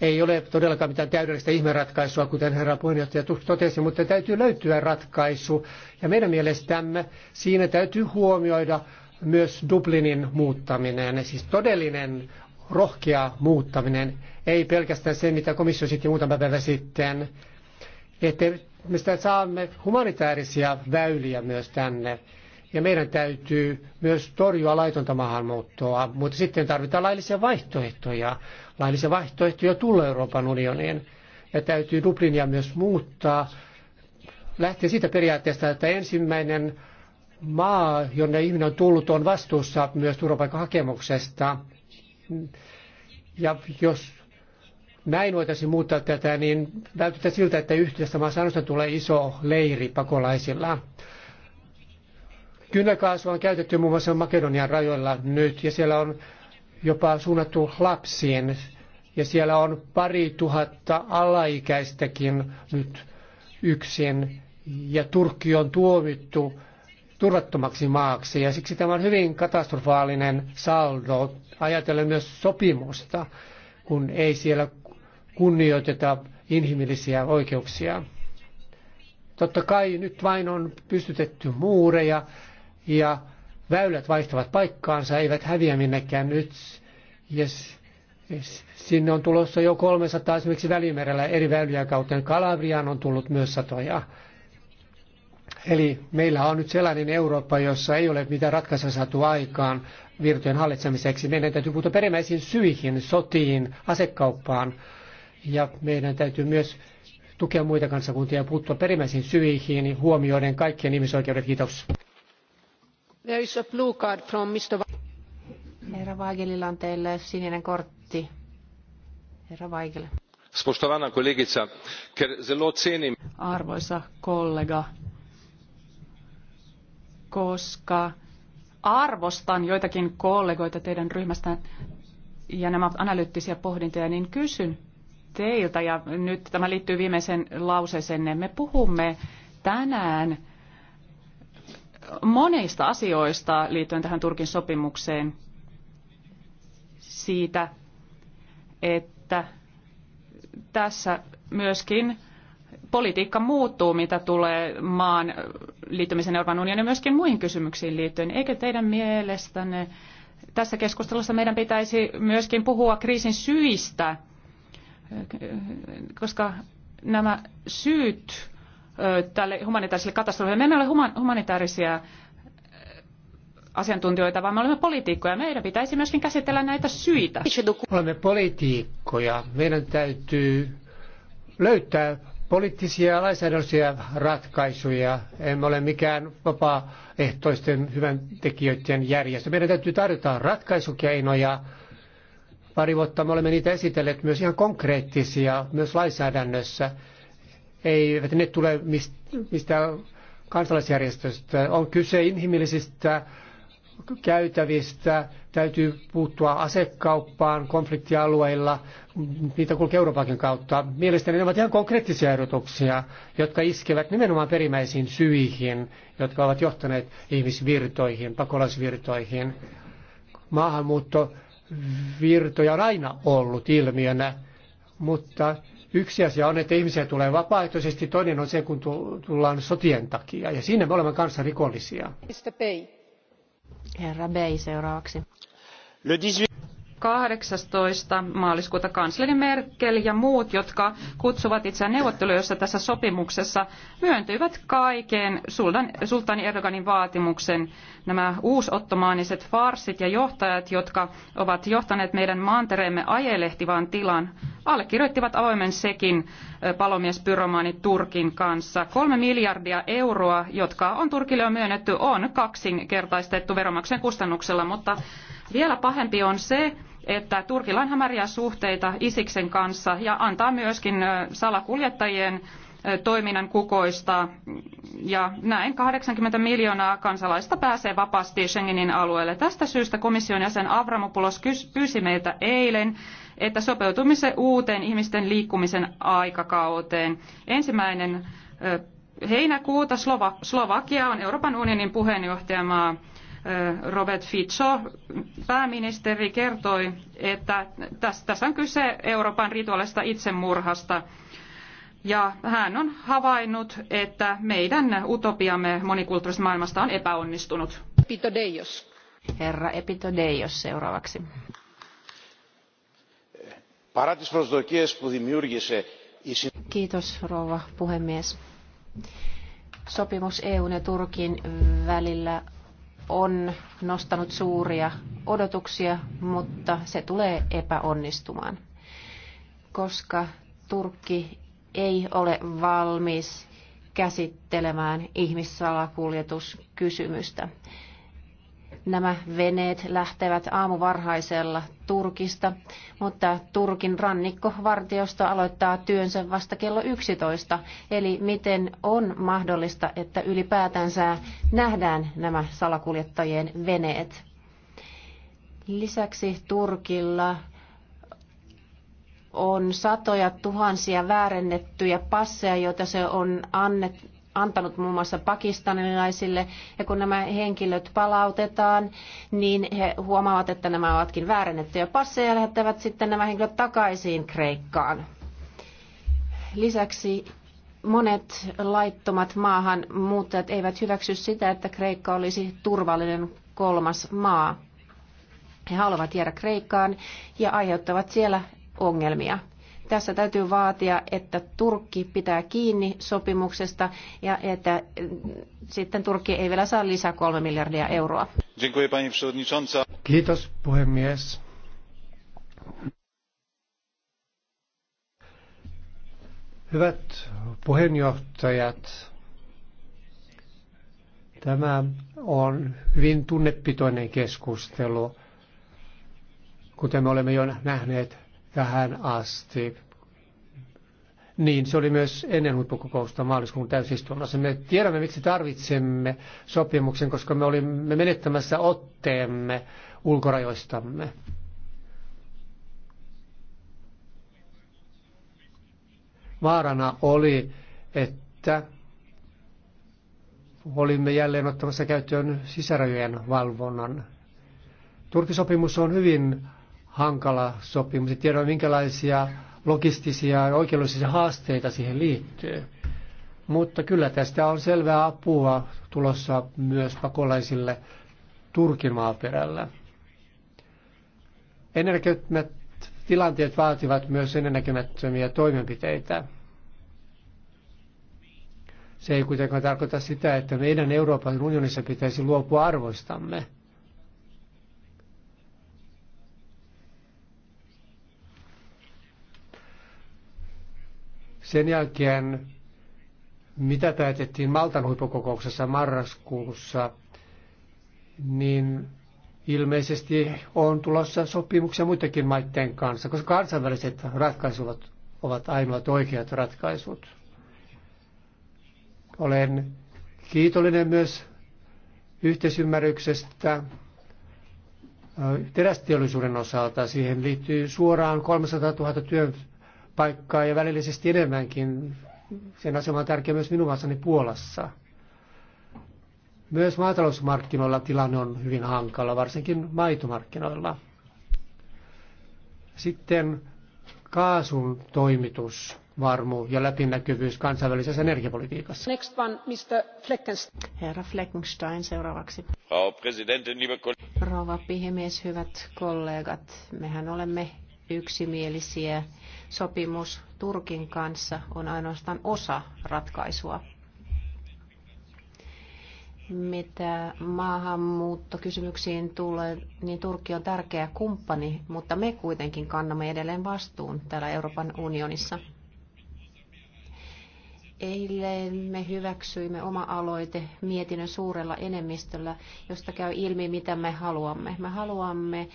Ei ole todellakaan mitään täydellistä ihmeratkaisua, kuten herra puheenjohtaja totesi, mutta täytyy löytyä ratkaisu. Ja meidän mielestämme siinä täytyy huomioida myös Dublinin muuttaminen, siis todellinen rohkea muuttaminen, ei pelkästään se, mitä komissio sitten muutama päivä sitten, että me saamme humanitaarisia väyliä myös tänne. Ja meidän täytyy myös torjua laitonta maahanmuuttoa, mutta sitten tarvitaan laillisia vaihtoehtoja. Laillisia vaihtoehtoja tulee Euroopan unioniin. Ja täytyy Dublinia myös muuttaa. Lähtee siitä periaatteesta, että ensimmäinen maa, jonne ihminen on tullut, on vastuussa myös turvapaikkahakemuksesta. Ja jos näin voitaisiin muuttaa tätä, niin vältytään siltä, että yhdestä maassa ainoastaan tulee iso leiri pakolaisilla. Kynäkaasua on käytetty muun muassa Makedonian rajoilla nyt, ja siellä on jopa suunnattu lapsiin, ja siellä on pari tuhatta alaikäistäkin nyt yksin, ja Turkki on tuomittu turvattomaksi maaksi. Ja siksi tämä on hyvin katastrofaalinen saldo ajatellen myös sopimusta, kun ei siellä kunnioiteta inhimillisiä oikeuksia. Totta kai nyt vain on pystytetty muureja ja väylät vaihtavat paikkaansa, eivät häviä minnekään nyt. Yes. Sinne on tulossa jo 300 esimerkiksi Välimerellä eri väyliä kautta. Kalabriaan on tullut myös satoja. Eli meillä on nyt sellainen Eurooppa, jossa ei ole mitään ratkaisua saatu aikaan virtojen hallitsemiseksi. Meidän täytyy puuttua perimmäisiin syihin, sotiin, asekauppaan. Ja meidän täytyy myös tukea muita kansakuntia ja puuttua perimmäisiin syihin huomioiden kaikkien ihmisoikeudet. Kiitos.
There is a blue card from Mr. Herra Vaigelilla on teille sininen kortti.
Herra Vaigel.
Spoštovana kolegica, ker zelo cenim...
Arvoisa kollega, koska arvostan joitakin kollegoita teidän ryhmästä ja nämä analyyttisiä pohdintoja, niin kysyn teiltä, ja nyt tämä liittyy viimeisen lauseeseen, me puhumme tänään monista asioista liittyen tähän Turkin sopimukseen siitä, että tässä myöskin politiikka muuttuu, mitä tulee maan liittymisen Euroopan unionin ja myöskin muihin kysymyksiin liittyen. Eikö teidän mielestänne tässä keskustelussa meidän pitäisi myöskin puhua kriisin syistä, koska nämä syyt tälle humanitaariselle katastrofille, me emme ole humanitaarisia asiantuntijoita, vaan me olemme poliitikkoja. Meidän pitäisi myöskin käsitellä näitä syitä. Olemme poliitikkoja.
Meidän täytyy löytää poliittisia ja lainsäädännöllisiä ratkaisuja. Emme ole mikään vapaaehtoisten hyvän tekijöiden järjestö. Meidän täytyy tarjota ratkaisukeinoja. Pari vuotta me olemme niitä esitelleet myös ihan konkreettisia, myös lainsäädännössä. Eivät ne tule mistään kansalaisjärjestöstä. On kyse inhimillisistä käytävistä, täytyy puuttua asekauppaan konfliktialueilla, niitä kulkee Euroopankin kautta. Mielestäni ne ovat ihan konkreettisia ehdotuksia, jotka iskevät nimenomaan perimäisiin syihin, jotka ovat johtaneet ihmisvirtoihin, pakolaisvirtoihin. Maahanmuuttovirtoja on aina ollut ilmiönä, mutta yksi asia on, että ihmisiä tulee vapaaehtoisesti, toinen on se, kun tullaan sotien takia, ja siinä me olemme kanssa rikollisia. Mr. Herra Bey seuraavaksi. 18. maaliskuuta kansleri
Merkel ja muut, jotka kutsuvat itseään neuvottelijoissa tässä sopimuksessa, myöntyivät kaiken sultani Erdoganin vaatimuksen. Nämä uusottomaaniset farsit ja johtajat, jotka ovat johtaneet meidän maantereemme ajelehtivaan tilaan, allekirjoittivat avoimen sekin palomiespyromaani Turkin kanssa. Kolme miljardia euroa, jotka on Turkille jo myönnetty, on kaksinkertaistettu veromaksen kustannuksella, mutta vielä pahempi on se, että Turkilla on hämäriä suhteita Isiksen kanssa ja antaa myöskin salakuljettajien toiminnan kukoista ja näin 80 miljoonaa kansalaista pääsee vapaasti Schengenin alueelle. Tästä syystä komission jäsen Avramopoulos pyysi meiltä eilen että sopeutumisen uuteen ihmisten liikkumisen aikakauteen. Ensimmäinen heinäkuuta Slovakia on Euroopan unionin puheenjohtajamaa. Robert Fico, pääministeri, kertoi, että tässä on kyse Euroopan rituaalista itsemurhasta. Ja hän on havainnut, että meidän utopiamme monikulttuurisesta maailmasta on epäonnistunut. Epitodeios. Herra Epitodeios seuraavaksi.
Kiitos rouva puhemies. Sopimus EUn ja Turkin välillä on nostanut suuria odotuksia, mutta se tulee epäonnistumaan, koska Turkki ei ole valmis käsittelemään ihmissalakuljetuskysymystä. Nämä veneet lähtevät aamuvarhaisella Turkista, mutta Turkin rannikkovartiosto aloittaa työnsä vasta kello 11. Eli miten on mahdollista, että ylipäätänsä nähdään nämä salakuljettajien veneet? Lisäksi Turkilla on satoja tuhansia väärennettyjä passeja, joita se on annettu antanut muun muassa pakistanilaisille. Ja kun nämä henkilöt palautetaan, niin he huomaavat, että nämä ovatkin väärennettyjä passeja ja lähettävät sitten nämä henkilöt takaisin Kreikkaan. Lisäksi monet laittomat maahanmuuttajat eivät hyväksy sitä, että Kreikka olisi turvallinen kolmas maa. He haluavat jäädä Kreikkaan ja aiheuttavat siellä ongelmia. Tässä täytyy vaatia, että Turkki pitää kiinni sopimuksesta ja että mm, sitten Turkki ei vielä saa lisää kolme miljardia euroa.
Kiitos puhemies. Hyvät puheenjohtajat, tämä on hyvin tunnepitoinen keskustelu, kuten me olemme jo nähneet tähän asti. Niin, se oli myös ennen huippukokousta maaliskuun täysistunnossa. Me tiedämme, miksi tarvitsemme sopimuksen, koska me olimme menettämässä otteemme ulkorajoistamme. Vaarana oli, että olimme jälleen ottamassa käyttöön sisärajojen valvonnan. Turkisopimus on hyvin hankala sopimus. En tiedä, minkälaisia logistisia ja oikeudellisia haasteita siihen liittyy. Mutta kyllä tästä on selvää apua tulossa myös pakolaisille Turkin maaperällä. Energiat tilanteet vaativat myös ennennäkemättömiä toimenpiteitä. Se ei kuitenkaan tarkoita sitä, että meidän Euroopan unionissa pitäisi luopua arvoistamme. Sen jälkeen, mitä päätettiin Maltan huippukokouksessa marraskuussa, niin ilmeisesti on tulossa sopimuksia muitakin maiden kanssa, koska kansainväliset ratkaisut ovat ainoat oikeat ratkaisut. Olen kiitollinen myös yhteisymmärryksestä terästeollisuuden osalta. Siihen liittyy suoraan 300 000 työn paikkaa ja välillisesti enemmänkin. Sen asema on tärkeä myös minun maassani Puolassa. Myös maatalousmarkkinoilla tilanne on hyvin hankala, varsinkin maitomarkkinoilla. Sitten kaasun toimitus, varmuus ja läpinäkyvyys kansainvälisessä energiapolitiikassa. Next
one, Mr.
Fleckenstein. Herra Fleckenstein seuraavaksi.
Frau Präsidentin, liebe
Rouva puhemies, hyvät kollegat, mehän olemme yksimielisiä sopimus Turkin kanssa on ainoastaan osa ratkaisua. Mitä maahanmuuttokysymyksiin tulee, niin Turkki on tärkeä kumppani, mutta me kuitenkin kannamme edelleen vastuun täällä Euroopan unionissa. Eilen me hyväksyimme oma aloite mietinnön suurella enemmistöllä, josta käy ilmi, mitä me haluamme. Me haluamme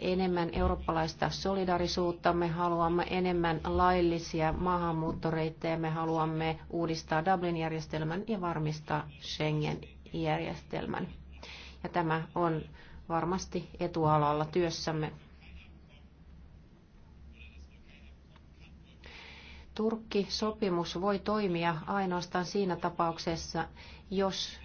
enemmän eurooppalaista solidarisuutta, me haluamme enemmän laillisia maahanmuuttoreittejä, me haluamme uudistaa Dublin-järjestelmän ja varmistaa Schengen-järjestelmän. Ja tämä on varmasti etualalla työssämme. Turkki-sopimus voi toimia ainoastaan siinä tapauksessa, jos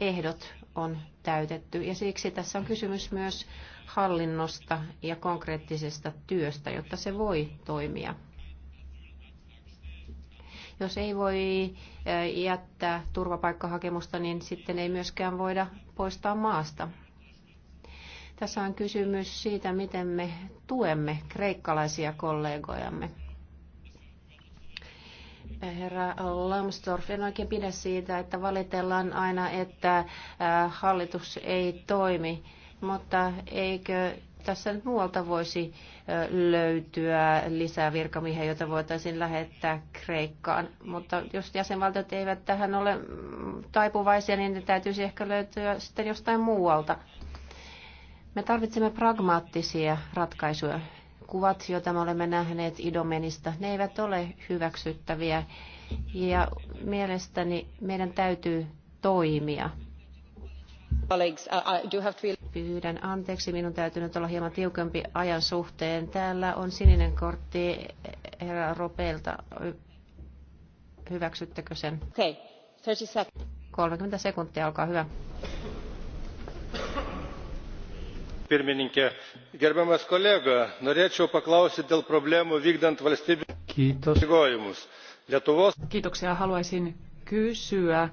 ehdot on täytetty. Ja siksi tässä on kysymys myös hallinnosta ja konkreettisesta työstä, jotta se voi toimia. Jos ei voi jättää turvapaikkahakemusta, niin sitten ei myöskään voida poistaa maasta. Tässä on kysymys siitä, miten me tuemme kreikkalaisia kollegojamme. Herra Lambsdorff, en oikein pidä siitä, että valitellaan aina, että hallitus ei toimi mutta eikö tässä nyt muualta voisi löytyä lisää virkamiehiä, joita voitaisiin lähettää Kreikkaan. Mutta jos jäsenvaltiot eivät tähän ole mm, taipuvaisia, niin ne täytyisi ehkä löytyä sitten jostain muualta. Me tarvitsemme pragmaattisia ratkaisuja. Kuvat, joita me olemme nähneet Idomenista, ne eivät ole hyväksyttäviä. Ja mielestäni meidän täytyy toimia. Pyydän anteeksi, minun täytyy nyt olla hieman tiukempi ajan suhteen. Täällä on sininen kortti eh, herra Ropelta. Hyväksyttekö sen? Okay. 30 sekuntia, olkaa hyvä.
Pirmininkė, gerbiamas kolega, norėčiau paklausyti dėl problemų vykdant valstybės Kiitos. Kiitoksia. Haluaisin
kysyä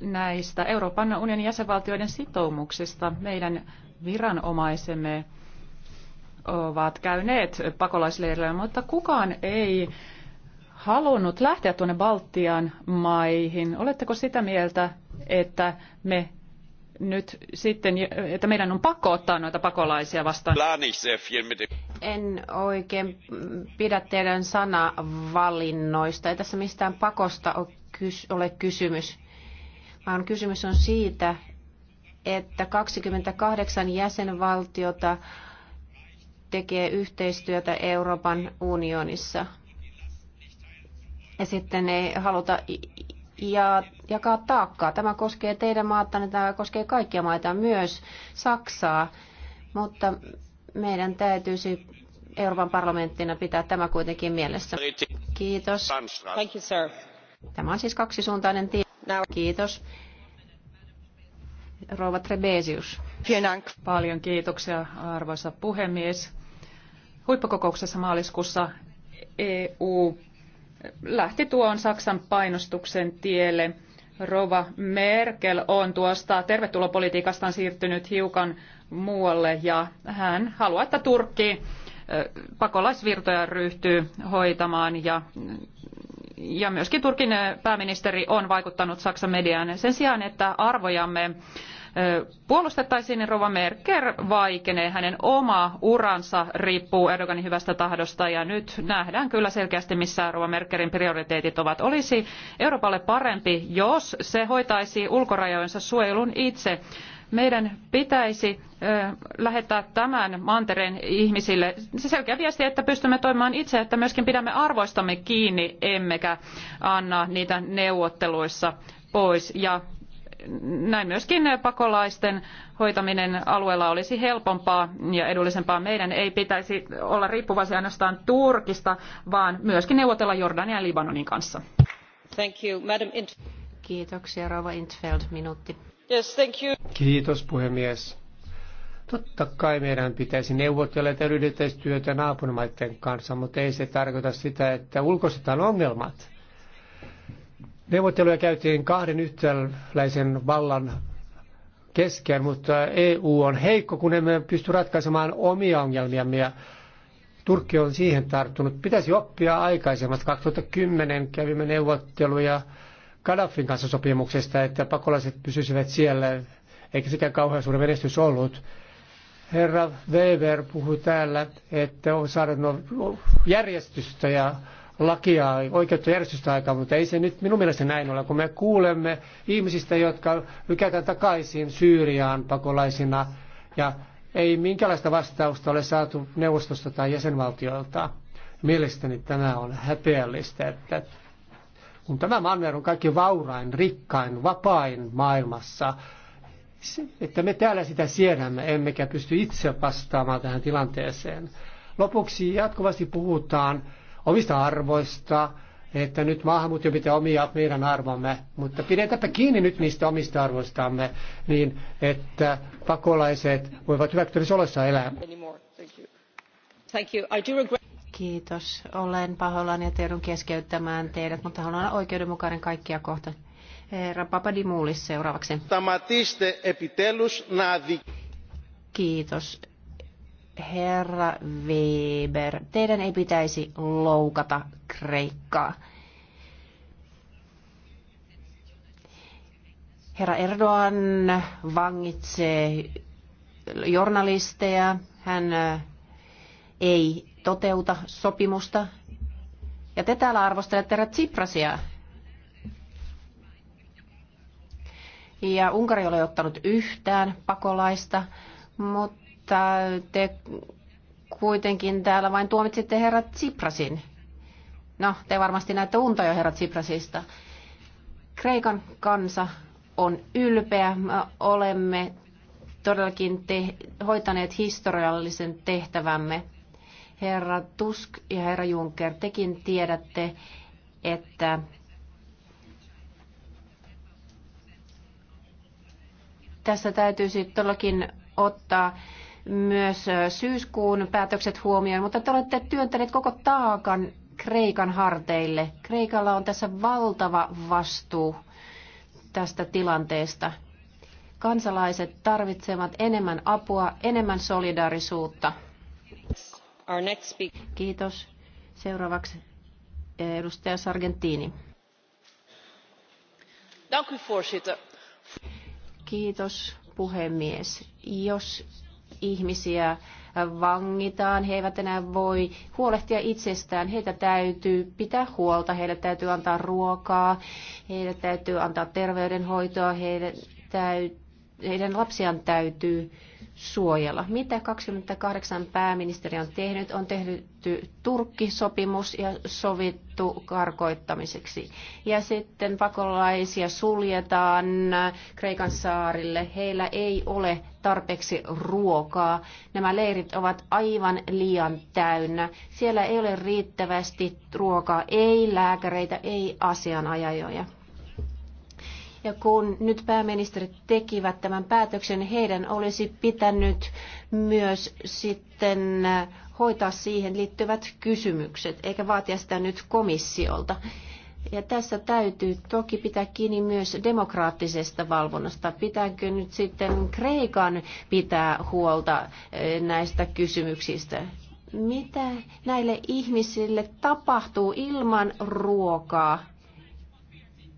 näistä Euroopan unionin jäsenvaltioiden sitoumuksista. Meidän viranomaisemme ovat käyneet pakolaisleireillä, mutta kukaan ei halunnut lähteä tuonne Baltian maihin. Oletteko sitä mieltä, että me nyt sitten, että meidän on pakko ottaa noita pakolaisia vastaan? En oikein
pidä teidän sanavalinnoista. Ei tässä mistään pakosta ole kysymys vaan kysymys on siitä, että 28 jäsenvaltiota tekee yhteistyötä Euroopan unionissa. Ja sitten ei haluta ja jakaa taakkaa. Tämä koskee teidän maatanne, niin tämä koskee kaikkia maita, myös Saksaa. Mutta meidän täytyisi Euroopan parlamenttina pitää tämä kuitenkin mielessä. Kiitos. Thank you, sir. Tämä on siis
kaksisuuntainen tie. Kiitos. Rouva Trebesius. Paljon kiitoksia, arvoisa puhemies. Huippukokouksessa maaliskuussa EU lähti tuon Saksan painostuksen tielle. Rova Merkel on tuosta tervetulopolitiikastaan siirtynyt hiukan muualle ja hän haluaa, että Turkki pakolaisvirtoja ryhtyy hoitamaan ja ja myöskin Turkin eh, pääministeri on vaikuttanut Saksan mediaan. Sen sijaan, että arvojamme eh, puolustettaisiin, niin Rova Merker vaikenee. Hänen oma uransa riippuu Erdoganin hyvästä tahdosta ja nyt nähdään kyllä selkeästi, missä Rova Merkerin prioriteetit ovat. Olisi Euroopalle parempi, jos se hoitaisi ulkorajojensa suojelun itse meidän pitäisi lähettää tämän mantereen ihmisille se selkeä viesti, että pystymme toimimaan itse, että myöskin pidämme arvoistamme kiinni, emmekä anna niitä neuvotteluissa pois. Ja näin myöskin pakolaisten hoitaminen alueella olisi helpompaa ja edullisempaa. Meidän ei pitäisi olla riippuvaisia ainoastaan Turkista, vaan myöskin neuvotella Jordanian ja Libanonin kanssa. Thank you, Madam Kiitoksia, Rova Intfeld, minuutti.
Kiitos puhemies. Totta kai meidän pitäisi neuvotella ja tehdä yhteistyötä naapurimaiden kanssa, mutta ei se tarkoita sitä, että ulkoistetaan ongelmat. Neuvotteluja käytiin kahden yhtäläisen vallan kesken, mutta EU on heikko, kun emme pysty ratkaisemaan omia ongelmiamme ja Turkki on siihen tarttunut. Pitäisi oppia aikaisemmat. 2010 kävimme neuvotteluja Gaddafin kanssa sopimuksesta, että pakolaiset pysyisivät siellä, eikä sekään kauhean suuri menestys ollut. Herra Weber puhui täällä, että on saanut no, järjestystä ja lakia, oikeutta järjestystä aikaa, mutta ei se nyt minun mielestäni näin ole, kun me kuulemme ihmisistä, jotka lykätään takaisin Syyriaan pakolaisina ja ei minkälaista vastausta ole saatu neuvostosta tai jäsenvaltioilta. Mielestäni tämä on häpeällistä, että kun tämä manner on kaikki vaurain, rikkain, vapain maailmassa, että me täällä sitä siedämme, emmekä pysty itse vastaamaan tähän tilanteeseen. Lopuksi jatkuvasti puhutaan omista arvoista, että nyt maahanmuuttaja pitää omia meidän arvomme, mutta pidetäänpä kiinni nyt niistä omista arvoistamme, niin että pakolaiset voivat hyväksyä olossa elää.
Thank you. I do regret... Kiitos. Olen pahoillani ja joudun keskeyttämään teidät, mutta haluan olla oikeudenmukainen kaikkia kohta. Herra Papadimoulis seuraavaksi.
Tamatiste epitelus nadi.
Kiitos. Herra Weber, teidän ei pitäisi loukata Kreikkaa. Herra Erdogan vangitsee journalisteja. Hän ei toteuta sopimusta. Ja te täällä arvostelette Tsiprasia. Ja Unkari ei ole ottanut yhtään pakolaista, mutta te kuitenkin täällä vain tuomitsitte herra Tsiprasin. No, te varmasti näette unta jo herra Tsiprasista. Kreikan kansa on ylpeä. Me olemme todellakin te- hoitaneet historiallisen tehtävämme. Herra Tusk ja herra Juncker, tekin tiedätte, että tässä täytyisi todellakin ottaa myös syyskuun päätökset huomioon, mutta te olette työntäneet koko taakan Kreikan harteille. Kreikalla on tässä valtava vastuu tästä tilanteesta. Kansalaiset tarvitsevat enemmän apua, enemmän solidaarisuutta. Kiitos. Seuraavaksi eh, edustaja Sargentini.
Dank u, voorzitter.
Kiitos puhemies. Jos ihmisiä vangitaan, he eivät enää voi huolehtia itsestään, heitä täytyy pitää huolta, heille täytyy antaa ruokaa, heille täytyy antaa terveydenhoitoa, täy, heidän lapsiaan täytyy suojella. Mitä 28 pääministeri on tehnyt? On tehnyt Turkki-sopimus ja sovittu karkoittamiseksi. Ja sitten pakolaisia suljetaan Kreikan saarille. Heillä ei ole tarpeeksi ruokaa. Nämä leirit ovat aivan liian täynnä. Siellä ei ole riittävästi ruokaa, ei lääkäreitä, ei asianajajoja. Ja kun nyt pääministerit tekivät tämän päätöksen, heidän olisi pitänyt myös sitten äh, hoitaa siihen liittyvät kysymykset, eikä vaatia sitä nyt komissiolta. Ja tässä täytyy toki pitää kiinni myös demokraattisesta valvonnasta. Pitääkö nyt sitten Kreikan pitää huolta äh, näistä kysymyksistä? Mitä näille ihmisille tapahtuu ilman ruokaa?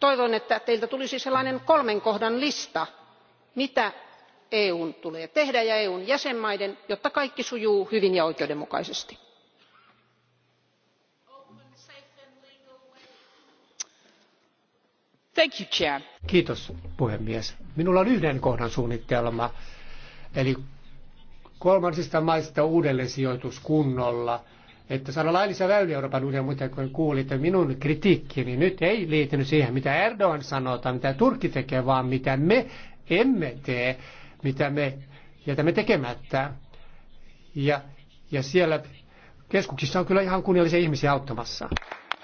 toivon että teiltä tulisi sellainen kolmen kohdan lista mitä eu n tulee tehdä ja eu n jäsenvaltioiden
jotta kaikki sujuu hyvin ja oikeudenmukaisesti.
Kiitos puhemies. Minulla on yhden kohdan suunnitelma, eli kolmansista maista uudelleen sijoitus kunnolla – että saada laillisia väyliä Euroopan unionin, mutta kun kuulitte minun kritiikkini, nyt ei liittynyt siihen, mitä Erdogan sanoo tai mitä Turkki tekee, vaan mitä me emme tee, mitä me jätämme tekemättä. Ja, ja siellä keskuksissa on kyllä ihan kunniallisia ihmisiä auttamassa.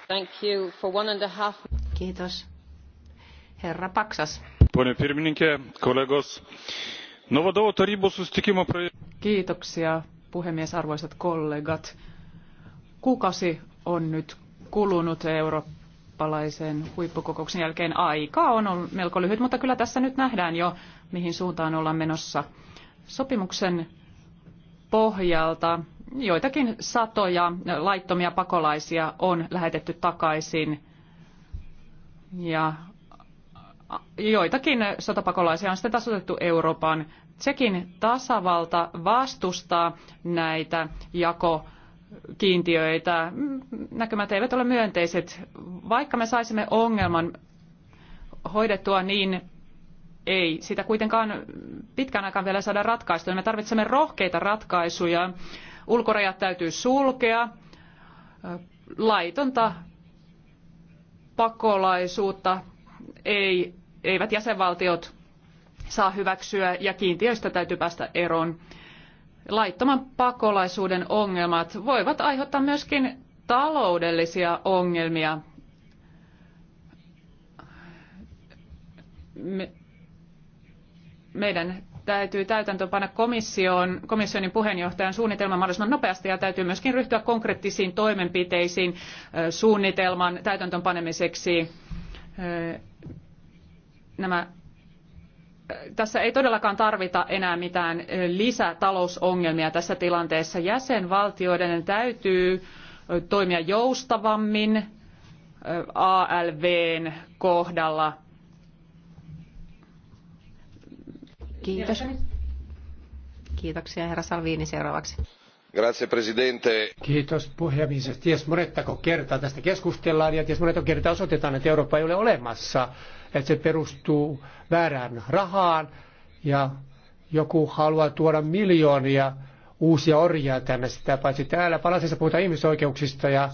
Thank you for one and a half. Kiitos.
Herra Paksas.
Kiitoksia, puhemies, arvoisat kollegat. Kuukausi on nyt kulunut eurooppalaisen huippukokouksen jälkeen. Aika on ollut melko lyhyt, mutta kyllä tässä nyt nähdään jo, mihin suuntaan ollaan menossa. Sopimuksen pohjalta joitakin satoja laittomia pakolaisia on lähetetty takaisin ja joitakin sotapakolaisia on sitten tasoitettu Euroopan. Tsekin tasavalta vastustaa näitä jako kiintiöitä. Näkymät eivät ole myönteiset. Vaikka me saisimme ongelman hoidettua, niin ei sitä kuitenkaan pitkään aikaan vielä saada ratkaistua. Me tarvitsemme rohkeita ratkaisuja. Ulkorajat täytyy sulkea. Laitonta pakolaisuutta ei, eivät jäsenvaltiot saa hyväksyä ja kiintiöistä täytyy päästä eroon laittoman pakolaisuuden ongelmat voivat aiheuttaa myöskin taloudellisia ongelmia. Me, meidän täytyy täytäntöönpanna komission, komissionin puheenjohtajan suunnitelma mahdollisimman nopeasti ja täytyy myöskin ryhtyä konkreettisiin toimenpiteisiin suunnitelman täytäntöönpanemiseksi. Nämä tässä ei todellakaan tarvita enää mitään lisätalousongelmia tässä tilanteessa. Jäsenvaltioiden täytyy toimia joustavammin ALVn kohdalla.
Kiitos. Kiitoksia herra Salvini
seuraavaksi.
Grazie presidente.
Kiitos puhemies. Ties monettako kertaa tästä keskustellaan ja ties monettako kertaa osoitetaan, että Eurooppa ei ole olemassa että se perustuu väärään rahaan ja joku haluaa tuoda miljoonia uusia orjia tänne sitä, paitsi täällä palasissa puhutaan ihmisoikeuksista ja,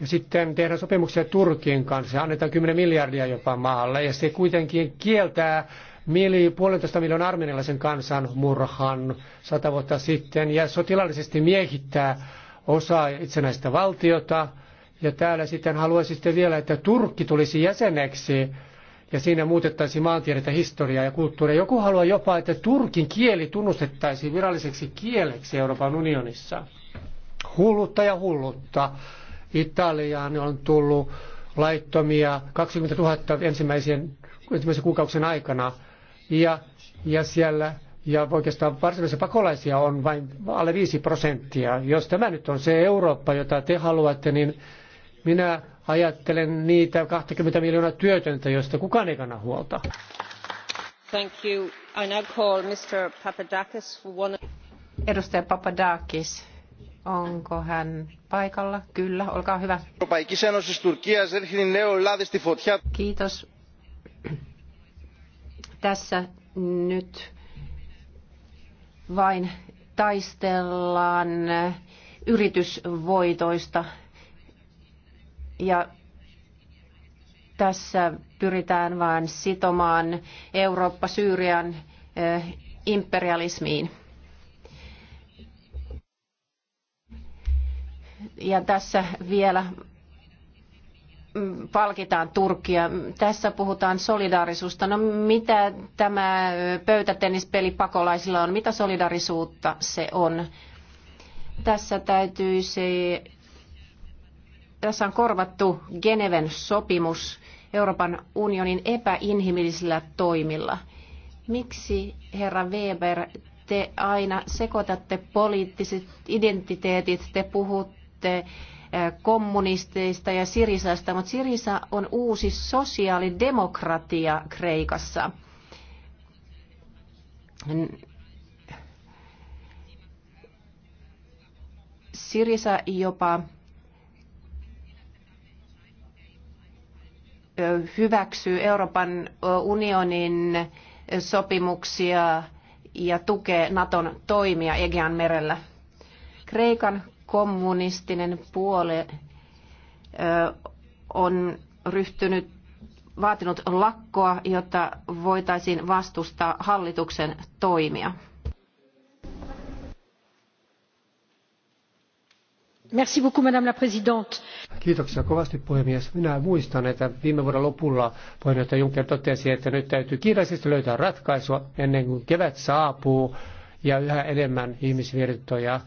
ja sitten tehdään sopimuksia Turkin kanssa, annetaan 10 miljardia jopa maalle ja se kuitenkin kieltää mili, puolentoista miljoonan armenialaisen kansan murhan sata vuotta sitten ja sotilaallisesti miehittää osaa itsenäistä valtiota ja täällä sitten haluaisitte sitten vielä, että Turkki tulisi jäseneksi ja siinä muutettaisiin maantiedettä, historiaa ja kulttuuria. Joku haluaa jopa, että turkin kieli tunnustettaisiin viralliseksi kieleksi Euroopan unionissa. Hullutta ja hullutta. Italiaan on tullut laittomia 20 000 ensimmäisen, ensimmäisen kuukauksen aikana. Ja, ja siellä ja oikeastaan varsinaisia pakolaisia on vain alle 5 prosenttia. Jos tämä nyt on se Eurooppa, jota te haluatte, niin minä ajattelen niitä 20 miljoonaa työtöntä, joista kukaan ei kanna huolta.
Thank you. I now call Mr. Papadakis for one...
Edustaja Papadakis, onko hän paikalla? Kyllä, olkaa hyvä. Kiitos. Tässä nyt vain taistellaan yritysvoitoista ja tässä pyritään vain sitomaan Eurooppa Syyrian eh, imperialismiin. Ja tässä vielä mm, palkitaan Turkia. Tässä puhutaan solidaarisuusta. No mitä tämä eh, pöytätennispeli pakolaisilla on? Mitä solidaarisuutta se on? Tässä täytyisi tässä on korvattu Geneven sopimus Euroopan unionin epäinhimillisillä toimilla. Miksi, herra Weber, te aina sekoitatte poliittiset identiteetit, te puhutte eh, kommunisteista ja Sirisasta, mutta Sirisa on uusi sosiaalidemokratia Kreikassa. Sirisa jopa hyväksyy Euroopan unionin sopimuksia ja tukee Naton toimia Egean merellä. Kreikan kommunistinen puole on ryhtynyt vaatinut lakkoa, jotta voitaisiin vastustaa hallituksen toimia. madame la présidente
kiitoksia kovasti puhemies minä muistan että viime vuoden lopulla puheenjohtaja juncker totesi että nyt täytyy kiireisesti löytää ratkaisua ennen kuin kevät saapuu ja yhä enemmän ihmisvirtoja.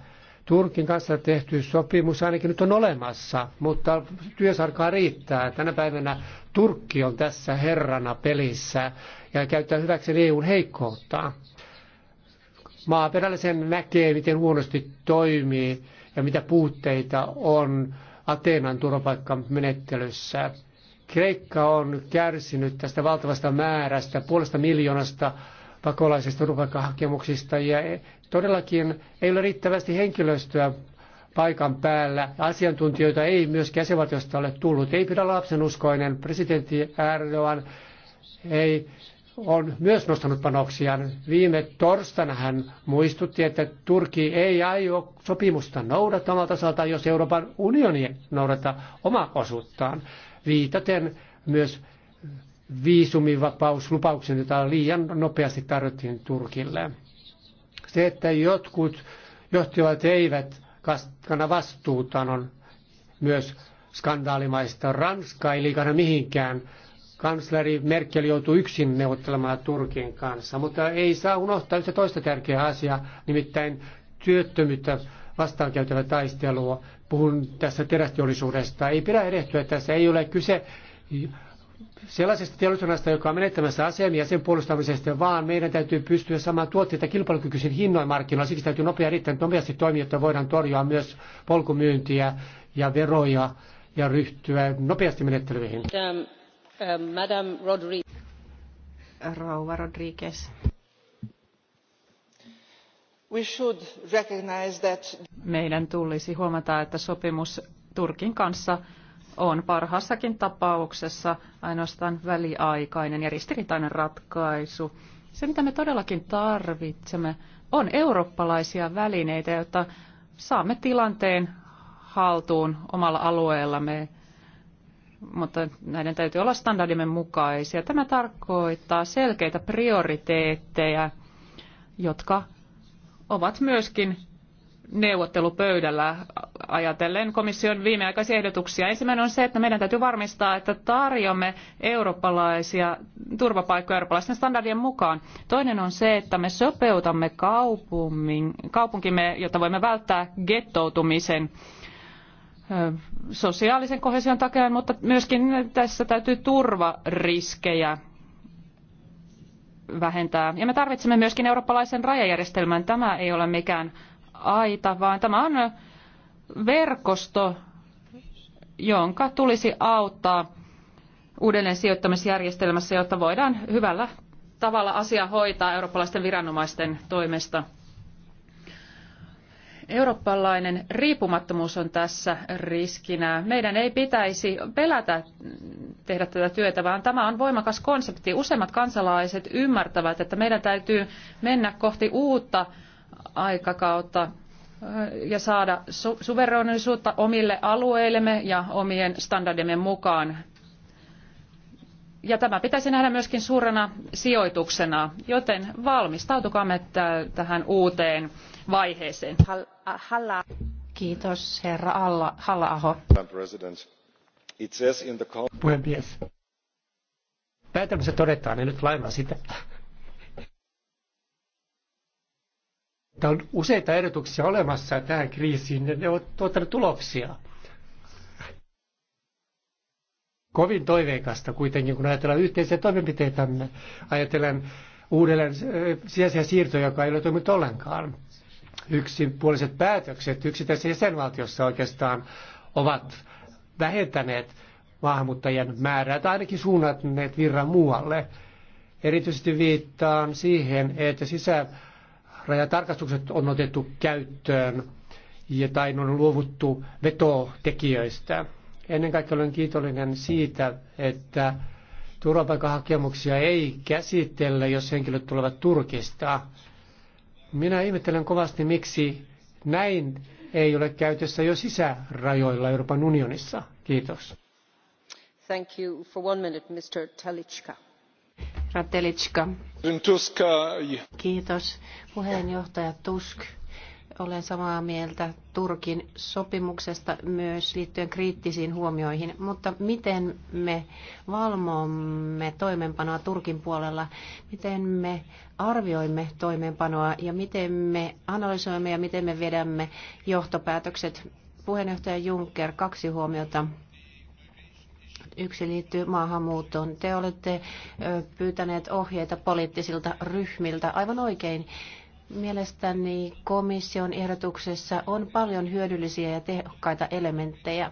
Turkin kanssa tehty sopimus ainakin nyt on olemassa, mutta työsarkaa riittää. Tänä päivänä Turkki on tässä herrana pelissä ja käyttää hyväksi EUn heikkoutta. Maaperällä sen näkee, miten huonosti toimii ja mitä puutteita on Ateenan turvapaikkamenettelyssä. Kreikka on kärsinyt tästä valtavasta määrästä, puolesta miljoonasta pakolaisista turvapaikkahakemuksista ja todellakin ei ole riittävästi henkilöstöä paikan päällä. Asiantuntijoita ei myöskään jäsenvaltiosta ole tullut. Ei pidä lapsenuskoinen. Presidentti Erdogan ei on myös nostanut panoksiaan. Viime torstaina hän muistutti, että Turkki ei aio sopimusta noudata omalta osaltaan, jos Euroopan unioni noudata omaa osuuttaan, viitaten myös viisumivapauslupauksen, jota liian nopeasti tarjottiin Turkille. Se, että jotkut johtajat eivät kanna vastuutaan, on myös skandaalimaista. Ranska ei liikana mihinkään kansleri Merkel joutuu yksin neuvottelemaan Turkin kanssa, mutta ei saa unohtaa yhtä toista tärkeää asiaa, nimittäin työttömyyttä vastaan käytävä taistelua. Puhun tässä terästeollisuudesta. Ei pidä erehtyä tässä. Ei ole kyse sellaisesta teollisuudesta, joka on menettämässä asemia ja sen puolustamisesta, vaan meidän täytyy pystyä saamaan tuotteita kilpailukykyisin hinnoin markkinoilla. Siksi täytyy nopea, erittäin nopeasti toimia, jotta voidaan torjua myös polkumyyntiä ja veroja ja ryhtyä nopeasti menettelyihin.
Ähm, Um,
Rouva Meidän tulisi huomata, että sopimus Turkin kanssa on parhaassakin tapauksessa ainoastaan väliaikainen ja ristiriitainen ratkaisu. Se, mitä me todellakin tarvitsemme, on eurooppalaisia välineitä, jotta saamme tilanteen haltuun omalla alueellamme mutta näiden täytyy olla standardimme mukaisia. Tämä tarkoittaa selkeitä prioriteetteja, jotka ovat myöskin neuvottelupöydällä ajatellen komission viimeaikaisia ehdotuksia. Ensimmäinen on se, että meidän täytyy varmistaa, että tarjoamme eurooppalaisia turvapaikkoja eurooppalaisten standardien mukaan. Toinen on se, että me sopeutamme kaupunkimme, jotta voimme välttää gettoutumisen sosiaalisen kohesion takia, mutta myöskin tässä täytyy turvariskejä vähentää. Ja me tarvitsemme myöskin eurooppalaisen rajajärjestelmän. Tämä ei ole mikään aita, vaan tämä on verkosto, jonka tulisi auttaa uudelleen sijoittamisjärjestelmässä, jotta voidaan hyvällä tavalla asia hoitaa eurooppalaisten viranomaisten toimesta. Eurooppalainen riippumattomuus on tässä riskinä. Meidän ei pitäisi pelätä tehdä tätä työtä, vaan tämä on voimakas konsepti. Useimmat kansalaiset ymmärtävät, että meidän täytyy mennä kohti uutta aikakautta ja saada su- suverenisuutta omille alueillemme ja omien standardiemme mukaan ja tämä pitäisi nähdä myöskin suurena sijoituksena, joten valmistautukaamme tähän uuteen vaiheeseen. Äh,
Kiitos herra Alla, Halla-aho.
Puhemies. Päätelmässä todetaan, ja nyt lainaan sitä, että on useita ehdotuksia olemassa tähän kriisiin, ja ne ovat tuottaneet tuloksia kovin toiveikasta kuitenkin, kun ajatellaan yhteisiä toimenpiteitämme. Ajatellaan uudelleen sisäisiä siirtoja, joka ei ole toiminut ollenkaan. Yksipuoliset päätökset yksittäisessä jäsenvaltiossa oikeastaan ovat vähentäneet maahanmuuttajien määrää tai ainakin suunnanneet virran muualle. Erityisesti viittaan siihen, että sisärajatarkastukset on otettu käyttöön ja tai on luovuttu vetotekijöistä. Ennen kaikkea olen kiitollinen siitä, että turvapaikanhakemuksia ei käsitellä, jos henkilöt tulevat Turkista. Minä ihmettelen kovasti, miksi näin ei ole käytössä jo sisärajoilla Euroopan unionissa. Kiitos.
Thank you for one minute, Mr. Talitska.
Ratelitska. Kiitos puheenjohtaja Tusk olen samaa mieltä Turkin sopimuksesta myös liittyen kriittisiin huomioihin, mutta miten me valvomme toimenpanoa Turkin puolella, miten me arvioimme toimenpanoa ja miten me analysoimme ja miten me vedämme johtopäätökset. Puheenjohtaja Juncker, kaksi huomiota yksi liittyy maahanmuuttoon. Te olette pyytäneet ohjeita poliittisilta ryhmiltä aivan oikein. Mielestäni komission ehdotuksessa on paljon hyödyllisiä ja tehokkaita elementtejä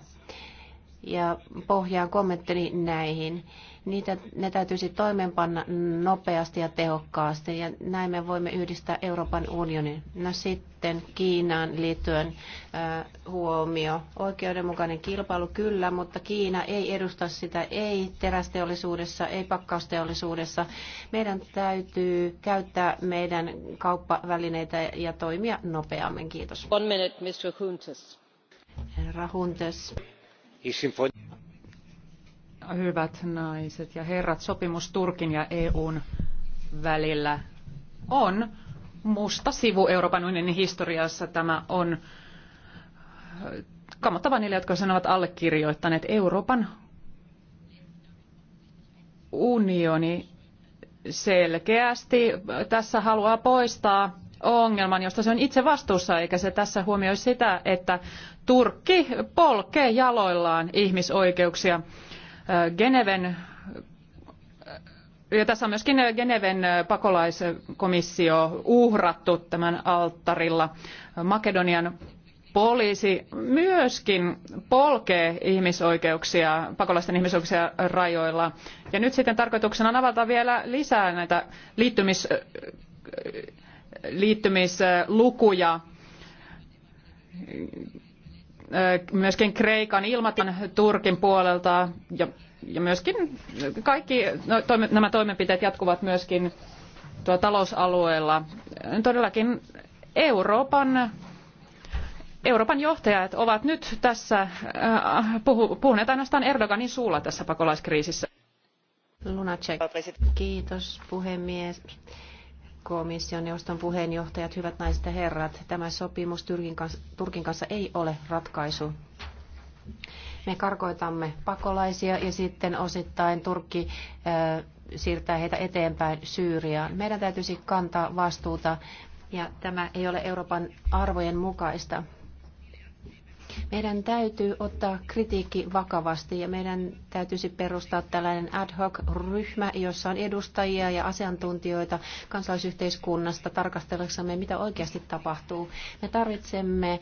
ja pohjaan kommenttini näihin niitä, ne täytyisi toimeenpanna nopeasti ja tehokkaasti ja näin me voimme yhdistää Euroopan unionin. No sitten Kiinaan liittyen äh, huomio. Oikeudenmukainen kilpailu kyllä, mutta Kiina ei edusta sitä ei terästeollisuudessa, ei pakkausteollisuudessa. Meidän täytyy käyttää meidän kauppavälineitä ja toimia
nopeammin. Kiitos. One minute, Mr. Huntes. Herra Huntes Hyvät naiset ja herrat, sopimus Turkin ja EUn välillä on musta sivu Euroopan unionin historiassa. Tämä on äh, kamottava niille, jotka sen ovat allekirjoittaneet. Euroopan unioni selkeästi tässä haluaa poistaa ongelman, josta se on itse vastuussa, eikä se tässä huomioi sitä, että Turkki polkee jaloillaan ihmisoikeuksia. Geneven ja tässä on myöskin Geneven pakolaiskomissio uhrattu tämän alttarilla. Makedonian poliisi myöskin polkee ihmisoikeuksia, pakolaisten ihmisoikeuksia rajoilla. Ja nyt sitten tarkoituksena on avata vielä lisää näitä liittymis, liittymislukuja myöskin Kreikan ilmatilan Turkin puolelta ja, ja myöskin kaikki no, toime, nämä toimenpiteet jatkuvat myöskin tuo talousalueella. Todellakin Euroopan, Euroopan johtajat ovat nyt tässä äh, puhu, puhuneet ainoastaan Erdoganin suulla tässä pakolaiskriisissä. Lunacek.
Kiitos puhemies komission neuvoston puheenjohtajat, hyvät naiset ja herrat, tämä sopimus Turkin kanssa, Turkin kanssa ei ole ratkaisu. Me karkoitamme pakolaisia ja sitten osittain Turkki ö, siirtää heitä eteenpäin Syyriaan. Meidän täytyisi kantaa vastuuta ja tämä ei ole Euroopan arvojen mukaista. Meidän täytyy ottaa kritiikki vakavasti ja meidän täytyisi perustaa tällainen ad hoc ryhmä, jossa on edustajia ja asiantuntijoita kansalaisyhteiskunnasta tarkastellaksemme, mitä oikeasti tapahtuu. Me tarvitsemme eh,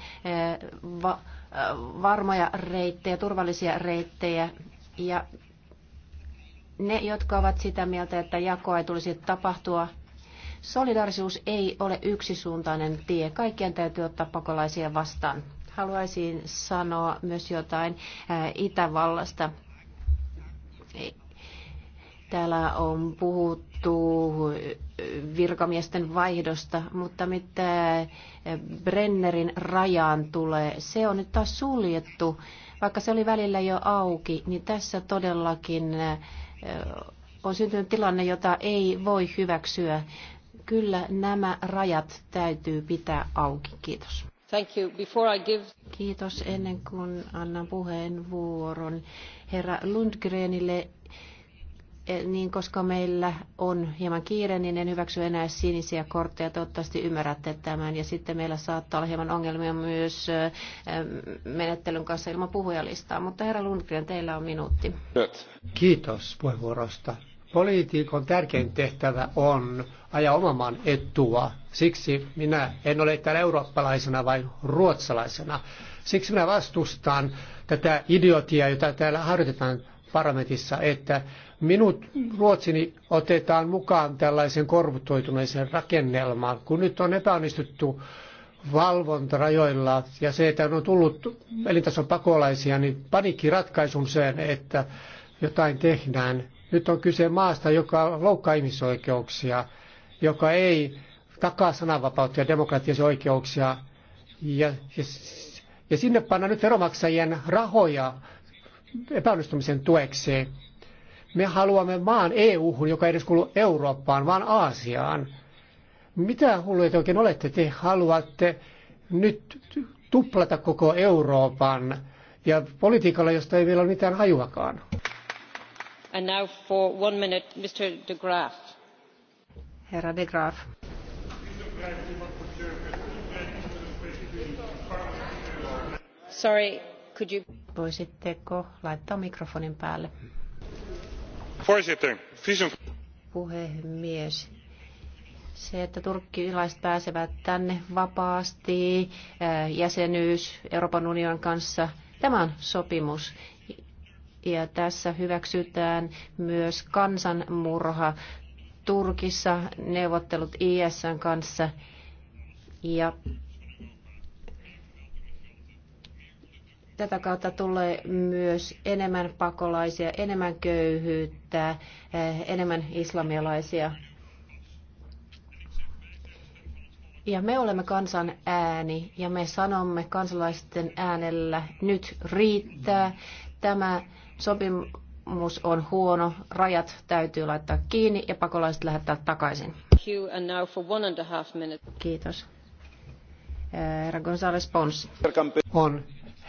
va- eh, varmoja reittejä, turvallisia reittejä ja ne, jotka ovat sitä mieltä, että jakoa ei tulisi tapahtua, Solidarisuus ei ole yksisuuntainen tie. Kaikkien täytyy ottaa pakolaisia vastaan. Haluaisin sanoa myös jotain äh, Itävallasta. Täällä on puhuttu virkamiesten vaihdosta, mutta mitä äh, Brennerin rajaan tulee, se on nyt taas suljettu. Vaikka se oli välillä jo auki, niin tässä todellakin äh, on syntynyt tilanne, jota ei voi hyväksyä. Kyllä nämä rajat täytyy pitää auki. Kiitos. Kiitos. Ennen kuin annan puheenvuoron herra Lundgrenille, e, niin koska meillä on hieman kiire, niin en hyväksy enää sinisiä kortteja. Toivottavasti ymmärrätte tämän. Ja sitten meillä saattaa olla hieman ongelmia myös e, menettelyn kanssa ilman puhujalistaa. Mutta herra Lundgren, teillä on minuutti.
Kiitos puheenvuorosta. Poliitikon tärkein tehtävä on ajaa oman maan etua. Siksi minä en ole täällä eurooppalaisena vai ruotsalaisena. Siksi minä vastustan tätä idiotia, jota täällä harjoitetaan parlamentissa, että minut Ruotsini otetaan mukaan tällaisen korruptoituneeseen rakennelmaan, kun nyt on epäonnistuttu valvontarajoilla ja se, että on tullut elintason pakolaisia, niin panikki ratkaisun sen, että jotain tehdään. Nyt on kyse maasta, joka loukkaa ihmisoikeuksia, joka ei takaa sananvapautta ja demokratian oikeuksia. Ja, ja, ja sinne panna nyt veromaksajien rahoja epäonnistumisen tueksi. Me haluamme maan EU-hun, joka ei edes kuulu Eurooppaan, vaan Aasiaan. Mitä hulluja te oikein olette? Te haluatte nyt tuplata koko Euroopan ja politiikalla, josta ei vielä ole mitään hajuakaan.
Minute, De Graaf.
Herra De Graaf.
Sorry, could you... laittaa mikrofonin päälle?
Voorzitter, visum...
Puhemies, se, että turkkilaiset pääsevät tänne vapaasti, eh, jäsenyys Euroopan unionin kanssa, tämä on sopimus ja tässä hyväksytään myös kansanmurha Turkissa, neuvottelut ISN kanssa ja tätä kautta tulee myös enemmän pakolaisia, enemmän köyhyyttä, eh, enemmän islamilaisia Ja me olemme kansan ääni ja me sanomme kansalaisten äänellä, nyt riittää. Tämä Sopimus on huono, rajat täytyy laittaa kiinni ja pakolaiset lähettää takaisin. Kiitos.
Eh, herra González Pons. On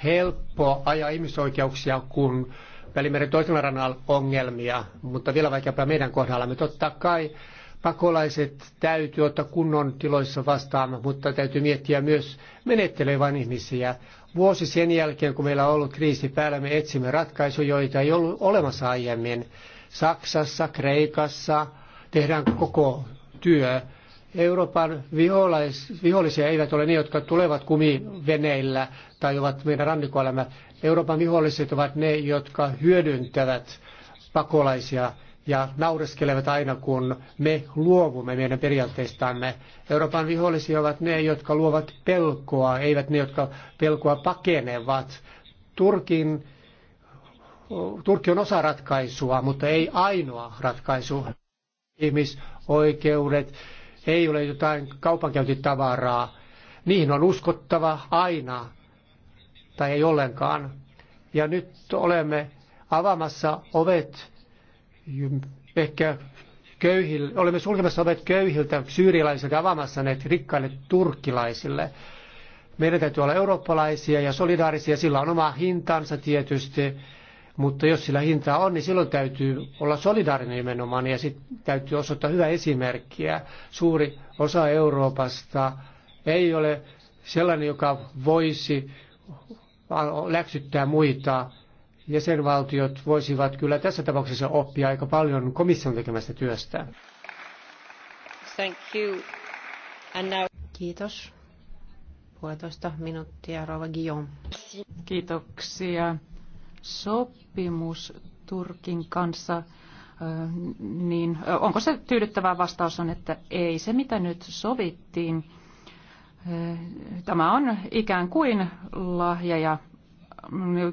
helppo ajaa ihmisoikeuksia, kun Välimeren toisella rannalla ongelmia, mutta vielä vaikeampaa meidän kohdallamme. Totta kai pakolaiset täytyy ottaa kunnon tiloissa vastaan, mutta täytyy miettiä myös menettelevän ihmisiä. Vuosi sen jälkeen, kun meillä on ollut kriisi päällä, me etsimme ratkaisuja, joita ei ollut olemassa aiemmin. Saksassa, Kreikassa tehdään koko työ. Euroopan vihollisia eivät ole ne, jotka tulevat kumiveneillä tai ovat meidän rannikoelämä. Euroopan viholliset ovat ne, jotka hyödyntävät pakolaisia ja naureskelevat aina, kun me luovumme meidän periaatteistamme. Euroopan vihollisia ovat ne, jotka luovat pelkoa, eivät ne, jotka pelkoa pakenevat. Turkin, Turkki on osa ratkaisua, mutta ei ainoa ratkaisu. Ihmisoikeudet ei ole jotain kaupankäyntitavaraa. Niihin on uskottava aina tai ei ollenkaan. Ja nyt olemme avaamassa ovet ehkä köyhille, olemme sulkemassa ovet köyhiltä syyrialaisilta avaamassa ne rikkaille turkkilaisille. Meidän täytyy olla eurooppalaisia ja solidaarisia, sillä on oma hintansa tietysti, mutta jos sillä hintaa on, niin silloin täytyy olla solidaarinen nimenomaan ja sitten täytyy osoittaa hyvää esimerkkiä. Suuri osa Euroopasta ei ole sellainen, joka voisi läksyttää muita jäsenvaltiot voisivat kyllä tässä tapauksessa oppia aika paljon komission tekemästä työstä.
Thank you. And now... Kiitos.
Puolitoista minuuttia, Rova Guillaume. Kiitoksia. Sopimus Turkin kanssa, niin onko se tyydyttävä vastaus on, että ei se mitä nyt sovittiin, Tämä on ikään kuin lahja ja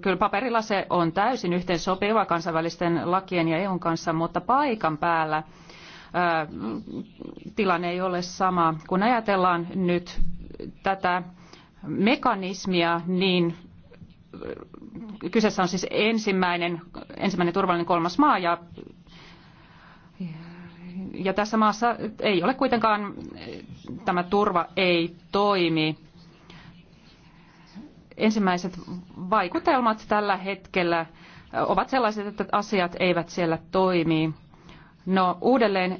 Kyllä paperilla se on täysin yhteen sopiva kansainvälisten lakien ja EUn kanssa, mutta paikan päällä tilanne ei ole sama. Kun ajatellaan nyt tätä mekanismia, niin kyseessä on siis ensimmäinen, ensimmäinen turvallinen kolmas maa ja, ja tässä maassa ei ole kuitenkaan tämä turva ei toimi ensimmäiset vaikutelmat tällä hetkellä ovat sellaiset, että asiat eivät siellä toimi. No uudelleen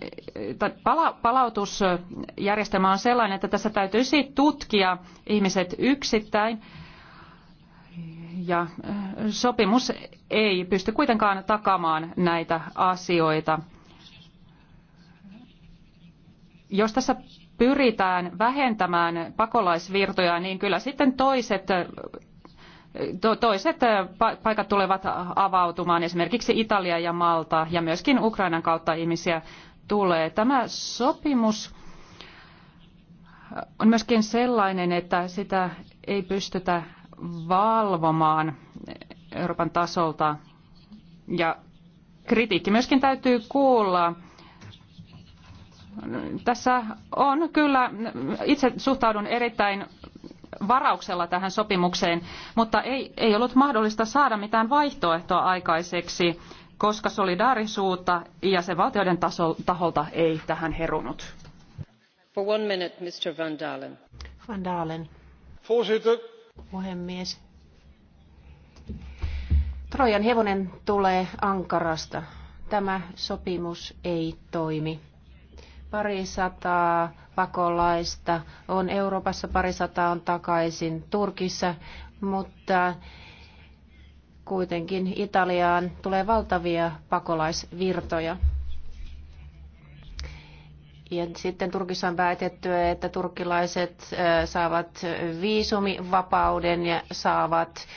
pala- palautusjärjestelmä on sellainen, että tässä täytyisi tutkia ihmiset yksittäin ja sopimus ei pysty kuitenkaan takamaan näitä asioita. Jos tässä pyritään vähentämään pakolaisvirtoja, niin kyllä sitten toiset toiset paikat tulevat avautumaan, esimerkiksi Italia ja Malta ja myöskin Ukrainan kautta ihmisiä tulee. Tämä sopimus on myöskin sellainen, että sitä ei pystytä valvomaan Euroopan tasolta ja kritiikki myöskin täytyy kuulla tässä on kyllä, itse suhtaudun erittäin varauksella tähän sopimukseen, mutta ei, ei ollut mahdollista saada mitään vaihtoehtoa aikaiseksi, koska solidaarisuutta jäsenvaltioiden taso, taholta ei tähän herunut.
For one minute, Mr. Van Dalen.
Van Dalen. Voorzitter. Puhemies. Trojan
hevonen tulee Ankarasta. Tämä sopimus ei toimi parisataa pakolaista on Euroopassa, parisataa on takaisin Turkissa, mutta kuitenkin Italiaan tulee valtavia pakolaisvirtoja. Ja sitten Turkissa on päätetty, että turkilaiset saavat viisumivapauden ja saavat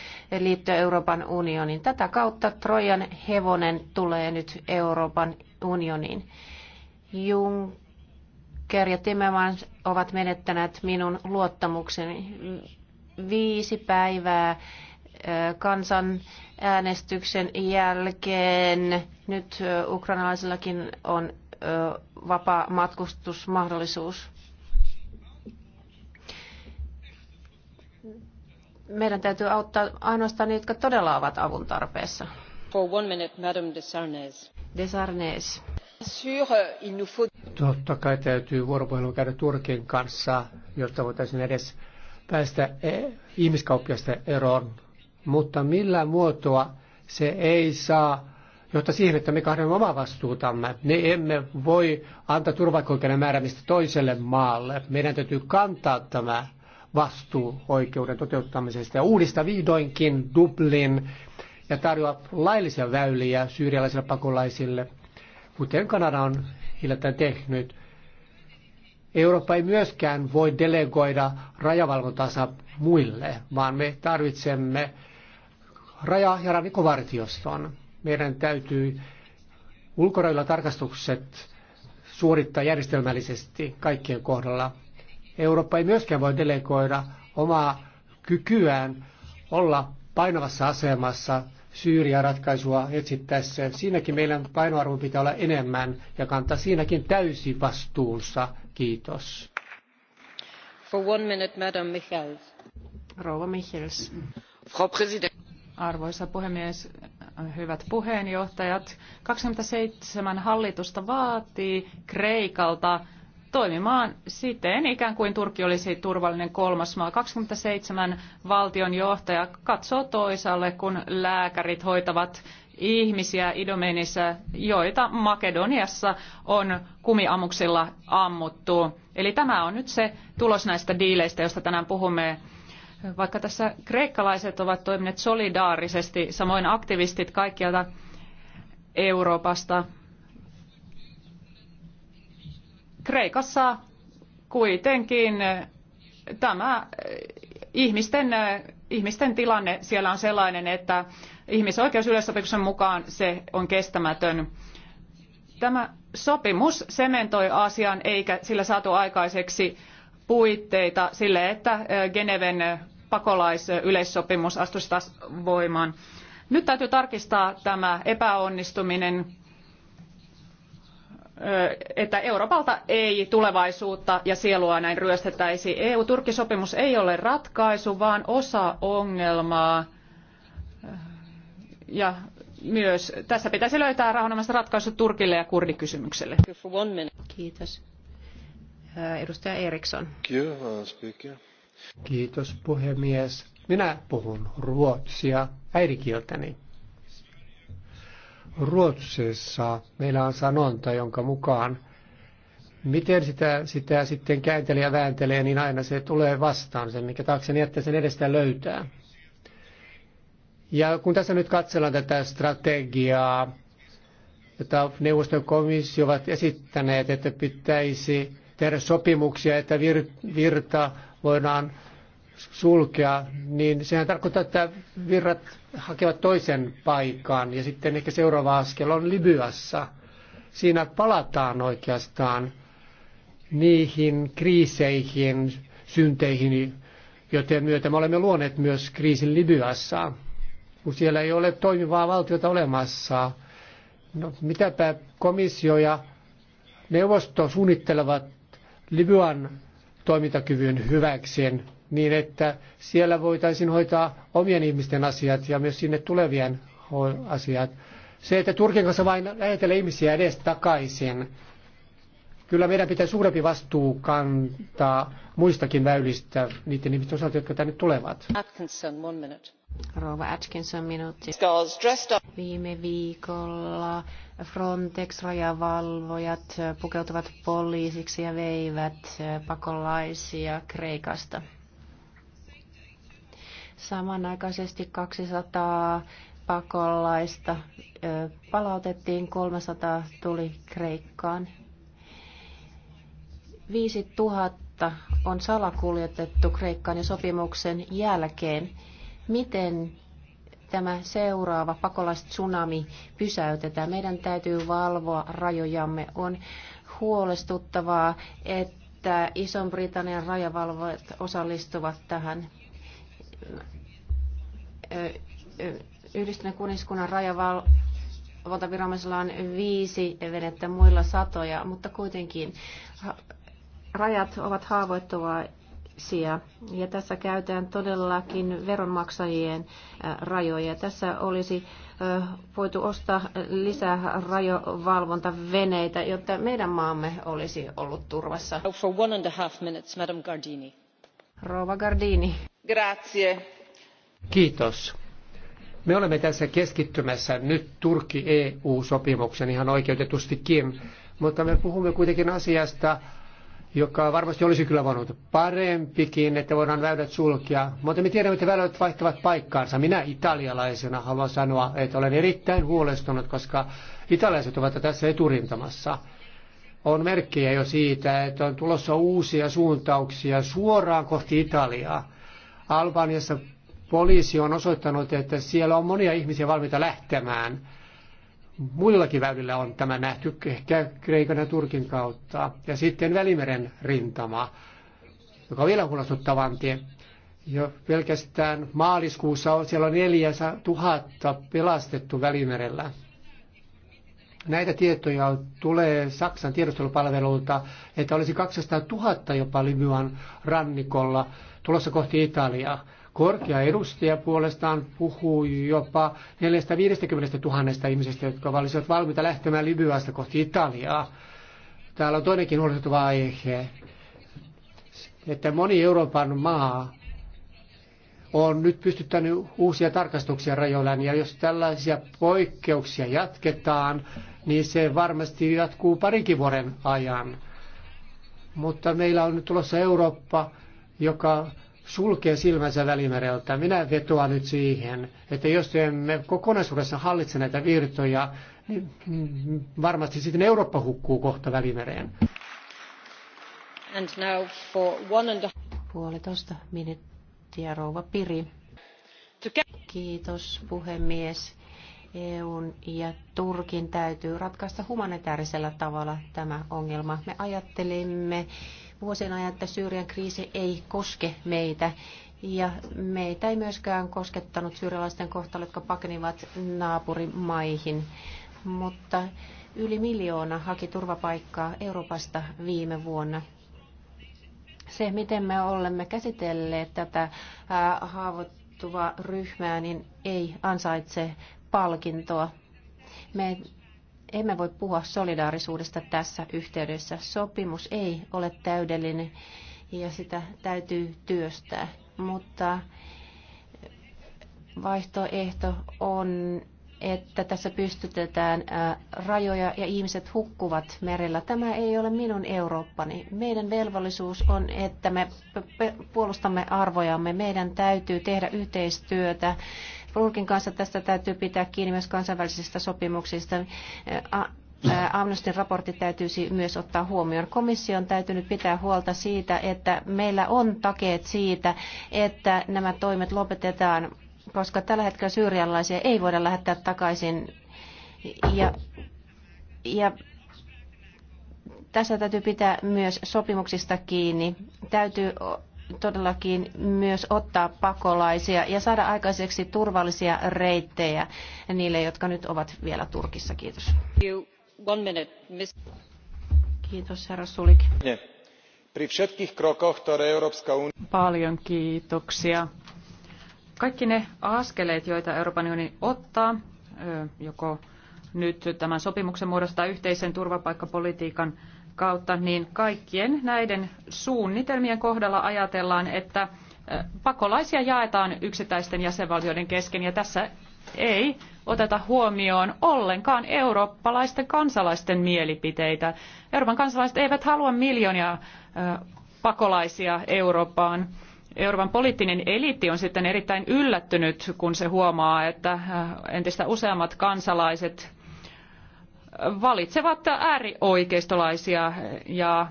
liittyä Euroopan unioniin. Tätä kautta Trojan hevonen tulee nyt Euroopan unioniin. Juncker ja Timmermans ovat menettäneet minun luottamukseni. Viisi päivää kansan äänestyksen jälkeen. Nyt ukrainalaisillakin on vapaa matkustusmahdollisuus. Meidän täytyy auttaa ainoastaan niitä, jotka todella ovat avun tarpeessa.
For one minute, Madame Desarnes.
Desarnes.
Totta kai täytyy vuoropuhelua käydä Turkin kanssa, jotta voitaisiin edes päästä e- ihmiskauppiasta eroon. Mutta millään muotoa se ei saa jotta siihen, että me kahden omaa vastuutamme. Me emme voi antaa turvakoikeuden määräämistä toiselle maalle. Meidän täytyy kantaa tämä vastuu oikeuden toteuttamisesta ja uudistaa vihdoinkin Dublin ja tarjoa laillisia väyliä syyrialaisille pakolaisille – kuten Kanada on hiljattain tehnyt. Eurooppa ei myöskään voi delegoida rajavalvontansa muille, vaan me tarvitsemme raja- ja rannikkovartioston. Meidän täytyy ulkorajoilla tarkastukset suorittaa järjestelmällisesti kaikkien kohdalla. Eurooppa ei myöskään voi delegoida omaa kykyään olla painavassa asemassa Syyrian ratkaisua etsittäessä. Siinäkin meidän painoarvo pitää olla enemmän ja kantaa siinäkin täysi vastuunsa. Kiitos.
For one minute, Madam Michels.
Rouva Michels. Frau President. Arvoisa puhemies, hyvät puheenjohtajat. 27 hallitusta vaatii Kreikalta toimimaan siten, ikään kuin Turkki olisi turvallinen kolmas maa. 27 valtion johtaja katsoo toisaalle, kun lääkärit hoitavat ihmisiä Idomenissä, joita Makedoniassa on kumiamuksilla ammuttu. Eli tämä on nyt se tulos näistä diileistä, joista tänään puhumme. Vaikka tässä kreikkalaiset ovat toimineet solidaarisesti, samoin aktivistit kaikkialta Euroopasta, Kreikassa kuitenkin eh, tämä eh, ihmisten, eh, ihmisten tilanne siellä on sellainen, että ihmisoikeusyleissopimuksen mukaan se on kestämätön. Tämä sopimus sementoi asian eikä sillä saatu aikaiseksi puitteita sille, että Geneven pakolaisyleissopimus astuisi taas voimaan. Nyt täytyy tarkistaa tämä epäonnistuminen että Euroopalta ei tulevaisuutta ja sielua näin ryöstettäisi. eu sopimus ei ole ratkaisu, vaan osa ongelmaa. Ja myös tässä pitäisi löytää rauhanomaiset ratkaisut Turkille ja kurdikysymykselle. Kiitos. Edustaja Eriksson.
Uh,
Kiitos puhemies. Minä puhun ruotsia äidinkieltäni. Ruotsissa meillä on sanonta, jonka mukaan miten sitä, sitä sitten kääntelee ja vääntelee, niin aina se tulee vastaan sen, mikä taakse niin että sen edestä löytää. Ja kun tässä nyt katsellaan tätä strategiaa, jota neuvoston komissio ovat esittäneet, että pitäisi tehdä sopimuksia, että virta voidaan sulkea, niin sehän tarkoittaa, että virrat hakevat toisen paikan ja sitten ehkä seuraava askel on Libyassa. Siinä palataan oikeastaan niihin kriiseihin, synteihin, joten myötä me olemme luoneet myös kriisin Libyassa, kun siellä ei ole toimivaa valtiota olemassa. No, mitäpä komissio ja neuvosto suunnittelevat Libyan toimintakyvyn hyväksi, niin että siellä voitaisiin hoitaa omien ihmisten asiat ja myös sinne tulevien asiat. Se, että Turkin kanssa vain lähetellä ihmisiä edes takaisin, kyllä meidän pitää suurempi vastuu kantaa muistakin väylistä niiden ihmisten osalta, jotka tänne tulevat.
Atkinson, one minute. Rova Atkinson minuutti. Viime viikolla Frontex-rajavalvojat pukeutuvat poliisiksi ja veivät pakolaisia Kreikasta. Samanaikaisesti 200 pakolaista palautettiin, 300 tuli Kreikkaan. 5000 on salakuljetettu Kreikkaan ja sopimuksen jälkeen. Miten tämä seuraava pakolaistsunami pysäytetään? Meidän täytyy valvoa rajojamme. On huolestuttavaa, että Ison-Britannian rajavalvojat osallistuvat tähän Yhdistyneen kuningaskunnan rajavalvontaviranomaisilla on viisi venettä, muilla satoja, mutta kuitenkin rajat ovat haavoittuvaisia ja tässä käytetään todellakin veronmaksajien rajoja. Tässä olisi voitu ostaa lisää rajovalvontaveneitä, jotta meidän maamme olisi ollut turvassa. For one and a half minutes, Madam Gardini. Rova Gardini
Kiitos. Me olemme tässä keskittymässä nyt Turkki-EU-sopimuksen ihan oikeutetustikin, mutta me puhumme kuitenkin asiasta, joka varmasti olisi kyllä voinut parempikin, että voidaan väylät sulkea. Mutta me tiedämme, että väylät vaihtavat paikkaansa. Minä italialaisena haluan sanoa, että olen erittäin huolestunut, koska italialaiset ovat tässä eturintamassa. On merkkejä jo siitä, että on tulossa uusia suuntauksia suoraan kohti Italiaa. Albaniassa poliisi on osoittanut, että siellä on monia ihmisiä valmiita lähtemään. Muillakin väylillä on tämä nähty, ehkä Kreikan ja Turkin kautta. Ja sitten Välimeren rintama, joka on vielä huolestuttavampi. Jo pelkästään maaliskuussa on siellä 4000 pelastettu Välimerellä. Näitä tietoja tulee Saksan tiedustelupalvelulta, että olisi 200 000 jopa Libyan rannikolla tulossa kohti Italiaa. Korkea edustaja puolestaan puhuu jopa 450 000 ihmisestä, jotka olisivat valmiita lähtemään Libyasta kohti Italiaa. Täällä on toinenkin huolestuttava aihe, että moni Euroopan maa on nyt pystyttänyt uusia tarkastuksia rajoilla, Ja jos tällaisia poikkeuksia jatketaan, niin se varmasti jatkuu parinkin vuoden ajan. Mutta meillä on nyt tulossa Eurooppa, joka sulkee silmänsä välimereltä. Minä vetoan nyt siihen, että jos emme kokonaisuudessa hallitse näitä virtoja, niin varmasti sitten Eurooppa hukkuu kohta välimereen.
And now for one and a... Puolitoista minuuttia, rouva Piri. Kiitos, puhemies. EUn ja Turkin täytyy ratkaista humanitaarisella tavalla tämä ongelma. Me ajattelimme vuosien ajan, että Syyrian kriisi ei koske meitä. Ja meitä ei myöskään koskettanut syyrialaisten kohtalot, jotka pakenivat naapurimaihin. Mutta yli miljoona haki turvapaikkaa Euroopasta viime vuonna. Se, miten me olemme käsitelleet tätä haavoittuvaa ryhmää, niin ei ansaitse palkintoa. Me emme voi puhua solidaarisuudesta tässä yhteydessä. Sopimus ei ole täydellinen ja sitä täytyy työstää, mutta vaihtoehto on, että tässä pystytetään rajoja ja ihmiset hukkuvat merellä. Tämä ei ole minun Eurooppani. Meidän velvollisuus on, että me puolustamme arvojamme. Meidän täytyy tehdä yhteistyötä Turkin kanssa tästä täytyy pitää kiinni myös kansainvälisistä sopimuksista. Amnestin raportti täytyisi myös ottaa huomioon. Komissio on täytynyt pitää huolta siitä, että meillä on takeet siitä, että nämä toimet lopetetaan, koska tällä hetkellä syyrialaisia ei voida lähettää takaisin. Ja, ja tässä täytyy pitää myös sopimuksista kiinni. Täytyy todellakin myös ottaa pakolaisia ja saada aikaiseksi turvallisia reittejä niille, jotka nyt ovat vielä Turkissa. Kiitos. Kiitos,
herra Sulik. Paljon kiitoksia. Kaikki ne askeleet, joita Euroopan unioni ottaa, joko nyt tämän sopimuksen muodosta yhteisen turvapaikkapolitiikan kautta, niin kaikkien näiden suunnitelmien kohdalla ajatellaan, että pakolaisia jaetaan yksittäisten jäsenvaltioiden kesken ja tässä ei oteta huomioon ollenkaan eurooppalaisten kansalaisten mielipiteitä. Euroopan kansalaiset eivät halua miljoonia pakolaisia Eurooppaan. Euroopan poliittinen eliitti on sitten erittäin yllättynyt, kun se huomaa, että entistä useammat kansalaiset valitsevat äärioikeistolaisia ja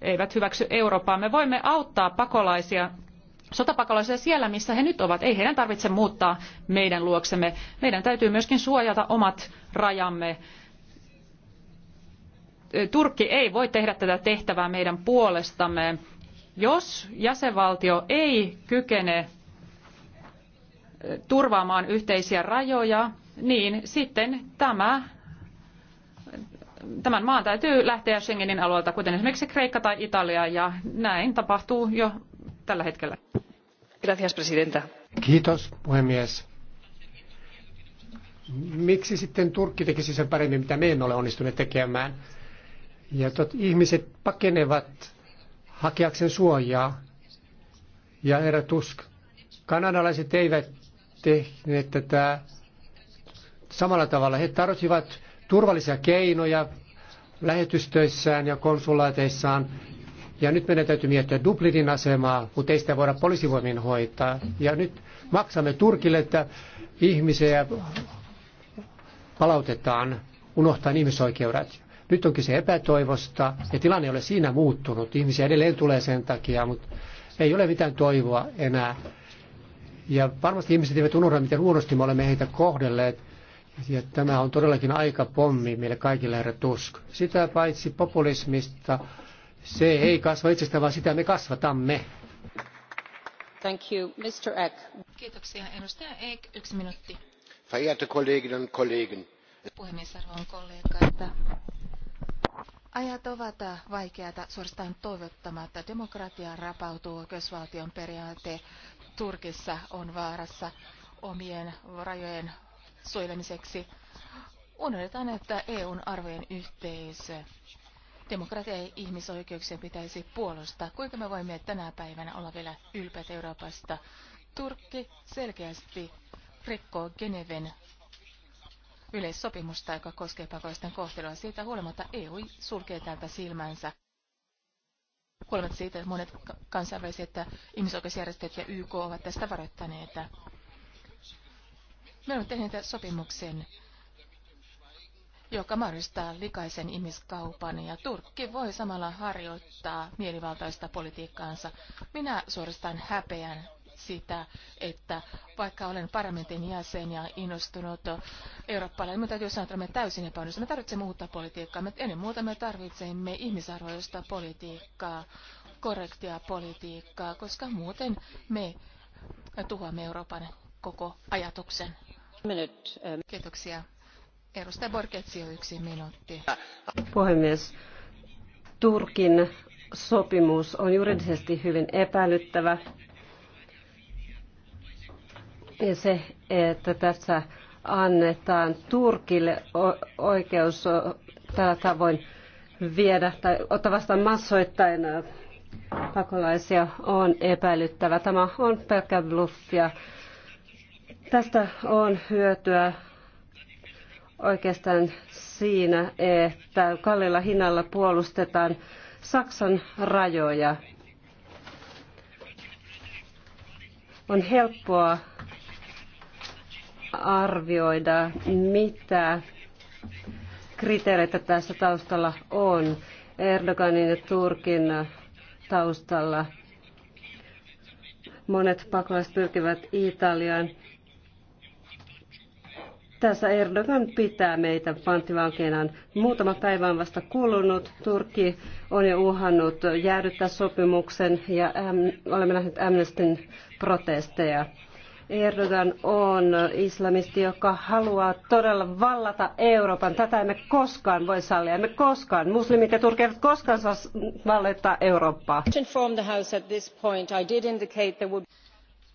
eivät hyväksy Eurooppaa. Me voimme auttaa pakolaisia, sotapakolaisia siellä, missä he nyt ovat. Ei heidän tarvitse muuttaa meidän luoksemme. Meidän täytyy myöskin suojata omat rajamme. Turkki ei voi tehdä tätä tehtävää meidän puolestamme. Jos jäsenvaltio ei kykene turvaamaan yhteisiä rajoja, niin sitten tämä tämän maan täytyy lähteä Schengenin alueelta, kuten esimerkiksi Kreikka tai Italia, ja näin tapahtuu jo tällä hetkellä.
Gracias, presidenta. Kiitos, puhemies. Miksi sitten Turkki tekisi sen paremmin, mitä me emme ole onnistuneet tekemään? Ja tot, ihmiset pakenevat hakeakseen suojaa. Ja herra Tusk, kanadalaiset eivät tehneet tätä samalla tavalla. He tarvitsivat turvallisia keinoja lähetystöissään ja konsulaateissaan. Ja nyt meidän täytyy miettiä Dublinin asemaa, mutta ei sitä voida poliisivoimin hoitaa. Ja nyt maksamme Turkille, että ihmisiä palautetaan unohtaa ihmisoikeudet. Nyt on kyse epätoivosta ja tilanne ei ole siinä muuttunut. Ihmisiä edelleen tulee sen takia, mutta ei ole mitään toivoa enää. Ja varmasti ihmiset eivät unohda, miten huonosti me olemme heitä kohdelleet. Ja tämä on todellakin aika pommi meille kaikille, herra Tusk. Sitä paitsi populismista, se ei kasva itsestään, vaan sitä me kasvatamme.
Thank you. Mr. Eck. Kiitoksia. Edustaja Eck, yksi minuutti.
Verehrte Kolleginnen und Kollegen.
Puhemies, arvon että Ajat ovat vaikeata, suorastaan toivottamatta. Demokratia rapautuu, oikeusvaltion periaate Turkissa on vaarassa omien rajojen suojelemiseksi. Unohdetaan, että EUn arvojen yhteisö Demokratia ja ihmisoikeuksia pitäisi puolustaa. Kuinka me voimme tänä päivänä olla vielä ylpeät Euroopasta? Turkki selkeästi rikkoo Geneven yleissopimusta, joka koskee pakoisten kohtelua. Siitä huolimatta EU sulkee täältä silmänsä. Huolimatta siitä, että monet kansainväliset ihmisoikeusjärjestöt ja YK ovat tästä varoittaneet. Me olemme tehneet sopimuksen, joka mahdollistaa likaisen ihmiskaupan, ja Turkki voi samalla harjoittaa mielivaltaista politiikkaansa. Minä suorastaan häpeän sitä, että vaikka olen parlamentin jäsen ja innostunut eurooppalainen, niin täytyy sanoa, että me täysin epäonnistuneet. Me tarvitsemme uutta politiikkaa. Me ennen muuta me tarvitsemme ihmisarvoista politiikkaa, korrektia politiikkaa, koska muuten me tuhoamme Euroopan koko ajatuksen arvoisa
Puhemies, Turkin sopimus on juridisesti hyvin epäilyttävä. Ja se, että tässä annetaan Turkille oikeus tällä tavoin viedä tai ottaa vastaan massoittain pakolaisia, on epäilyttävä. Tämä on pelkkä bluffia. Tästä on hyötyä oikeastaan siinä, että kallilla hinnalla puolustetaan Saksan rajoja. On helppoa arvioida, mitä kriteereitä tässä taustalla on. Erdoganin ja Turkin taustalla monet pakolaiset pyrkivät Italiaan tässä Erdogan pitää meitä panttivankeinaan. Muutama päivä on vasta kulunut. Turkki on jo uhannut jäädyttää sopimuksen ja äm, olemme nähneet Amnestyn protesteja. Erdogan on islamisti, joka haluaa todella vallata Euroopan. Tätä emme koskaan voi sallia. Emme koskaan. Muslimit ja turkit eivät koskaan saa vallata Eurooppaa.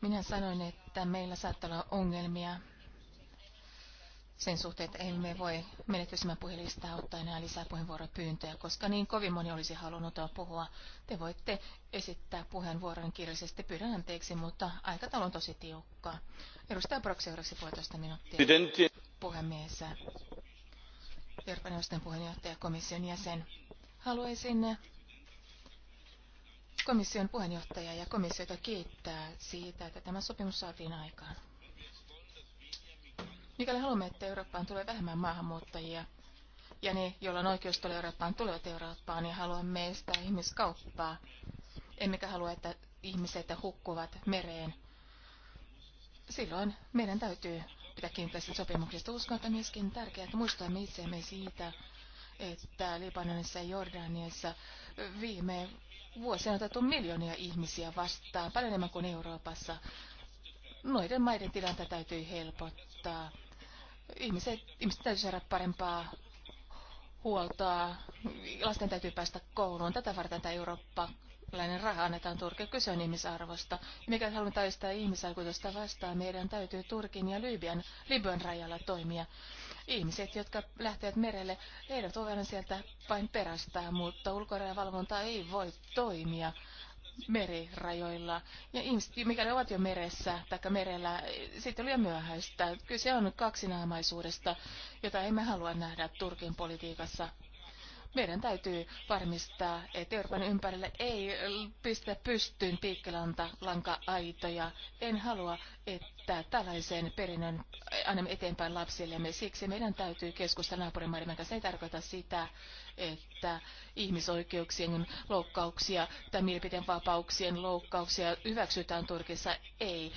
Minä sanoin, että meillä saattaa olla ongelmia sen suhteen, että emme voi menettelysmän puhelistaa ottaa enää lisää puheenvuoropyyntöjä, koska niin kovin moni olisi halunnut puhua. Te voitte esittää puheenvuoron kirjallisesti, pyydän anteeksi, mutta aikataulu on tosi tiukka. Edustaja Brock seuraavaksi puolitoista minuuttia. Puhemies, Euroopan neuvoston puheenjohtaja, komission jäsen. Haluaisin komission puheenjohtaja ja komissiota kiittää siitä, että tämä sopimus saatiin aikaan. Mikäli haluamme, että Eurooppaan tulee vähemmän maahanmuuttajia, ja ne, joilla on oikeus tulla Eurooppaan, tulevat Eurooppaan, niin haluamme estää ihmiskauppaa. Emmekä halua, että ihmiset hukkuvat mereen. Silloin meidän täytyy pitää kiinni tästä sopimuksesta. Uskon, että myöskin tärkeää, että muistamme itseämme siitä, että Libanonissa ja Jordaniassa viime vuosina on otettu miljoonia ihmisiä vastaan, paljon enemmän kuin Euroopassa. Noiden maiden tilanta täytyy helpottaa. Ihmiset, ihmiset täytyy saada parempaa huoltoa. Lasten täytyy päästä kouluun. Tätä varten tämä Eurooppa Tällainen raha annetaan Turkille, kyse on ihmisarvosta. Mikä haluamme taistaa ihmisalkutusta vastaan, meidän täytyy Turkin ja Libyan, Libyan rajalla toimia. Ihmiset, jotka lähtevät merelle, heidät voidaan sieltä vain perästää, mutta ulkorajavalvonta ei voi toimia merirajoilla. Ja ihmiset, mikäli ovat jo meressä tai merellä, sitten oli jo myöhäistä. Kyse on kaksinaamaisuudesta, jota emme halua nähdä Turkin politiikassa meidän täytyy varmistaa, että Euroopan ympärille ei pistä pystyyn piikkelanta lanka-aitoja. En halua, että tällaisen perinnön annamme eteenpäin lapsillemme. Siksi meidän täytyy keskustella naapurimaiden kanssa. Se ei tarkoita sitä, että ihmisoikeuksien loukkauksia tai mielipiteen vapauksien loukkauksia hyväksytään Turkissa. Ei.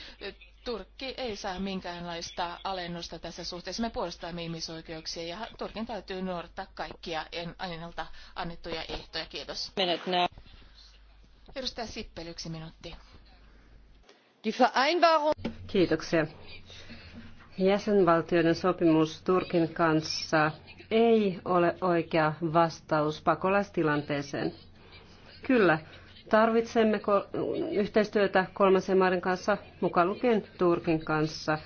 Turkki ei saa minkäänlaista alennusta tässä suhteessa. Me puolustamme ihmisoikeuksia ja Turkin täytyy noudattaa kaikkia ennalta annettuja ehtoja. Kiitos. Edustaja Sippel, yksi minuutti.
Kiitoksia. Jäsenvaltioiden sopimus Turkin kanssa ei ole oikea vastaus pakolaistilanteeseen. Kyllä, Tarvitsemme yhteistyötä kolmansien maiden kanssa, mukaan lukien Turkin kanssa.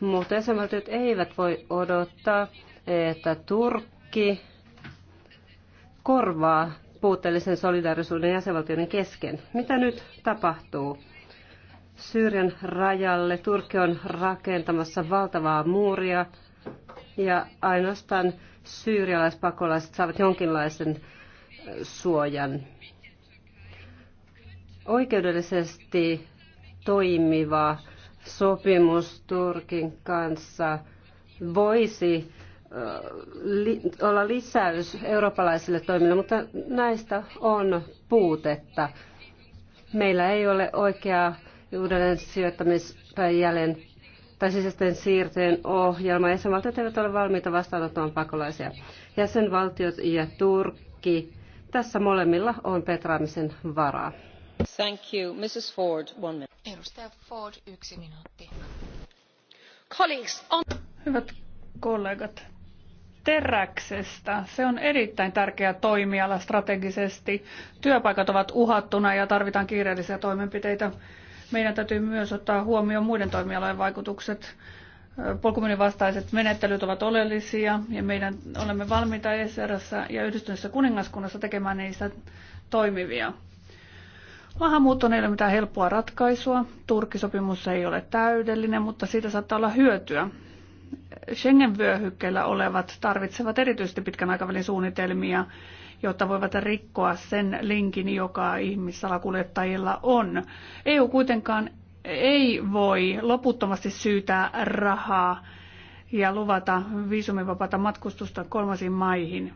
Mutta jäsenvaltiot eivät voi odottaa, että Turkki korvaa puutteellisen solidaarisuuden jäsenvaltioiden kesken. Mitä nyt tapahtuu? Syyrian rajalle Turkki on rakentamassa valtavaa muuria ja ainoastaan syyrialaispakolaiset saavat jonkinlaisen suojan oikeudellisesti toimiva sopimus Turkin kanssa voisi olla lisäys eurooppalaisille toimille, mutta näistä on puutetta. Meillä ei ole oikeaa uudelleen sijoittamis- tai jälleen tai sisäisten siirteen ohjelma. Jäsenvaltiot eivät ole valmiita vastaanottamaan pakolaisia. Jäsenvaltiot ja Turkki. Tässä molemmilla on petraamisen varaa.
Hyvät kollegat, teräksestä. Se on erittäin tärkeä toimiala strategisesti. Työpaikat ovat uhattuna ja tarvitaan kiireellisiä toimenpiteitä. Meidän täytyy myös ottaa huomioon muiden toimialojen vaikutukset. Polkumyynnin vastaiset menettelyt ovat oleellisia ja meidän olemme valmiita ECRssä ja yhdistyneessä kuningaskunnassa tekemään niistä toimivia. Maahanmuuttoon ei ole mitään helppoa ratkaisua. Turkisopimus ei ole täydellinen, mutta siitä saattaa olla hyötyä. Schengen-vyöhykkeellä olevat tarvitsevat erityisesti pitkän aikavälin suunnitelmia, jotta voivat rikkoa sen linkin, joka ihmissalakuljettajilla on. EU kuitenkaan ei voi loputtomasti syytää rahaa ja luvata viisumivapaata matkustusta kolmasiin maihin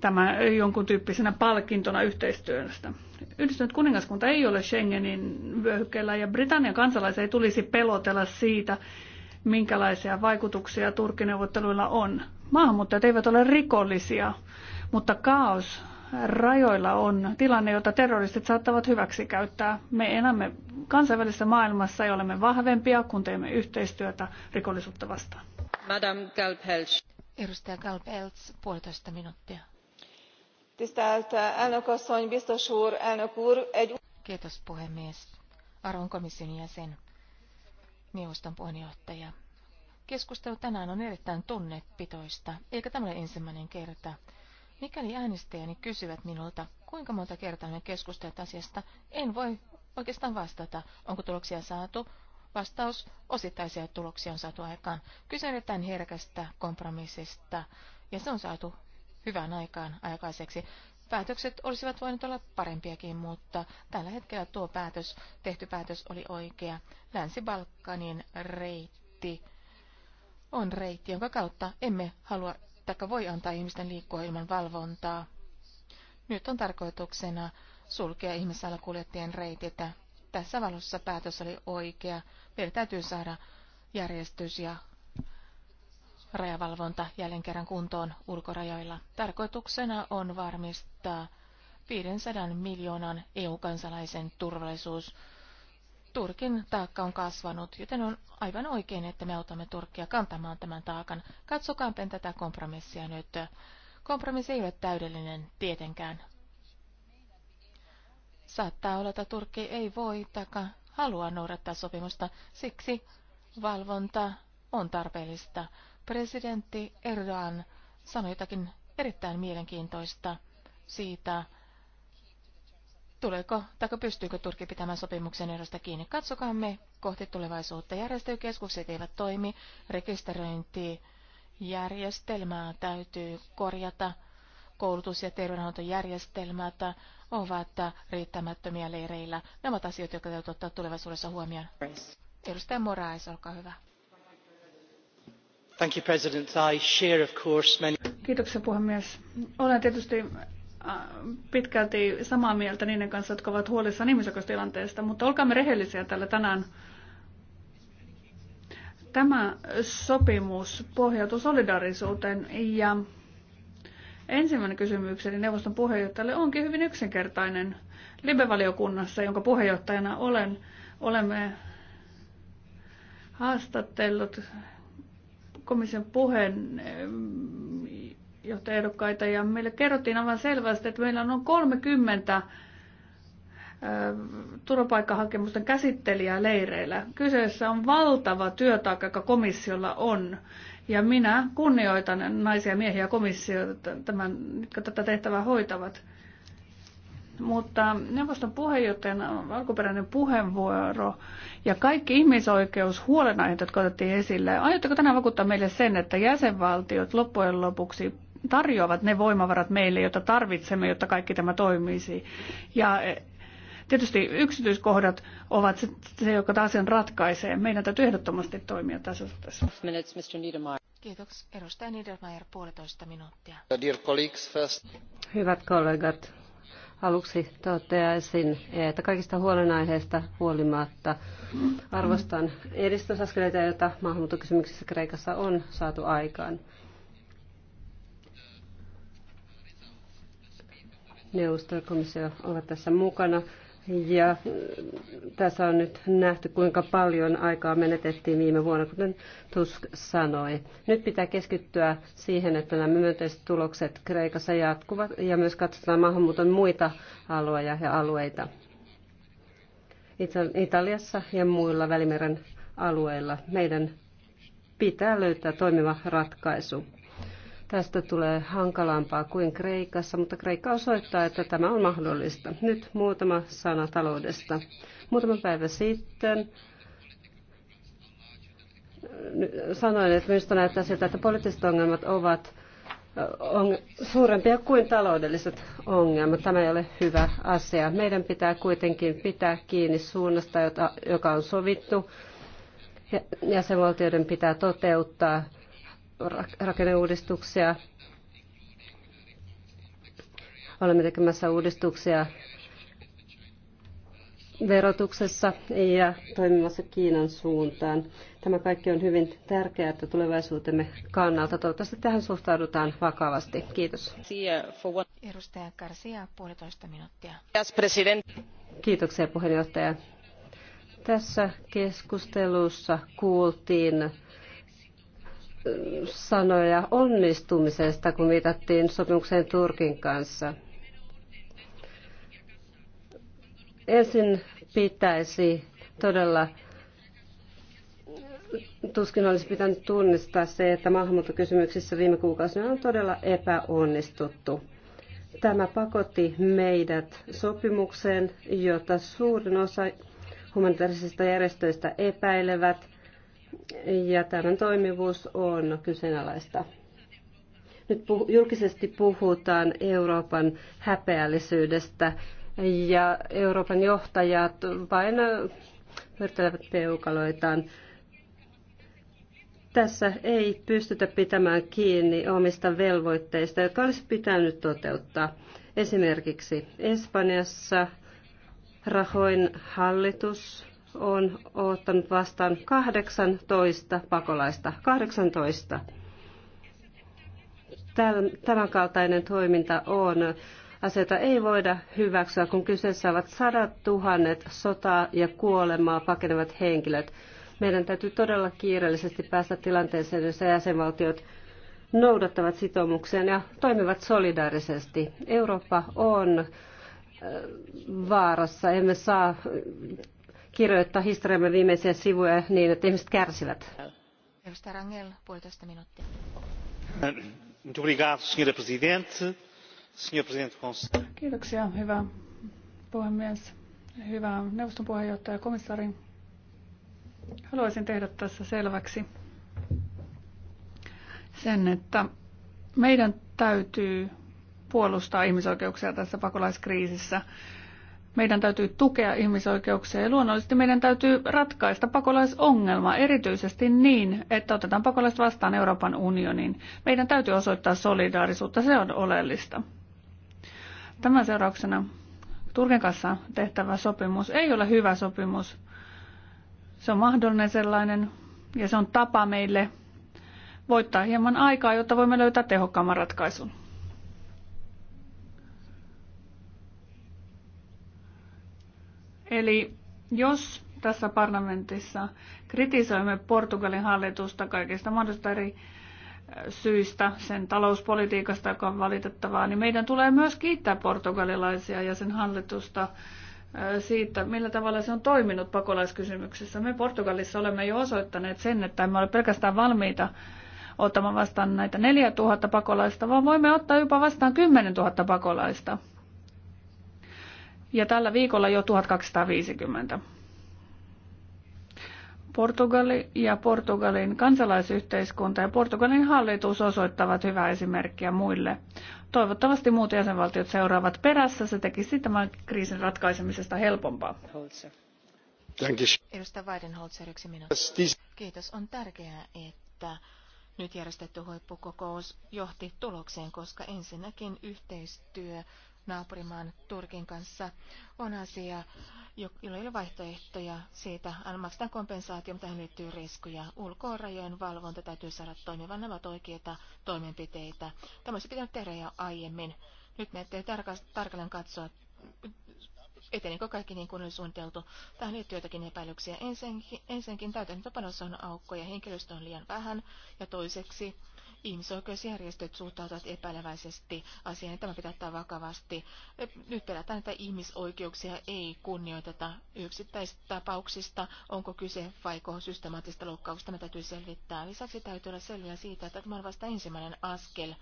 tämä jonkun tyyppisenä palkintona yhteistyöstä. Yhdistynyt kuningaskunta ei ole Schengenin vyöhykkeellä ja Britannian kansalaisia ei tulisi pelotella siitä, minkälaisia vaikutuksia Turkkineuvotteluilla on. Maahanmuuttajat eivät ole rikollisia, mutta kaos rajoilla on tilanne, jota terroristit saattavat käyttää. Me elämme kansainvälisessä maailmassa ja olemme vahvempia, kun teemme yhteistyötä rikollisuutta vastaan.
Madame Galpelch. Edustaja Galpels, puolitoista minuuttia tisztelt elnök asszony biztos úr elnök úr egy. kiitos puhemies arvon komission jäsen neuvoston puheenjohtaja keskustelu tänään on erittäin tunnepitoista eikä tämä ole ensimmäinen kerta. mikäli äänestäjäni kysyvät minulta kuinka monta kertaa me keskustelut asiasta en voi oikeastaan vastata onko tuloksia saatu vastaus osittaisia tuloksia on saatu aikaan. kyse on erittäin herkästä kompromissista ja se on saatu hyvään aikaan aikaiseksi. Päätökset olisivat voineet olla parempiakin, mutta tällä hetkellä tuo päätös, tehty päätös oli oikea. Länsi-Balkanin reitti on reitti, jonka kautta emme halua tai voi antaa ihmisten liikkua ilman valvontaa. Nyt on tarkoituksena sulkea ihmisalakuljettajien reitit. Tässä valossa päätös oli oikea. Meidän täytyy saada järjestys ja rajavalvonta jälleen kerran kuntoon ulkorajoilla. Tarkoituksena on varmistaa 500 miljoonan EU-kansalaisen turvallisuus. Turkin taakka on kasvanut, joten on aivan oikein, että me autamme Turkkia kantamaan tämän taakan. Katsokaamme tätä kompromissia nyt. Kompromissi ei ole täydellinen tietenkään. Saattaa olla, että Turkki ei voi taka halua noudattaa sopimusta, siksi valvonta on tarpeellista. Presidentti Erdogan sanoi jotakin erittäin mielenkiintoista siitä, tuleeko tai pystyykö Turkki pitämään sopimuksen erosta kiinni. Katsokaamme kohti tulevaisuutta. Järjestelykeskukset eivät toimi, rekisteröintijärjestelmää täytyy korjata, koulutus- ja terveydenhuoltojärjestelmät ovat riittämättömiä leireillä. Nämä ovat asioita, jotka täytyy ottaa tulevaisuudessa huomioon. Edustaja Moraes, olkaa hyvä.
Kiitoksia puhemies. Olen tietysti äh, pitkälti samaa mieltä niiden kanssa, jotka ovat huolissaan ihmisoikeustilanteesta, mutta olkaamme rehellisiä täällä tänään. Tämä sopimus pohjautuu solidaarisuuteen ja ensimmäinen kysymykseni neuvoston puheenjohtajalle onkin hyvin yksinkertainen. Libevaliokunnassa, jonka puheenjohtajana olen, olemme haastatellut komission puheen johtajaehdokkaita ja meille kerrottiin aivan selvästi, että meillä on 30 turvapaikkahakemusten käsittelijää leireillä. Kyseessä on valtava työtaakka, joka komissiolla on. Ja minä kunnioitan naisia ja miehiä komissiota, tämän, jotka tätä tehtävää hoitavat. Mutta neuvoston puheenjohtajan alkuperäinen puheenvuoro ja kaikki ihmisoikeushuolenaiheet, jotka otettiin esille, aiotteko tänään vakuuttaa meille sen, että jäsenvaltiot loppujen lopuksi tarjoavat ne voimavarat meille, joita tarvitsemme, jotta kaikki tämä toimisi. Ja e, tietysti yksityiskohdat ovat se, joka taas sen ratkaisee. Meidän täytyy ehdottomasti toimia tässä suhteessa.
Kiitos. Edustaja Niedermayer, puolitoista minuuttia.
Hyvät kollegat,
Aluksi toteaisin, että kaikista huolenaiheista huolimatta arvostan edistysaskeleita, joita maahanmuuttokysymyksissä Kreikassa on saatu aikaan. Neuvostokomissio komissio ovat tässä mukana. Ja äh, tässä on nyt nähty, kuinka paljon aikaa menetettiin viime vuonna, kuten Tusk sanoi. Nyt pitää keskittyä siihen, että nämä myönteiset tulokset Kreikassa jatkuvat ja myös katsotaan maahanmuuton muita alueja ja alueita. Italiassa ja muilla Välimeren alueilla meidän pitää löytää toimiva ratkaisu. Tästä tulee hankalampaa kuin Kreikassa, mutta Kreikka osoittaa, että tämä on mahdollista. Nyt muutama sana taloudesta. Muutama päivä sitten sanoin, että minusta näyttää siltä, että poliittiset ongelmat ovat on suurempia kuin taloudelliset ongelmat. Tämä ei ole hyvä asia. Meidän pitää kuitenkin pitää kiinni suunnasta, joka on sovittu. Jäsenvaltioiden pitää toteuttaa rakenneuudistuksia. Olemme tekemässä uudistuksia verotuksessa ja toimimassa Kiinan suuntaan. Tämä kaikki on hyvin tärkeää, että tulevaisuutemme kannalta. Toivottavasti tähän suhtaudutaan vakavasti. Kiitos.
Edustaja Garcia, puolitoista minuuttia.
Kiitoksia puheenjohtaja. Tässä keskustelussa kuultiin sanoja onnistumisesta, kun viitattiin sopimukseen Turkin kanssa. Ensin pitäisi todella, tuskin olisi pitänyt tunnistaa se, että maahanmuuttokysymyksissä viime kuukausina on todella epäonnistuttu. Tämä pakotti meidät sopimukseen, jota suurin osa humanitaarisista järjestöistä epäilevät – ja tämän toimivuus on kyseenalaista. Nyt puh- julkisesti puhutaan Euroopan häpeällisyydestä ja Euroopan johtajat vain myrttelevät peukaloitaan. Tässä ei pystytä pitämään kiinni omista velvoitteista, jotka olisi pitänyt toteuttaa. Esimerkiksi Espanjassa rahoin hallitus on ottanut vastaan 18 pakolaista. 18. Tämän toiminta on. Asioita ei voida hyväksyä, kun kyseessä ovat sadat tuhannet sotaa ja kuolemaa pakenevat henkilöt. Meidän täytyy todella kiireellisesti päästä tilanteeseen, jossa jäsenvaltiot noudattavat sitoumuksia ja toimivat solidaarisesti. Eurooppa on vaarassa. Emme saa kirjoittaa historiamme viimeisiä sivuja niin, että ihmiset kärsivät.
Edustaja Rangel, puolitoista minuuttia. Kiitoksia,
hyvä puhemies, hyvä neuvoston puheenjohtaja, komissaari. Haluaisin tehdä tässä selväksi sen, että meidän täytyy puolustaa ihmisoikeuksia tässä pakolaiskriisissä. Meidän täytyy tukea ihmisoikeuksia ja luonnollisesti meidän täytyy ratkaista pakolaisongelma erityisesti niin, että otetaan pakolaiset vastaan Euroopan unioniin. Meidän täytyy osoittaa solidaarisuutta, se on oleellista. Tämän seurauksena Turkin kanssa tehtävä sopimus ei ole hyvä sopimus. Se on mahdollinen sellainen ja se on tapa meille voittaa hieman aikaa, jotta voimme löytää tehokkaamman ratkaisun. Eli jos tässä parlamentissa kritisoimme Portugalin hallitusta kaikista mahdollisista eri syistä, sen talouspolitiikasta, joka on valitettavaa, niin meidän tulee myös kiittää portugalilaisia ja sen hallitusta siitä, millä tavalla se on toiminut pakolaiskysymyksessä. Me Portugalissa olemme jo osoittaneet sen, että emme ole pelkästään valmiita ottamaan vastaan näitä 4000 pakolaista, vaan voimme ottaa jopa vastaan 10 000 pakolaista ja tällä viikolla jo 1250. Portugali ja Portugalin kansalaisyhteiskunta ja Portugalin hallitus osoittavat hyvää esimerkkiä muille. Toivottavasti muut jäsenvaltiot seuraavat perässä. Se tekisi tämän kriisin ratkaisemisesta
helpompaa. Edustaja Weidenholzer, yksi minuutti. Kiitos. On tärkeää, että nyt järjestetty huippukokous johti tulokseen, koska ensinnäkin yhteistyö naapurimaan Turkin kanssa on asia, jolla ei ole vaihtoehtoja siitä. Maksetaan kompensaatio, mutta tähän liittyy riskuja. Ulkorajojen valvonta täytyy saada toimivan Nämä oikeita toimenpiteitä. Tämä olisi pitänyt tehdä jo aiemmin. Nyt me ettei tarkalleen katsoa, etenikö kaikki niin kuin oli suunniteltu. Tähän liittyy jotakin epäilyksiä. ensinnäkin täytäntöpanossa on aukkoja, henkilöstö on liian vähän ja toiseksi ihmisoikeusjärjestöt suhtautuvat epäileväisesti asiaan. Tämä pitää ottaa vakavasti. Nyt pelätään, että ihmisoikeuksia ei kunnioiteta yksittäisistä tapauksista. Onko kyse vaiko systemaattista loukkauksesta, tämä täytyy selvittää. Lisäksi täytyy olla selviä siitä, että tämä on vasta ensimmäinen askel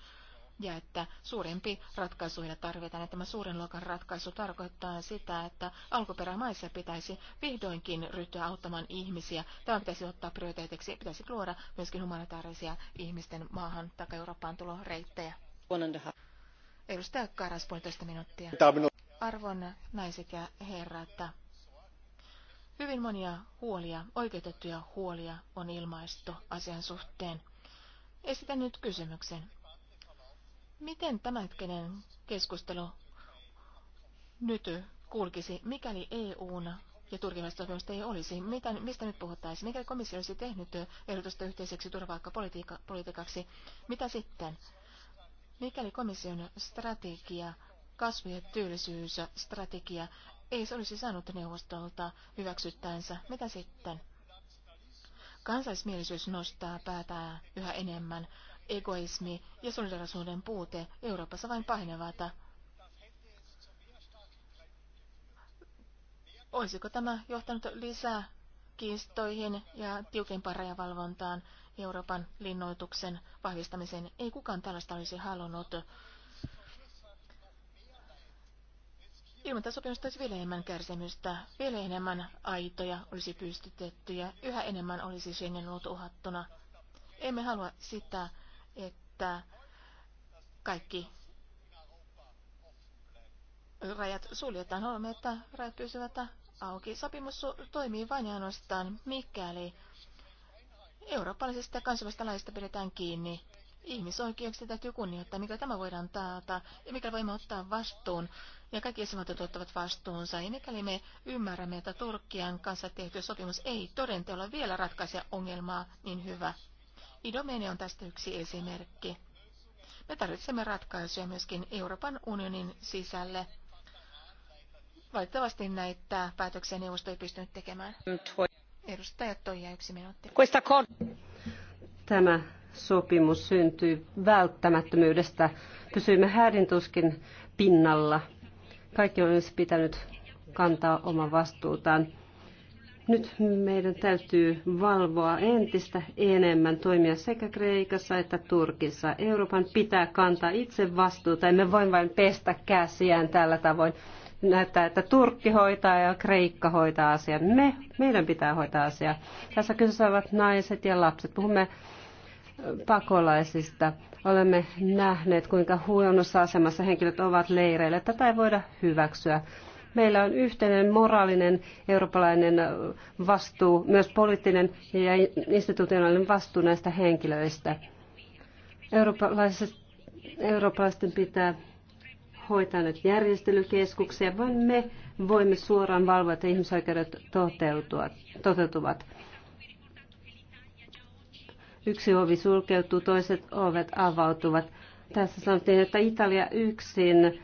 ja että suurempi ratkaisu heillä tarvitaan. Tämä suuren luokan ratkaisu tarkoittaa sitä, että alkuperämaissa pitäisi vihdoinkin ryhtyä auttamaan ihmisiä. Tämä pitäisi ottaa prioriteetiksi, pitäisi luoda myöskin humanitaarisia ihmisten maahan tai Eurooppaan tuloreittejä. Edustaja Karas, puolitoista minuuttia. Arvon naiset ja herrat, hyvin monia huolia, oikeutettuja huolia on ilmaistu asian suhteen. Esitän nyt kysymyksen. Miten tämänhetkinen keskustelu nyt kulkisi, mikäli EUn ja turkilaista sopimusta ei olisi. Mitä, mistä nyt puhuttaisiin? mikäli komissio olisi tehnyt ehdotusta yhteiseksi turvapaikkapolitiikaksi? Mitä sitten? Mikäli komission strategia, kasvu- ja työllisyysstrategia, ei se olisi saanut neuvostolta hyväksyttäänsä, mitä sitten? Kansallismielisyys nostaa päätään yhä enemmän egoismi ja solidarisuuden puute Euroopassa vain pahenevat. Olisiko tämä johtanut lisää kiistoihin ja tiukempaan rajavalvontaan Euroopan linnoituksen vahvistamiseen? Ei kukaan tällaista olisi halunnut. Ilman sopimusta olisi vielä enemmän kärsimystä, vielä enemmän aitoja olisi pystytetty ja yhä enemmän olisi Schengen ollut uhattuna. Emme halua sitä, että kaikki rajat suljetaan. Haluamme, että rajat pysyvät auki. Sopimus toimii vain ja ainoastaan, mikäli eurooppalaisista ja kansainvälisestä laista pidetään kiinni. Ihmisoikeuksia täytyy kunnioittaa, mikä tämä voidaan taata, ja mikä voimme ottaa vastuun, ja kaikki jäsenvaltiot ottavat vastuunsa, ja mikäli me ymmärrämme, että Turkian kanssa tehty sopimus ei todenteolla vielä ratkaise ongelmaa, niin hyvä. Idomeni on tästä yksi esimerkki. Me tarvitsemme ratkaisuja myöskin Euroopan unionin sisälle. Valitettavasti näitä päätöksiä neuvosto ei pystynyt tekemään. Edustajat Toija, yksi minuutti.
Tämä sopimus syntyi välttämättömyydestä. Pysyimme häirintuskin pinnalla. Kaikki on olisi pitänyt kantaa oma vastuutaan. Nyt meidän täytyy valvoa entistä enemmän toimia sekä Kreikassa että Turkissa. Euroopan pitää kantaa itse vastuuta, emme voi vain pestä käsiään tällä tavoin. Näyttää, että Turkki hoitaa ja Kreikka hoitaa asian. Me, meidän pitää hoitaa asiaa. Tässä kyseessä ovat naiset ja lapset. Puhumme pakolaisista. Olemme nähneet, kuinka huonossa asemassa henkilöt ovat leireillä. Tätä ei voida hyväksyä. Meillä on yhteinen moraalinen eurooppalainen vastuu, myös poliittinen ja institutionaalinen vastuu näistä henkilöistä. eurooppalaisten pitää hoitaa nyt järjestelykeskuksia, vaan me voimme suoraan valvoa, että ihmisoikeudet toteutuvat. Yksi ovi sulkeutuu, toiset ovet avautuvat. Tässä sanottiin, että Italia yksin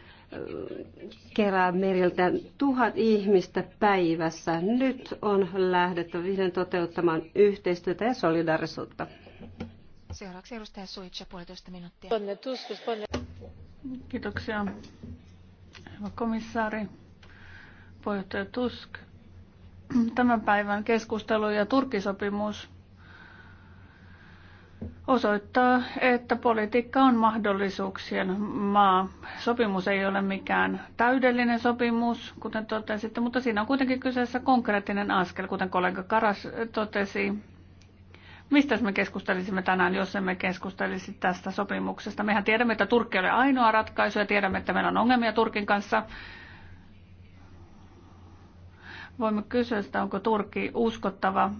kerää meriltä tuhat ihmistä päivässä. Nyt on lähdettävä vihdoin toteuttamaan yhteistyötä ja solidarisuutta.
Seuraavaksi edustaja Suitsa, puolitoista minuuttia.
Kiitoksia. Hyvä komissaari, puheenjohtaja Tusk. Tämän päivän keskustelu ja Turkisopimus osoittaa, että politiikka on mahdollisuuksien maa. Sopimus ei ole mikään täydellinen sopimus, kuten totesitte, mutta siinä on kuitenkin kyseessä konkreettinen askel, kuten kollega Karas totesi. Mistä me keskustelisimme tänään, jos emme keskustelisi tästä sopimuksesta? Mehän tiedämme, että Turkki ei ole ainoa ratkaisu ja tiedämme, että meillä on ongelmia Turkin kanssa. Voimme kysyä sitä, onko Turkki uskottava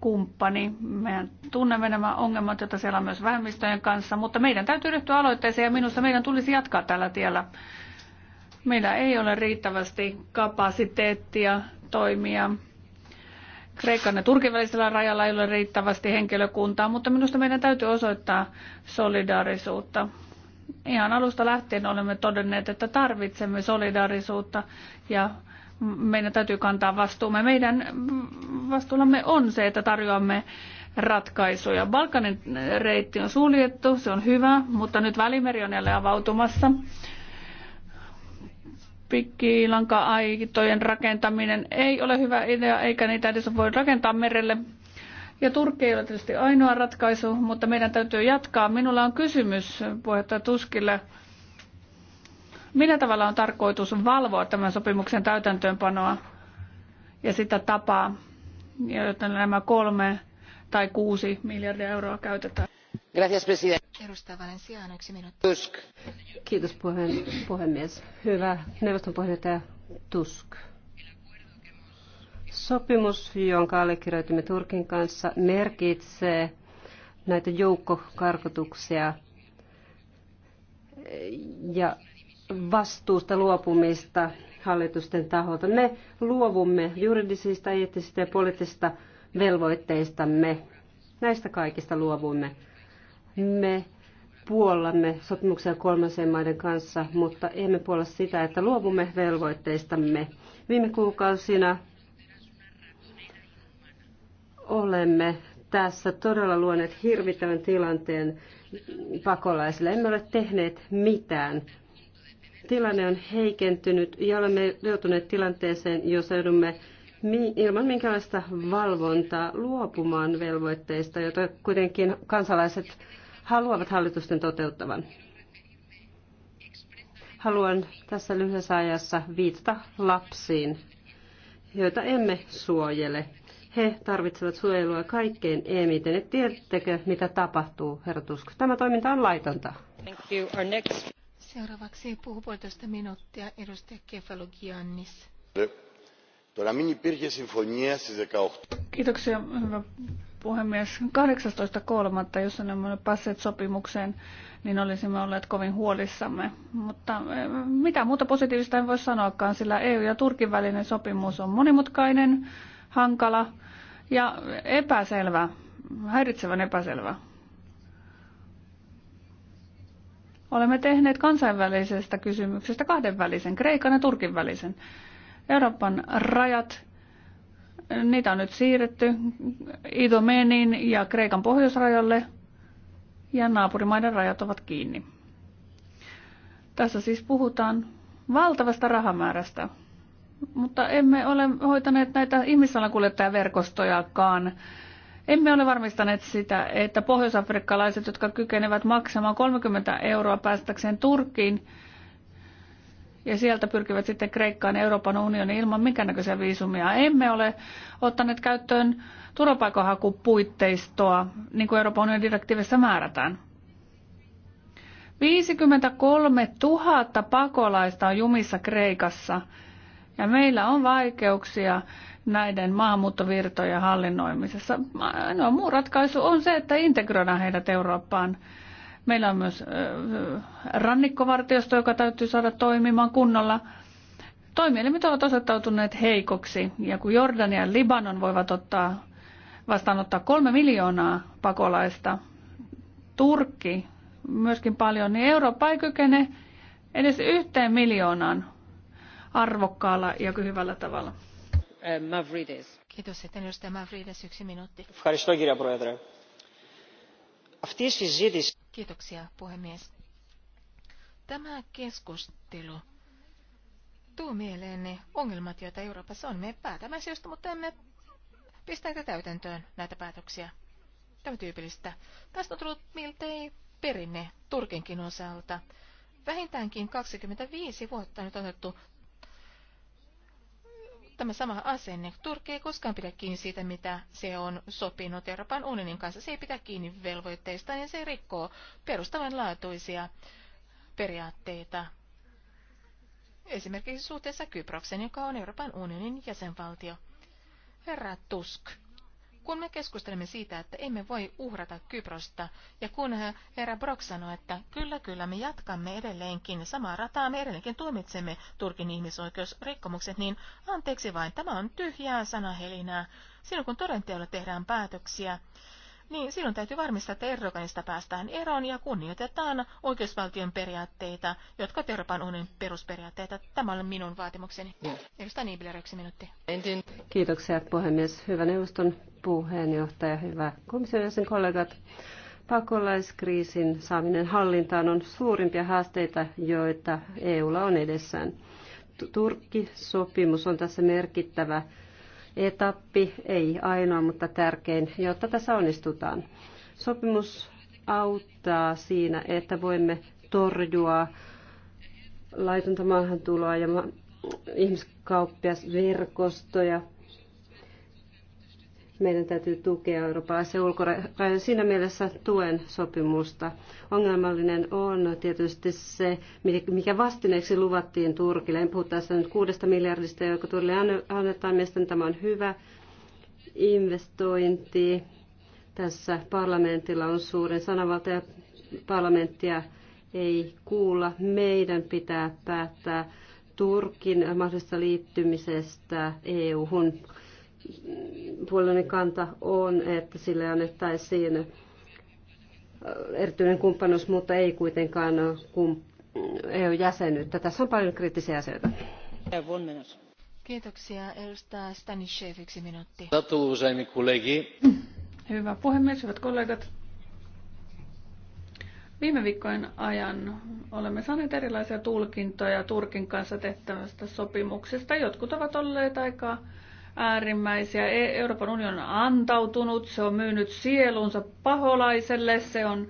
kumppani. Me tunnemme nämä ongelmat, joita siellä on myös vähemmistöjen kanssa, mutta meidän täytyy ryhtyä aloitteeseen ja minusta meidän tulisi jatkaa tällä tiellä. Meillä ei ole riittävästi kapasiteettia toimia. Kreikan ja Turkin välisellä rajalla ei ole riittävästi henkilökuntaa, mutta minusta meidän täytyy osoittaa solidaarisuutta. Ihan alusta lähtien olemme todenneet, että tarvitsemme solidaarisuutta ja meidän täytyy kantaa vastuumme. Meidän vastuullamme on se, että tarjoamme ratkaisuja. Balkanin reitti on suljettu, se on hyvä, mutta nyt Välimeri on jälleen avautumassa. Pikkilanka-aitojen rakentaminen ei ole hyvä idea, eikä niitä edes voi rakentaa merelle. Ja Turkki ei ole tietysti ainoa ratkaisu, mutta meidän täytyy jatkaa. Minulla on kysymys puheenjohtaja Tuskille Millä tavalla on tarkoitus valvoa tämän sopimuksen täytäntöönpanoa ja sitä tapaa, jotta nämä kolme tai kuusi miljardia euroa käytetään?
Gracias, Edustaja yksi minuutti.
Tusk. Kiitos puhemies. Hyvä
neuvoston puheenjohtaja Tusk. Sopimus, jonka allekirjoitimme Turkin kanssa, merkitsee näitä joukkokarkotuksia ja vastuusta luopumista hallitusten taholta. Me luovumme juridisista, eettisistä ja poliittisista velvoitteistamme. Näistä kaikista luovumme. Me puollamme sopimuksia kolmansien maiden kanssa, mutta emme puolla sitä, että luovumme velvoitteistamme. Viime kuukausina olemme tässä todella luoneet hirvittävän tilanteen pakolaisille. Emme ole tehneet mitään tilanne on heikentynyt ja olemme joutuneet tilanteeseen, jossa joudumme ilman minkälaista valvontaa luopumaan velvoitteista, joita kuitenkin kansalaiset haluavat hallitusten toteuttavan. Haluan tässä lyhyessä ajassa viitata lapsiin, joita emme suojele. He tarvitsevat suojelua kaikkein eniten. tiedättekö, mitä tapahtuu, herra Tusk? Tämä toiminta on laitonta.
Thank you. Our next... Seuraavaksi puhuu puolitoista minuuttia edustaja Kefalogiannis.
Τώρα μην υπήρχε συμφωνία στις 18.
Kiitoksia, hyvä puhemies. 18.3. jos ne olemme päässeet sopimukseen, niin olisimme olleet kovin huolissamme. Mutta eh, mitä muuta positiivista en voi sanoakaan, sillä EU ja Turkin välinen sopimus on monimutkainen, hankala ja epäselvä, häiritsevän epäselvä. Olemme tehneet kansainvälisestä kysymyksestä kahdenvälisen, Kreikan ja Turkin välisen. Euroopan rajat, niitä on nyt siirretty Idomenin ja Kreikan pohjoisrajalle ja naapurimaiden rajat ovat kiinni. Tässä siis puhutaan valtavasta rahamäärästä, mutta emme ole hoitaneet näitä ihmissalakuljettajaverkostojakaan verkostojakaan emme ole varmistaneet sitä, että pohjoisafrikkalaiset, jotka kykenevät maksamaan 30 euroa päästäkseen Turkkiin ja sieltä pyrkivät sitten Kreikkaan ja Euroopan unionin ilman minkäännäköisiä viisumia. Emme ole ottaneet käyttöön turvapaikanhakupuitteistoa, niin kuin Euroopan unionin direktiivissä määrätään. 53 000 pakolaista on jumissa Kreikassa ja meillä on vaikeuksia näiden maahanmuuttovirtojen hallinnoimisessa. No, muu ratkaisu on se, että integroidaan heidät Eurooppaan. Meillä on myös rannikkovartiosto, joka täytyy saada toimimaan kunnolla. Toimielimet ovat osoittautuneet heikoksi, ja kun Jordania ja Libanon voivat ottaa, vastaanottaa kolme miljoonaa pakolaista, Turkki myöskin paljon, niin Eurooppa ei kykene edes yhteen miljoonaan
arvokkaalla ja hyvällä tavalla. Eh, arvoisa Kiitos, yksi minuutti. puhemies. Tämä keskustelu tuo mieleen ne ongelmat, joita Euroopassa on. Me päätämme asioista, mutta emme pistääkö täytäntöön näitä päätöksiä. Tämä tyypillistä. Tästä on tullut miltei perinne Turkinkin osalta. Vähintäänkin 25 vuotta nyt on otettu Tämä sama asenne. Turkki ei koskaan pidä kiinni siitä, mitä se on sopinut Euroopan unionin kanssa. Se ei pidä kiinni velvoitteista ja se rikkoo perustavanlaatuisia periaatteita. Esimerkiksi suhteessa Kyproksen, joka on Euroopan unionin jäsenvaltio. Herra Tusk, kun me keskustelemme siitä, että emme voi uhrata Kyprosta, ja kun herra Brock sanoi, että kyllä, kyllä, me jatkamme edelleenkin samaa rataa, me edelleenkin tuomitsemme Turkin ihmisoikeusrikkomukset, niin anteeksi vain, tämä on tyhjää sanahelinää. Silloin kun todenteolla tehdään päätöksiä, niin silloin täytyy varmistaa, että Erdoganista päästään eroon ja kunnioitetaan oikeusvaltion periaatteita, jotka Euroopan unionin perusperiaatteita. Tämä on minun vaatimukseni. Edustaja Niibler, yksi minuutti.
Kiitoksia puhemies. Hyvä neuvoston puheenjohtaja, hyvä komission jäsen kollegat. Pakolaiskriisin saaminen hallintaan on suurimpia haasteita, joita EUlla on edessään. Turkki-sopimus on tässä merkittävä etappi, ei ainoa, mutta tärkein, jotta tässä onnistutaan. Sopimus auttaa siinä, että voimme torjua laitonta maahantuloa ja ihmiskauppiasverkostoja meidän täytyy tukea Euroopan Se ulkorajoja. Siinä mielessä tuen sopimusta. Ongelmallinen on tietysti se, mikä vastineeksi luvattiin Turkille. En puhu tässä nyt kuudesta miljardista, joka Turkille annetaan. Mielestäni tämä on hyvä investointi. Tässä parlamentilla on suurin sanavalta ja parlamenttia ei kuulla. Meidän pitää päättää Turkin mahdollisesta liittymisestä EU-hun puolueeni kanta on, että sille annettaisiin äh, erityinen kumppanuus, mutta ei kuitenkaan äh, EU-jäsenyyttä. Tässä on paljon kriittisiä asioita.
Kiitoksia. Edustaa Stanishev, yksi minuutti. Hyvä puhemies, hyvät kollegat.
Viime viikkojen ajan olemme saaneet erilaisia tulkintoja Turkin kanssa tehtävästä sopimuksesta. Jotkut ovat olleet aika äärimmäisiä. E- Euroopan unioni on antautunut, se on myynyt sielunsa paholaiselle, se on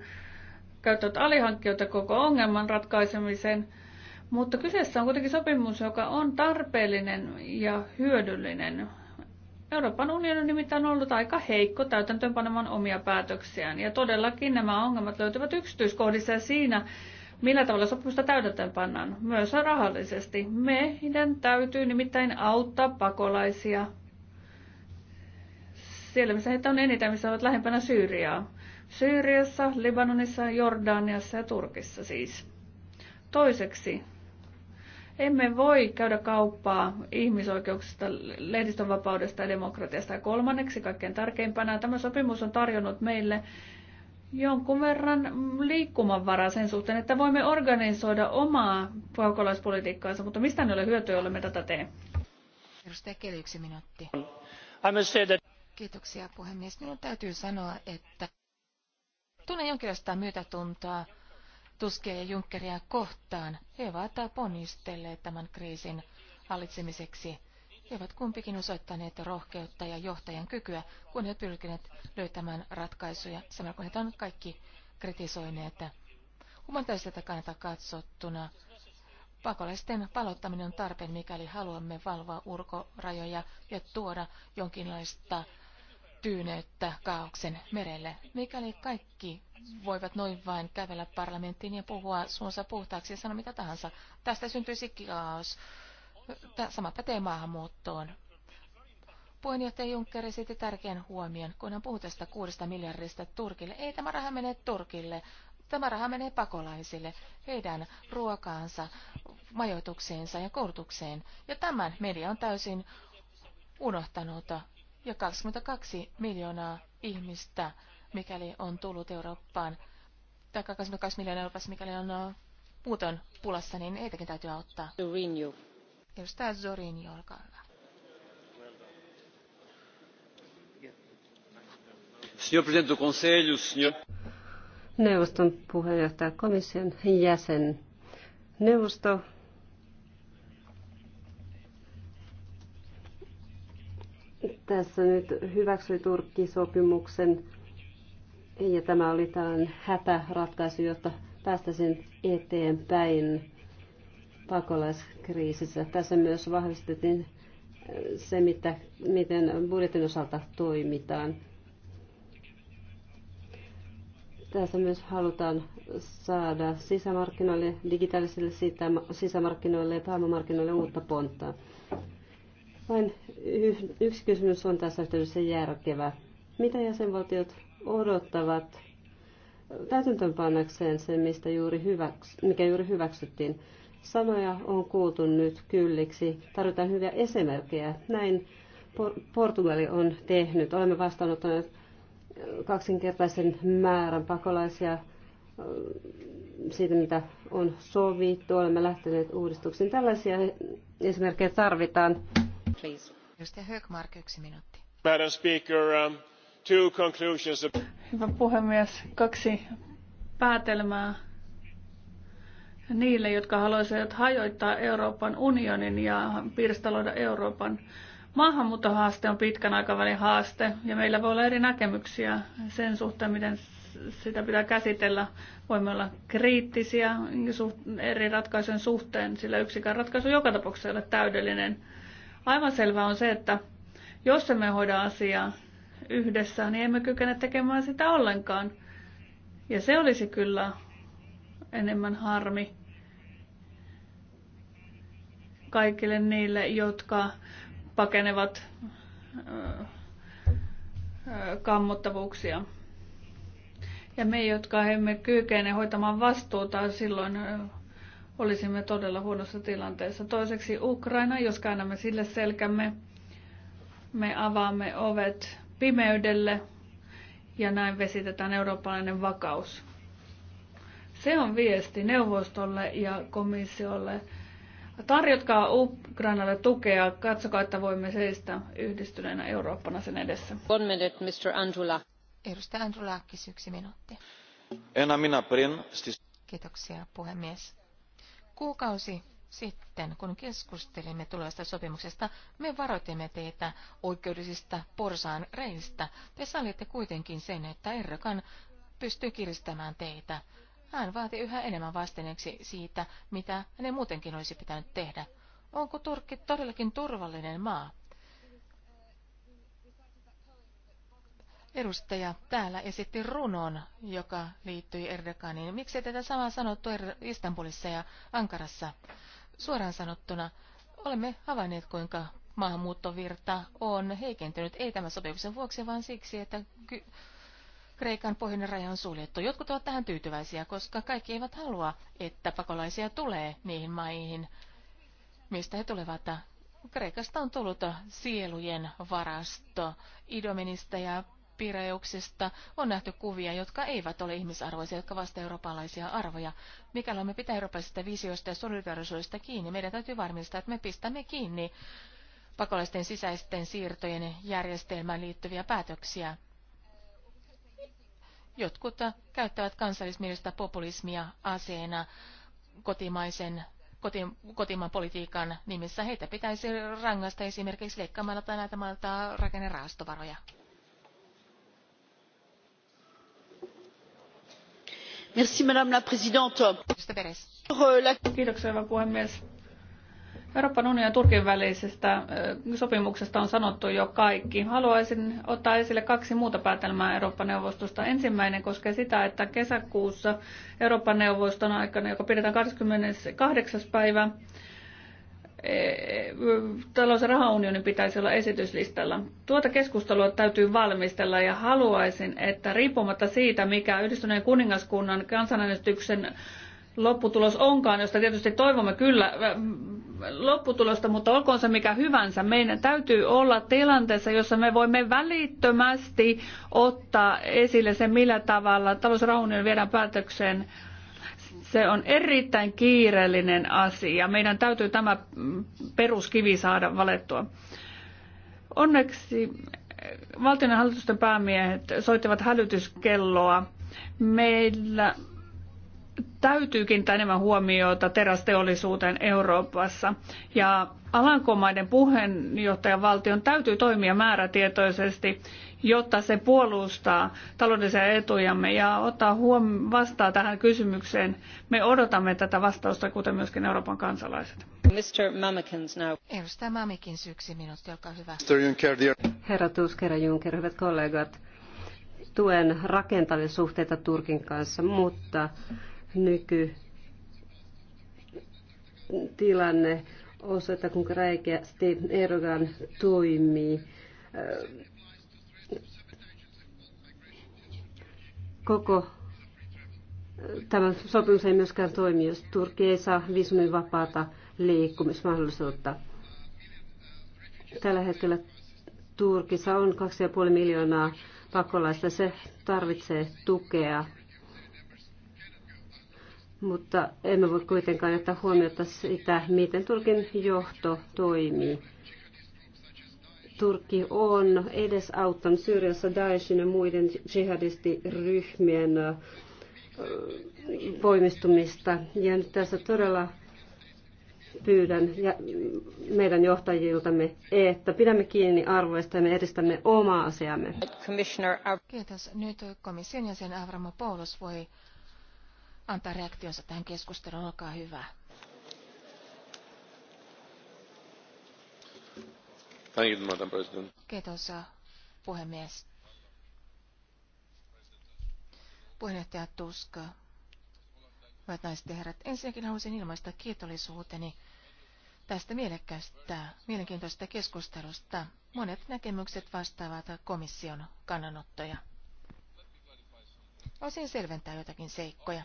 käyttänyt alihankkijoita koko ongelman ratkaisemiseen. Mutta kyseessä on kuitenkin sopimus, joka on tarpeellinen ja hyödyllinen. Euroopan unioni on nimittäin ollut aika heikko täytäntöönpanemaan omia päätöksiään. Ja todellakin nämä ongelmat löytyvät yksityiskohdissa ja siinä, millä tavalla sopimusta täydentöön pannaan, myös rahallisesti. Meidän täytyy nimittäin auttaa pakolaisia siellä, missä heitä on eniten, missä ovat lähempänä Syyriaa. Syyriassa, Libanonissa, Jordaniassa ja Turkissa siis. Toiseksi, emme voi käydä kauppaa ihmisoikeuksista, lehdistönvapaudesta ja demokratiasta. Ja kolmanneksi, kaikkein tärkeimpänä, tämä sopimus on tarjonnut meille jonkun verran liikkumanvaraa sen suhteen, että voimme organisoida omaa pakolaispolitiikkaansa, mutta mistä ne ole hyötyä, jolle tätä teemme?
Edustaja Keli, yksi minuutti. Kiitoksia puhemies. Minun täytyy sanoa, että tunnen jonkinlaista myötätuntoa tuskeja ja junkkeria kohtaan. He ovat ponnistelleet tämän kriisin hallitsemiseksi. He ovat kumpikin osoittaneet rohkeutta ja johtajan kykyä, kun he pyrkineet löytämään ratkaisuja, samalla kun he ovat kaikki kritisoineet. Humanitaariselta kannalta katsottuna pakolaisten palottaminen on tarpeen, mikäli haluamme valvoa urkorajoja ja tuoda jonkinlaista tyyneyttä kaauksen merelle. Mikäli kaikki voivat noin vain kävellä parlamenttiin ja puhua suunsa puhtaaksi ja sanoa mitä tahansa, tästä syntyisi kaos. Sama pätee maahanmuuttoon. Puheenjohtaja Juncker esitti tärkeän huomion, kun hän puhui tästä kuudesta miljardista Turkille. Ei tämä raha mene Turkille, tämä raha menee pakolaisille, heidän ruokaansa, majoitukseensa ja koulutukseen. Ja tämän media on täysin unohtanut. Ja 22 miljoonaa ihmistä, mikäli on tullut Eurooppaan, tai 22 miljoonaa Euroopassa, mikäli on äh, muuten pulassa, niin heitäkin täytyy auttaa. Edustaja Zorini, olkaa hyvä.
Senhor Presidente do Conselho, senhor...
Neuvoston puheenjohtaja, komission jäsen. Neuvosto tässä nyt hyväksyi Turkki-sopimuksen ja tämä oli tällainen hätäratkaisu, jotta päästäisiin eteenpäin pakolaiskriisissä. Tässä myös vahvistettiin se, mitä, miten budjetin osalta toimitaan. Tässä myös halutaan saada sisämarkkinoille, digitaalisille sisämarkkinoille ja pääomamarkkinoille uutta pontta. Vain yksi kysymys on tässä yhteydessä järkevä. Mitä jäsenvaltiot odottavat täytäntöönpannakseen sen, mistä juuri hyväks, mikä juuri hyväksyttiin? Sanoja on kuultu nyt kylliksi. Tarvitaan hyviä esimerkkejä. Näin Portugali on tehnyt. Olemme vastaanottaneet kaksinkertaisen määrän pakolaisia siitä, mitä on sovittu. Olemme lähteneet uudistuksiin. Tällaisia
esimerkkejä tarvitaan. Edustaja Högmark, yksi minuutti.
Madam Speaker,
um, two conclusions.
Hyvä puhemies. Kaksi päätelmää niille, jotka haluaisivat hajoittaa Euroopan unionin ja pirstaloida Euroopan. Maahanmuuttohaaste on pitkän aikavälin haaste ja meillä voi olla eri näkemyksiä sen suhteen, miten sitä pitää käsitellä. Voimme olla kriittisiä eri ratkaisujen suhteen, sillä yksikään ratkaisu joka tapauksessa ei ole täydellinen. Aivan selvää on se, että jos emme hoida asiaa yhdessä, niin emme kykene tekemään sitä ollenkaan. Ja se olisi kyllä enemmän harmi kaikille niille, jotka pakenevat kammottavuuksia. Ja me, jotka emme kykene hoitamaan vastuuta, silloin olisimme todella huonossa tilanteessa. Toiseksi Ukraina, jos käännämme sille selkämme, me avaamme ovet pimeydelle ja näin vesitetään eurooppalainen vakaus. Se on viesti neuvostolle ja komissiolle. Tarjotkaa Ukrainalle tukea, katsokaa, että voimme seistä yhdistyneenä Eurooppana sen edessä. One minute,
Mr. Andrula. Edustaja Andrula, yksi minuutti.
Enä minä prin. Siis-
Kiitoksia, puhemies. Kuukausi sitten, kun keskustelimme tulevasta sopimuksesta, me varoitimme teitä oikeudellisista porsaan reistä. Te sallitte kuitenkin sen, että Erdogan pystyy kiristämään teitä. Hän vaati yhä enemmän vastineeksi siitä, mitä ne muutenkin olisi pitänyt tehdä. Onko Turkki todellakin turvallinen maa? Edustaja täällä esitti runon, joka liittyi Erdoganiin. Miksi tätä samaa sanottu er- Istanbulissa ja Ankarassa? Suoraan sanottuna, olemme havainneet, kuinka maahanmuuttovirta on heikentynyt, ei tämän sopimuksen vuoksi, vaan siksi, että Kreikan pohjoinen raja on suljettu. Jotkut ovat tähän tyytyväisiä, koska kaikki eivät halua, että pakolaisia tulee niihin maihin, mistä he tulevat. Kreikasta on tullut sielujen varasto. Idomenista ja piireuksista on nähty kuvia, jotka eivät ole ihmisarvoisia, jotka vasta eurooppalaisia arvoja. Mikäli me pitää eurooppalaisista visioista ja solidarisuudesta kiinni, meidän täytyy varmistaa, että me pistämme kiinni pakolaisten sisäisten siirtojen järjestelmään liittyviä päätöksiä. Jotkut käyttävät kansallismielistä populismia aseena kotimaisen koti, kotimaan politiikan nimissä. Heitä pitäisi rangaista esimerkiksi leikkaamalla tai näitä rakennerahastovaroja. madame la présidente.
Euh, Kiitoksia, puhemies Euroopan unionin ja Turkin välisestä sopimuksesta on sanottu jo kaikki. Haluaisin ottaa esille kaksi muuta päätelmää Euroopan neuvostosta. Ensimmäinen koskee sitä, että kesäkuussa Euroopan neuvoston aikana, joka pidetään 28. päivä, e, talous- ja rahaunionin pitäisi olla esityslistalla. Tuota keskustelua täytyy valmistella ja haluaisin, että riippumatta siitä, mikä yhdistyneen kuningaskunnan kansanäänestyksen lopputulos onkaan, josta tietysti toivomme kyllä lopputulosta, mutta olkoon se mikä hyvänsä, meidän täytyy olla tilanteessa, jossa me voimme välittömästi ottaa esille sen, millä tavalla talousraunion viedään päätökseen. Se on erittäin kiireellinen asia. Meidän täytyy tämä peruskivi saada valettua. Onneksi valtion hallitusten päämiehet soittivat hälytyskelloa. Meillä täytyy kiinnittää enemmän huomiota terästeollisuuteen Euroopassa. Ja Alankomaiden puheenjohtajavaltion täytyy toimia määrätietoisesti, jotta se puolustaa taloudellisia etujamme ja ottaa huom- vastaa tähän kysymykseen. Me odotamme tätä vastausta, kuten myöskin Euroopan kansalaiset. Mr. Mamikins now.
Edustaja yksi minuutti, olkaa hyvä. Mr.
Juncker, dear.
Herra Tusk, herra Juncker, hyvät kollegat. Tuen rakentavia suhteita Turkin kanssa, mutta nyky tilanne osoittaa, kun räikeästi Erdogan toimii. Koko tämä sopimus ei myöskään toimi, jos Turkki ei saa viisumin vapaata liikkumismahdollisuutta. Tällä hetkellä Turkissa on 2,5 miljoonaa pakolaista. Se tarvitsee tukea mutta emme voi kuitenkaan jättää huomiota sitä, miten Turkin johto toimii. Turkki on edesauttanut Syyriassa Daeshin ja muiden jihadistiryhmien voimistumista. Ja nyt tässä todella pyydän meidän johtajiltamme, että pidämme kiinni arvoista ja me edistämme omaa asiamme.
Kiitos. Nyt komission jäsen Avramo Paulus voi antaa reaktionsa tähän keskusteluun. Olkaa hyvä.
Thank you, Madam President.
Kiitos, äh, puhemies. Puheenjohtaja Tusk, hyvät naiset ja herrat, ensinnäkin haluaisin ilmaista kiitollisuuteni tästä mielekkäästä, mielenkiintoisesta keskustelusta. Monet näkemykset vastaavat komission kannanottoja. Voisin selventää jotakin seikkoja.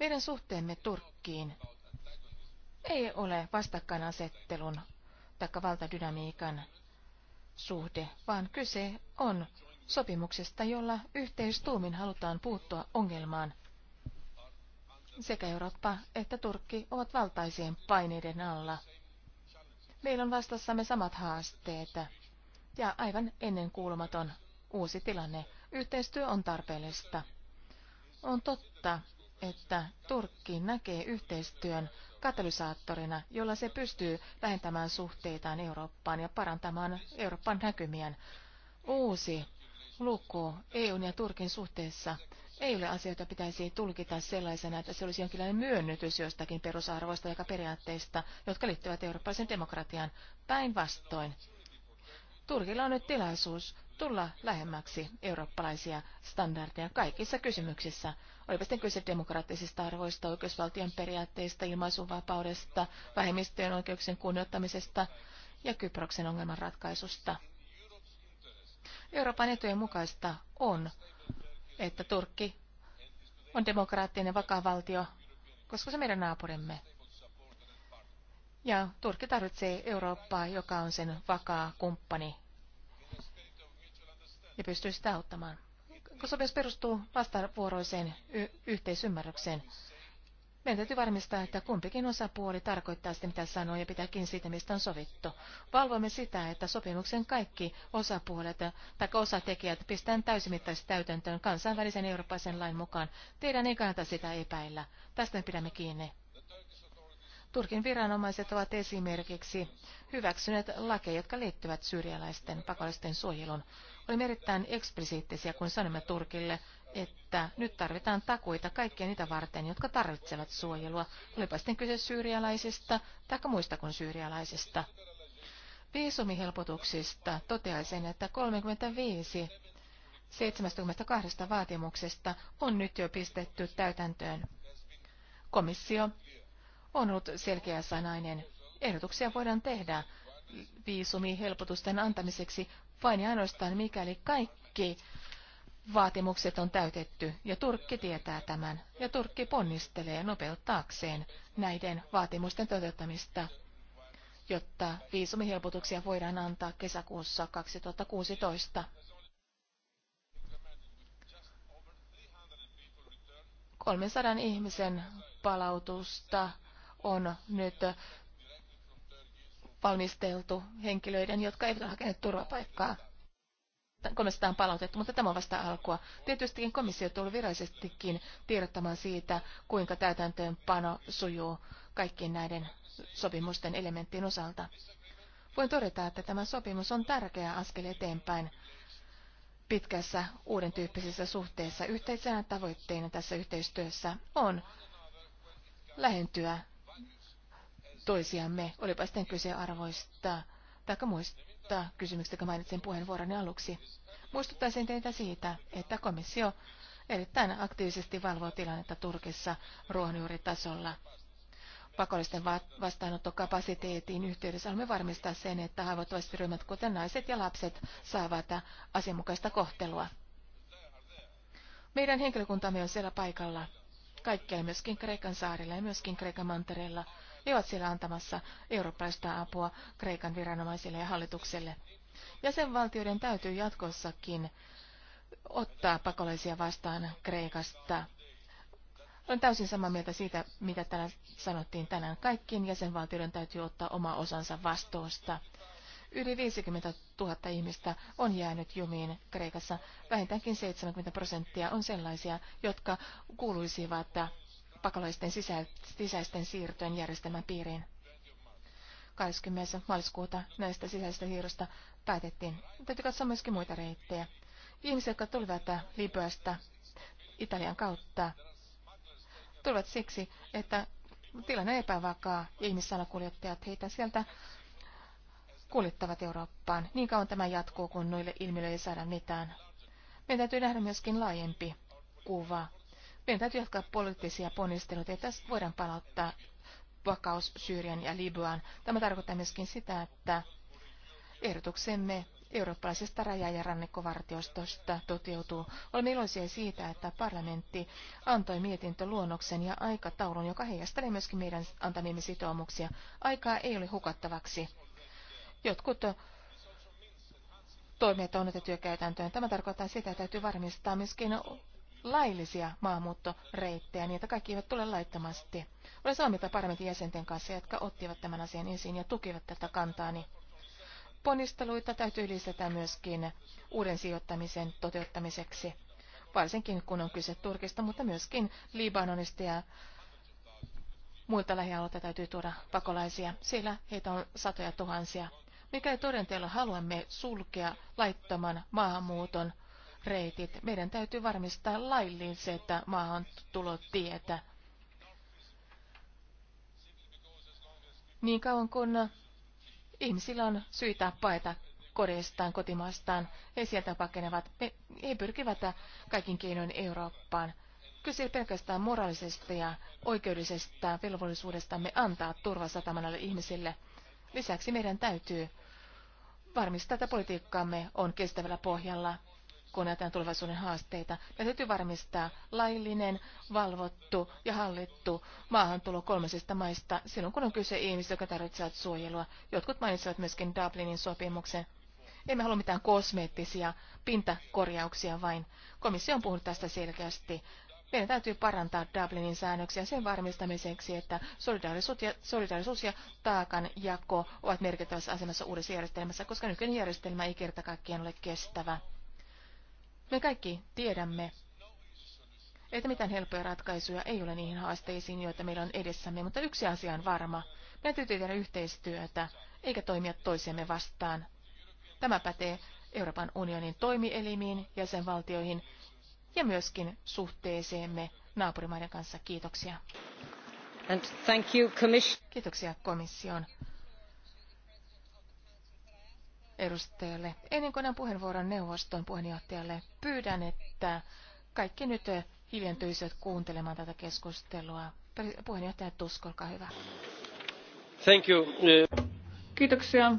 Meidän suhteemme Turkkiin ei ole vastakkainasettelun tai valtadynamiikan suhde, vaan kyse on sopimuksesta, jolla yhteistuumin halutaan puuttua ongelmaan. Sekä Eurooppa että Turkki ovat valtaisien paineiden alla. Meillä on vastassamme samat haasteet ja aivan ennen kuulumaton uusi tilanne. Yhteistyö on tarpeellista. On totta, että Turkki näkee yhteistyön katalysaattorina, jolla se pystyy lähentämään suhteitaan Eurooppaan ja parantamaan Euroopan näkymien. Uusi luku EUn ja Turkin suhteessa ei ole asioita pitäisi tulkita sellaisena, että se olisi jonkinlainen myönnytys jostakin perusarvoista ja periaatteista, jotka liittyvät eurooppalaisen demokratian Päinvastoin. Turkilla on nyt tilaisuus tulla lähemmäksi eurooppalaisia standardeja kaikissa kysymyksissä. Olipa sitten kyse demokraattisista arvoista, oikeusvaltion periaatteista, ilmaisuvapaudesta, vähemmistöjen oikeuksien kunnioittamisesta ja Kyproksen ongelman ratkaisusta. Euroopan etujen mukaista on, että Turkki on demokraattinen vakaa valtio, koska se meidän naapurimme. Ja Turkki tarvitsee Eurooppaa, joka on sen vakaa kumppani ja pystyy sitä auttamaan. Sopimus perustuu vastavuoroiseen y- yhteisymmärrykseen. Meidän täytyy varmistaa, että kumpikin osapuoli tarkoittaa sitä, mitä sanoo, ja pitääkin siitä, mistä on sovittu. Valvomme sitä, että sopimuksen kaikki osapuolet tai osatekijät pistetään täysimittaisesti täytäntöön kansainvälisen eurooppalaisen lain mukaan. Teidän ei kannata sitä epäillä. Tästä me pidämme kiinni. Turkin viranomaiset ovat esimerkiksi hyväksyneet lakeja, jotka liittyvät syyrialaisten pakolaisten suojeluun. Olimme erittäin eksplisiittisiä, kun sanomme Turkille, että nyt tarvitaan takuita kaikkia niitä varten, jotka tarvitsevat suojelua, olipa sitten kyse syyrialaisista tai muista kuin syyrialaisista. Viisumihelpotuksista toteaisin, että 35 72 vaatimuksesta on nyt jo pistetty täytäntöön. Komissio on ollut selkeä sanainen. Ehdotuksia voidaan tehdä viisumihelpotusten antamiseksi vain ja ainoastaan mikäli kaikki vaatimukset on täytetty ja Turkki tietää tämän ja Turkki ponnistelee nopeuttaakseen näiden vaatimusten toteuttamista, jotta viisumihelpotuksia voidaan antaa kesäkuussa 2016. Kolmensadan ihmisen palautusta on nyt valmisteltu henkilöiden, jotka eivät ole hakeneet turvapaikkaa. Komissiota on palautettu, mutta tämä on vasta alkua. Tietystikin komissio tuli virallisestikin tiedottamaan siitä, kuinka täytäntöönpano sujuu kaikkien näiden sopimusten elementtien osalta. Voin todeta, että tämä sopimus on tärkeä askel eteenpäin pitkässä uuden tyyppisessä suhteessa. Yhteisenä tavoitteena tässä yhteistyössä on lähentyä toisiamme, olipa sitten kyse arvoista tai muista kysymyksistä, jotka mainitsin puheenvuoroni aluksi. Muistuttaisin teitä siitä, että komissio erittäin aktiivisesti valvoo tilannetta Turkissa ruohonjuuritasolla. Pakollisten vastaanottokapasiteetin yhteydessä olemme varmistaa sen, että haavoittuvaiset ryhmät, kuten naiset ja lapset, saavat asianmukaista kohtelua. Meidän henkilökuntamme on siellä paikalla. Kaikkialla myöskin Kreikan saarilla ja myöskin Kreikan mantereella he ovat siellä antamassa eurooppalaista apua Kreikan viranomaisille ja hallitukselle. Jäsenvaltioiden täytyy jatkossakin ottaa pakolaisia vastaan Kreikasta. Olen täysin samaa mieltä siitä, mitä täällä sanottiin tänään. Kaikkien jäsenvaltioiden täytyy ottaa oma osansa vastuusta. Yli 50 000 ihmistä on jäänyt jumiin Kreikassa. Vähintäänkin 70 prosenttia on sellaisia, jotka kuuluisivat pakolaisten sisä, sisäisten siirtojen järjestelmän piiriin. 20. maaliskuuta näistä sisäisistä siirroista päätettiin. Täytyy katsoa myöskin muita reittejä. Ihmiset, jotka tulivat Libyasta Italian kautta, tulivat siksi, että tilanne epävakaa ja ihmissalakuljettajat heitä sieltä kuljettavat Eurooppaan. Niin kauan tämä jatkuu, kun noille ilmiöille ei saada mitään. Meidän täytyy nähdä myöskin laajempi kuva meidän täytyy jatkaa poliittisia ponnisteluita että tässä voidaan palauttaa vakaus Syyrian ja Libyan. Tämä tarkoittaa myöskin sitä, että ehdotuksemme eurooppalaisesta raja- ja rannikkovartiostosta toteutuu. Olemme iloisia siitä, että parlamentti antoi mietintöluonnoksen ja aikataulun, joka heijastelee myöskin meidän antamiemme sitoumuksia. Aikaa ei ole hukattavaksi. Jotkut toimet on otettu käytäntöön. Tämä tarkoittaa sitä, että täytyy varmistaa myöskin laillisia maahanmuuttoreittejä, niitä kaikki eivät tule laittomasti. Olen samaa mieltä parlamentin jäsenten kanssa, jotka ottivat tämän asian esiin ja tukivat tätä kantaani. Ponnisteluita täytyy lisätä myöskin uuden sijoittamisen toteuttamiseksi, varsinkin kun on kyse Turkista, mutta myöskin Libanonista ja muilta lähialueilta täytyy tuoda pakolaisia. Siellä heitä on satoja tuhansia. Mikäli todenteella haluamme sulkea laittoman maahanmuuton reitit. Meidän täytyy varmistaa se, että maahan tietä. Niin kauan kun ihmisillä on syitä paeta kodeistaan, kotimaastaan, he sieltä pakenevat, he pyrkivät kaikin keinoin Eurooppaan. Kyse pelkästään moraalisesta ja oikeudellisesta velvollisuudestamme antaa turva satamanalle ihmisille. Lisäksi meidän täytyy varmistaa, että politiikkaamme on kestävällä pohjalla kun näitä tulevaisuuden haasteita. Me täytyy varmistaa laillinen, valvottu ja hallittu maahantulo kolmesista maista silloin, kun on kyse ihmisistä, jotka tarvitsevat suojelua. Jotkut mainitsevat myöskin Dublinin sopimuksen. Emme halua mitään kosmeettisia pintakorjauksia vain. Komissio on puhunut tästä selkeästi. Meidän täytyy parantaa Dublinin säännöksiä sen varmistamiseksi, että solidaarisuus ja, solidaarisuus ja taakanjako ovat merkittävässä asemassa uudessa järjestelmässä, koska nykyinen järjestelmä ei kertakaikkiaan ole kestävä. Me kaikki tiedämme, että mitään helppoja ratkaisuja ei ole niihin haasteisiin, joita meillä on edessämme, mutta yksi asia on varma. Meidän täytyy tehdä yhteistyötä, eikä toimia toisemme vastaan. Tämä pätee Euroopan unionin toimielimiin, jäsenvaltioihin ja myöskin suhteeseemme naapurimaiden kanssa. Kiitoksia. And thank you, Kiitoksia komission edustajalle. Ennen kuin annan puheenvuoron neuvoston puheenjohtajalle, pyydän, että kaikki nyt hiljentyisivät kuuntelemaan tätä keskustelua. Puheenjohtaja Tusk, olkaa hyvä. Thank you. Kiitoksia.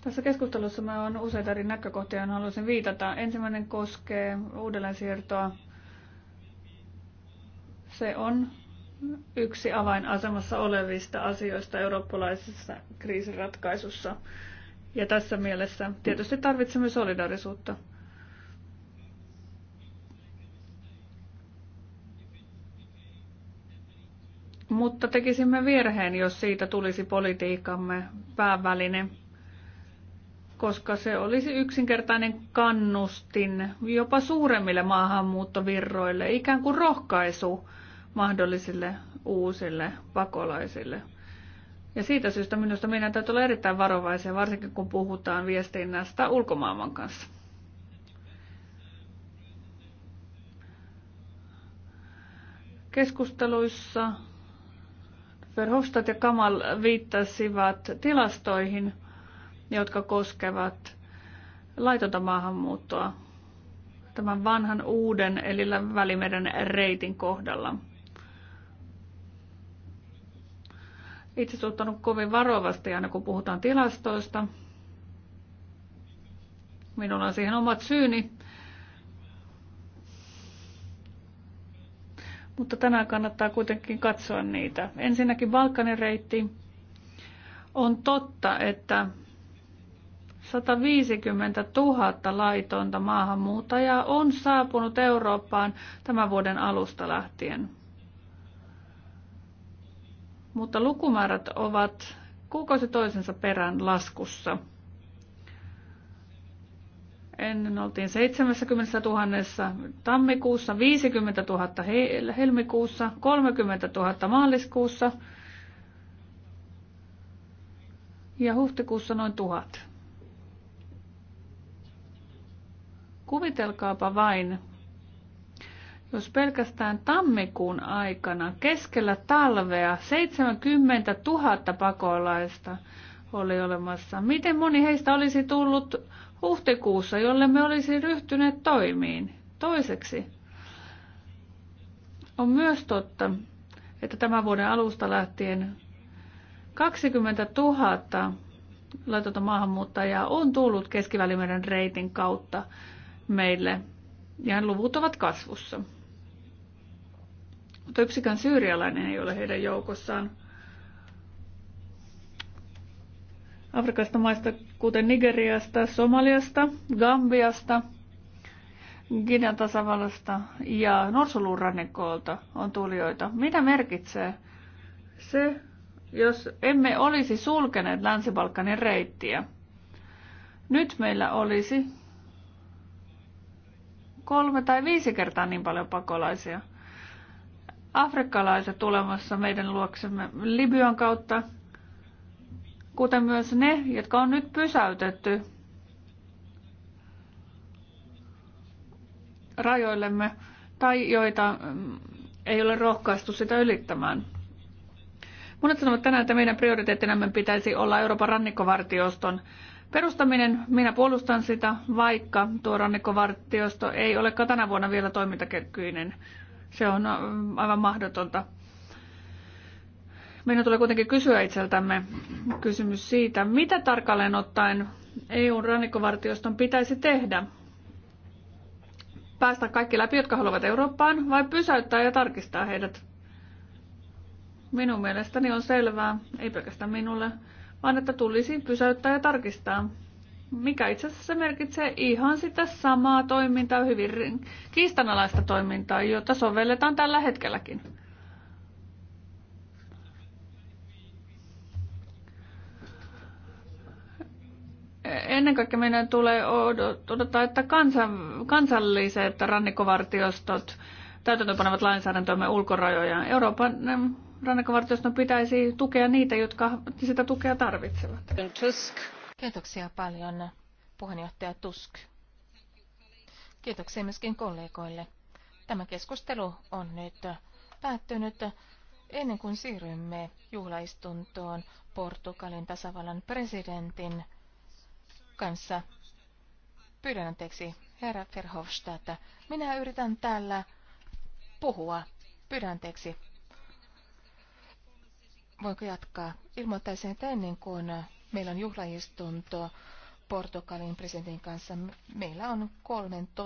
Tässä
keskustelussa me on useita eri näkökohtia, joihin haluaisin viitata. Ensimmäinen koskee uudelleensiirtoa. Se on yksi avainasemassa olevista asioista eurooppalaisessa kriisiratkaisussa. Ja tässä mielessä tietysti tarvitsemme solidarisuutta. Mutta tekisimme virheen, jos siitä tulisi politiikamme pääväline, koska se olisi yksinkertainen kannustin jopa suuremmille maahanmuuttovirroille, ikään kuin rohkaisu mahdollisille uusille pakolaisille. Ja siitä syystä minusta meidän täytyy olla erittäin varovaisia, varsinkin kun puhutaan viestinnästä ulkomaailman kanssa. Keskusteluissa Verhofstadt ja Kamal viittasivat tilastoihin, jotka koskevat laitonta maahanmuuttoa tämän vanhan uuden eli Välimeren reitin kohdalla – itse suhtanut kovin varovasti aina kun puhutaan tilastoista. Minulla on siihen omat syyni. Mutta tänään kannattaa kuitenkin katsoa niitä. Ensinnäkin Balkanin reitti. On totta, että 150 000 laitonta maahanmuuttajaa on saapunut Eurooppaan tämän vuoden alusta lähtien mutta lukumäärät ovat kuukausi toisensa perään laskussa. Ennen oltiin 70 000 tammikuussa, 50 000 helmikuussa, 30 000 maaliskuussa ja huhtikuussa noin 1000. Kuvitelkaapa vain, jos pelkästään tammikuun aikana keskellä talvea 70 000 pakolaista oli olemassa. Miten moni heistä olisi tullut huhtikuussa, jolle me olisi ryhtyneet toimiin? Toiseksi on myös totta, että tämän vuoden alusta lähtien 20 000 laitonta maahanmuuttajaa on tullut keskivälimeren reitin kautta meille ja luvut ovat kasvussa mutta yksikään syyrialainen ei ole heidän joukossaan. Afrikasta maista, kuten Nigeriasta, Somaliasta, Gambiasta, Ginean tasavallasta ja Norsulurannikolta on tulijoita. Mitä merkitsee se, jos emme olisi sulkeneet Länsi-Balkanin reittiä? Nyt meillä olisi kolme tai viisi kertaa niin paljon pakolaisia – afrikkalaiset tulemassa meidän luoksemme Libyan kautta, kuten myös ne, jotka on nyt pysäytetty rajoillemme tai joita mm, ei ole rohkaistu sitä ylittämään. Monet sanovat tänään, että meidän prioriteettinamme pitäisi olla Euroopan rannikkovartioston perustaminen. Minä puolustan sitä, vaikka tuo rannikkovartiosto ei olekaan tänä vuonna vielä toimintakykyinen. Se on äh, aivan mahdotonta. Meidän tulee kuitenkin kysyä itseltämme kysymys siitä, mitä tarkalleen ottaen EUn rannikkovartioston pitäisi tehdä. Päästä kaikki läpi, jotka haluavat Eurooppaan, vai pysäyttää ja tarkistaa heidät? Minun mielestäni on selvää, ei pelkästään minulle, vaan että tulisi pysäyttää ja tarkistaa mikä itse asiassa merkitsee ihan sitä samaa toimintaa, hyvin kiistanalaista toimintaa, jota sovelletaan tällä hetkelläkin. Ennen kaikkea meidän tulee odottaa, että kansan, kansalliset rannikkovartiostot täytäntöönpanevat lainsäädäntömme ulkorajoja. Euroopan ähm, rannikkovartioston
pitäisi tukea niitä, jotka sitä tukea tarvitsevat. Tusk. Kiitoksia paljon puheenjohtaja Tusk. Kiitoksia myöskin kollegoille. Tämä keskustelu on nyt päättynyt. Ennen kuin siirrymme juhlaistuntoon Portugalin tasavallan presidentin kanssa, pyydän anteeksi herra Verhofstadt, minä yritän täällä puhua. Pyydän anteeksi. Voinko jatkaa? Ilmoittaisin, että ennen kuin Meillä on juhlaistunto Portugalin presidentin kanssa. Meillä on 13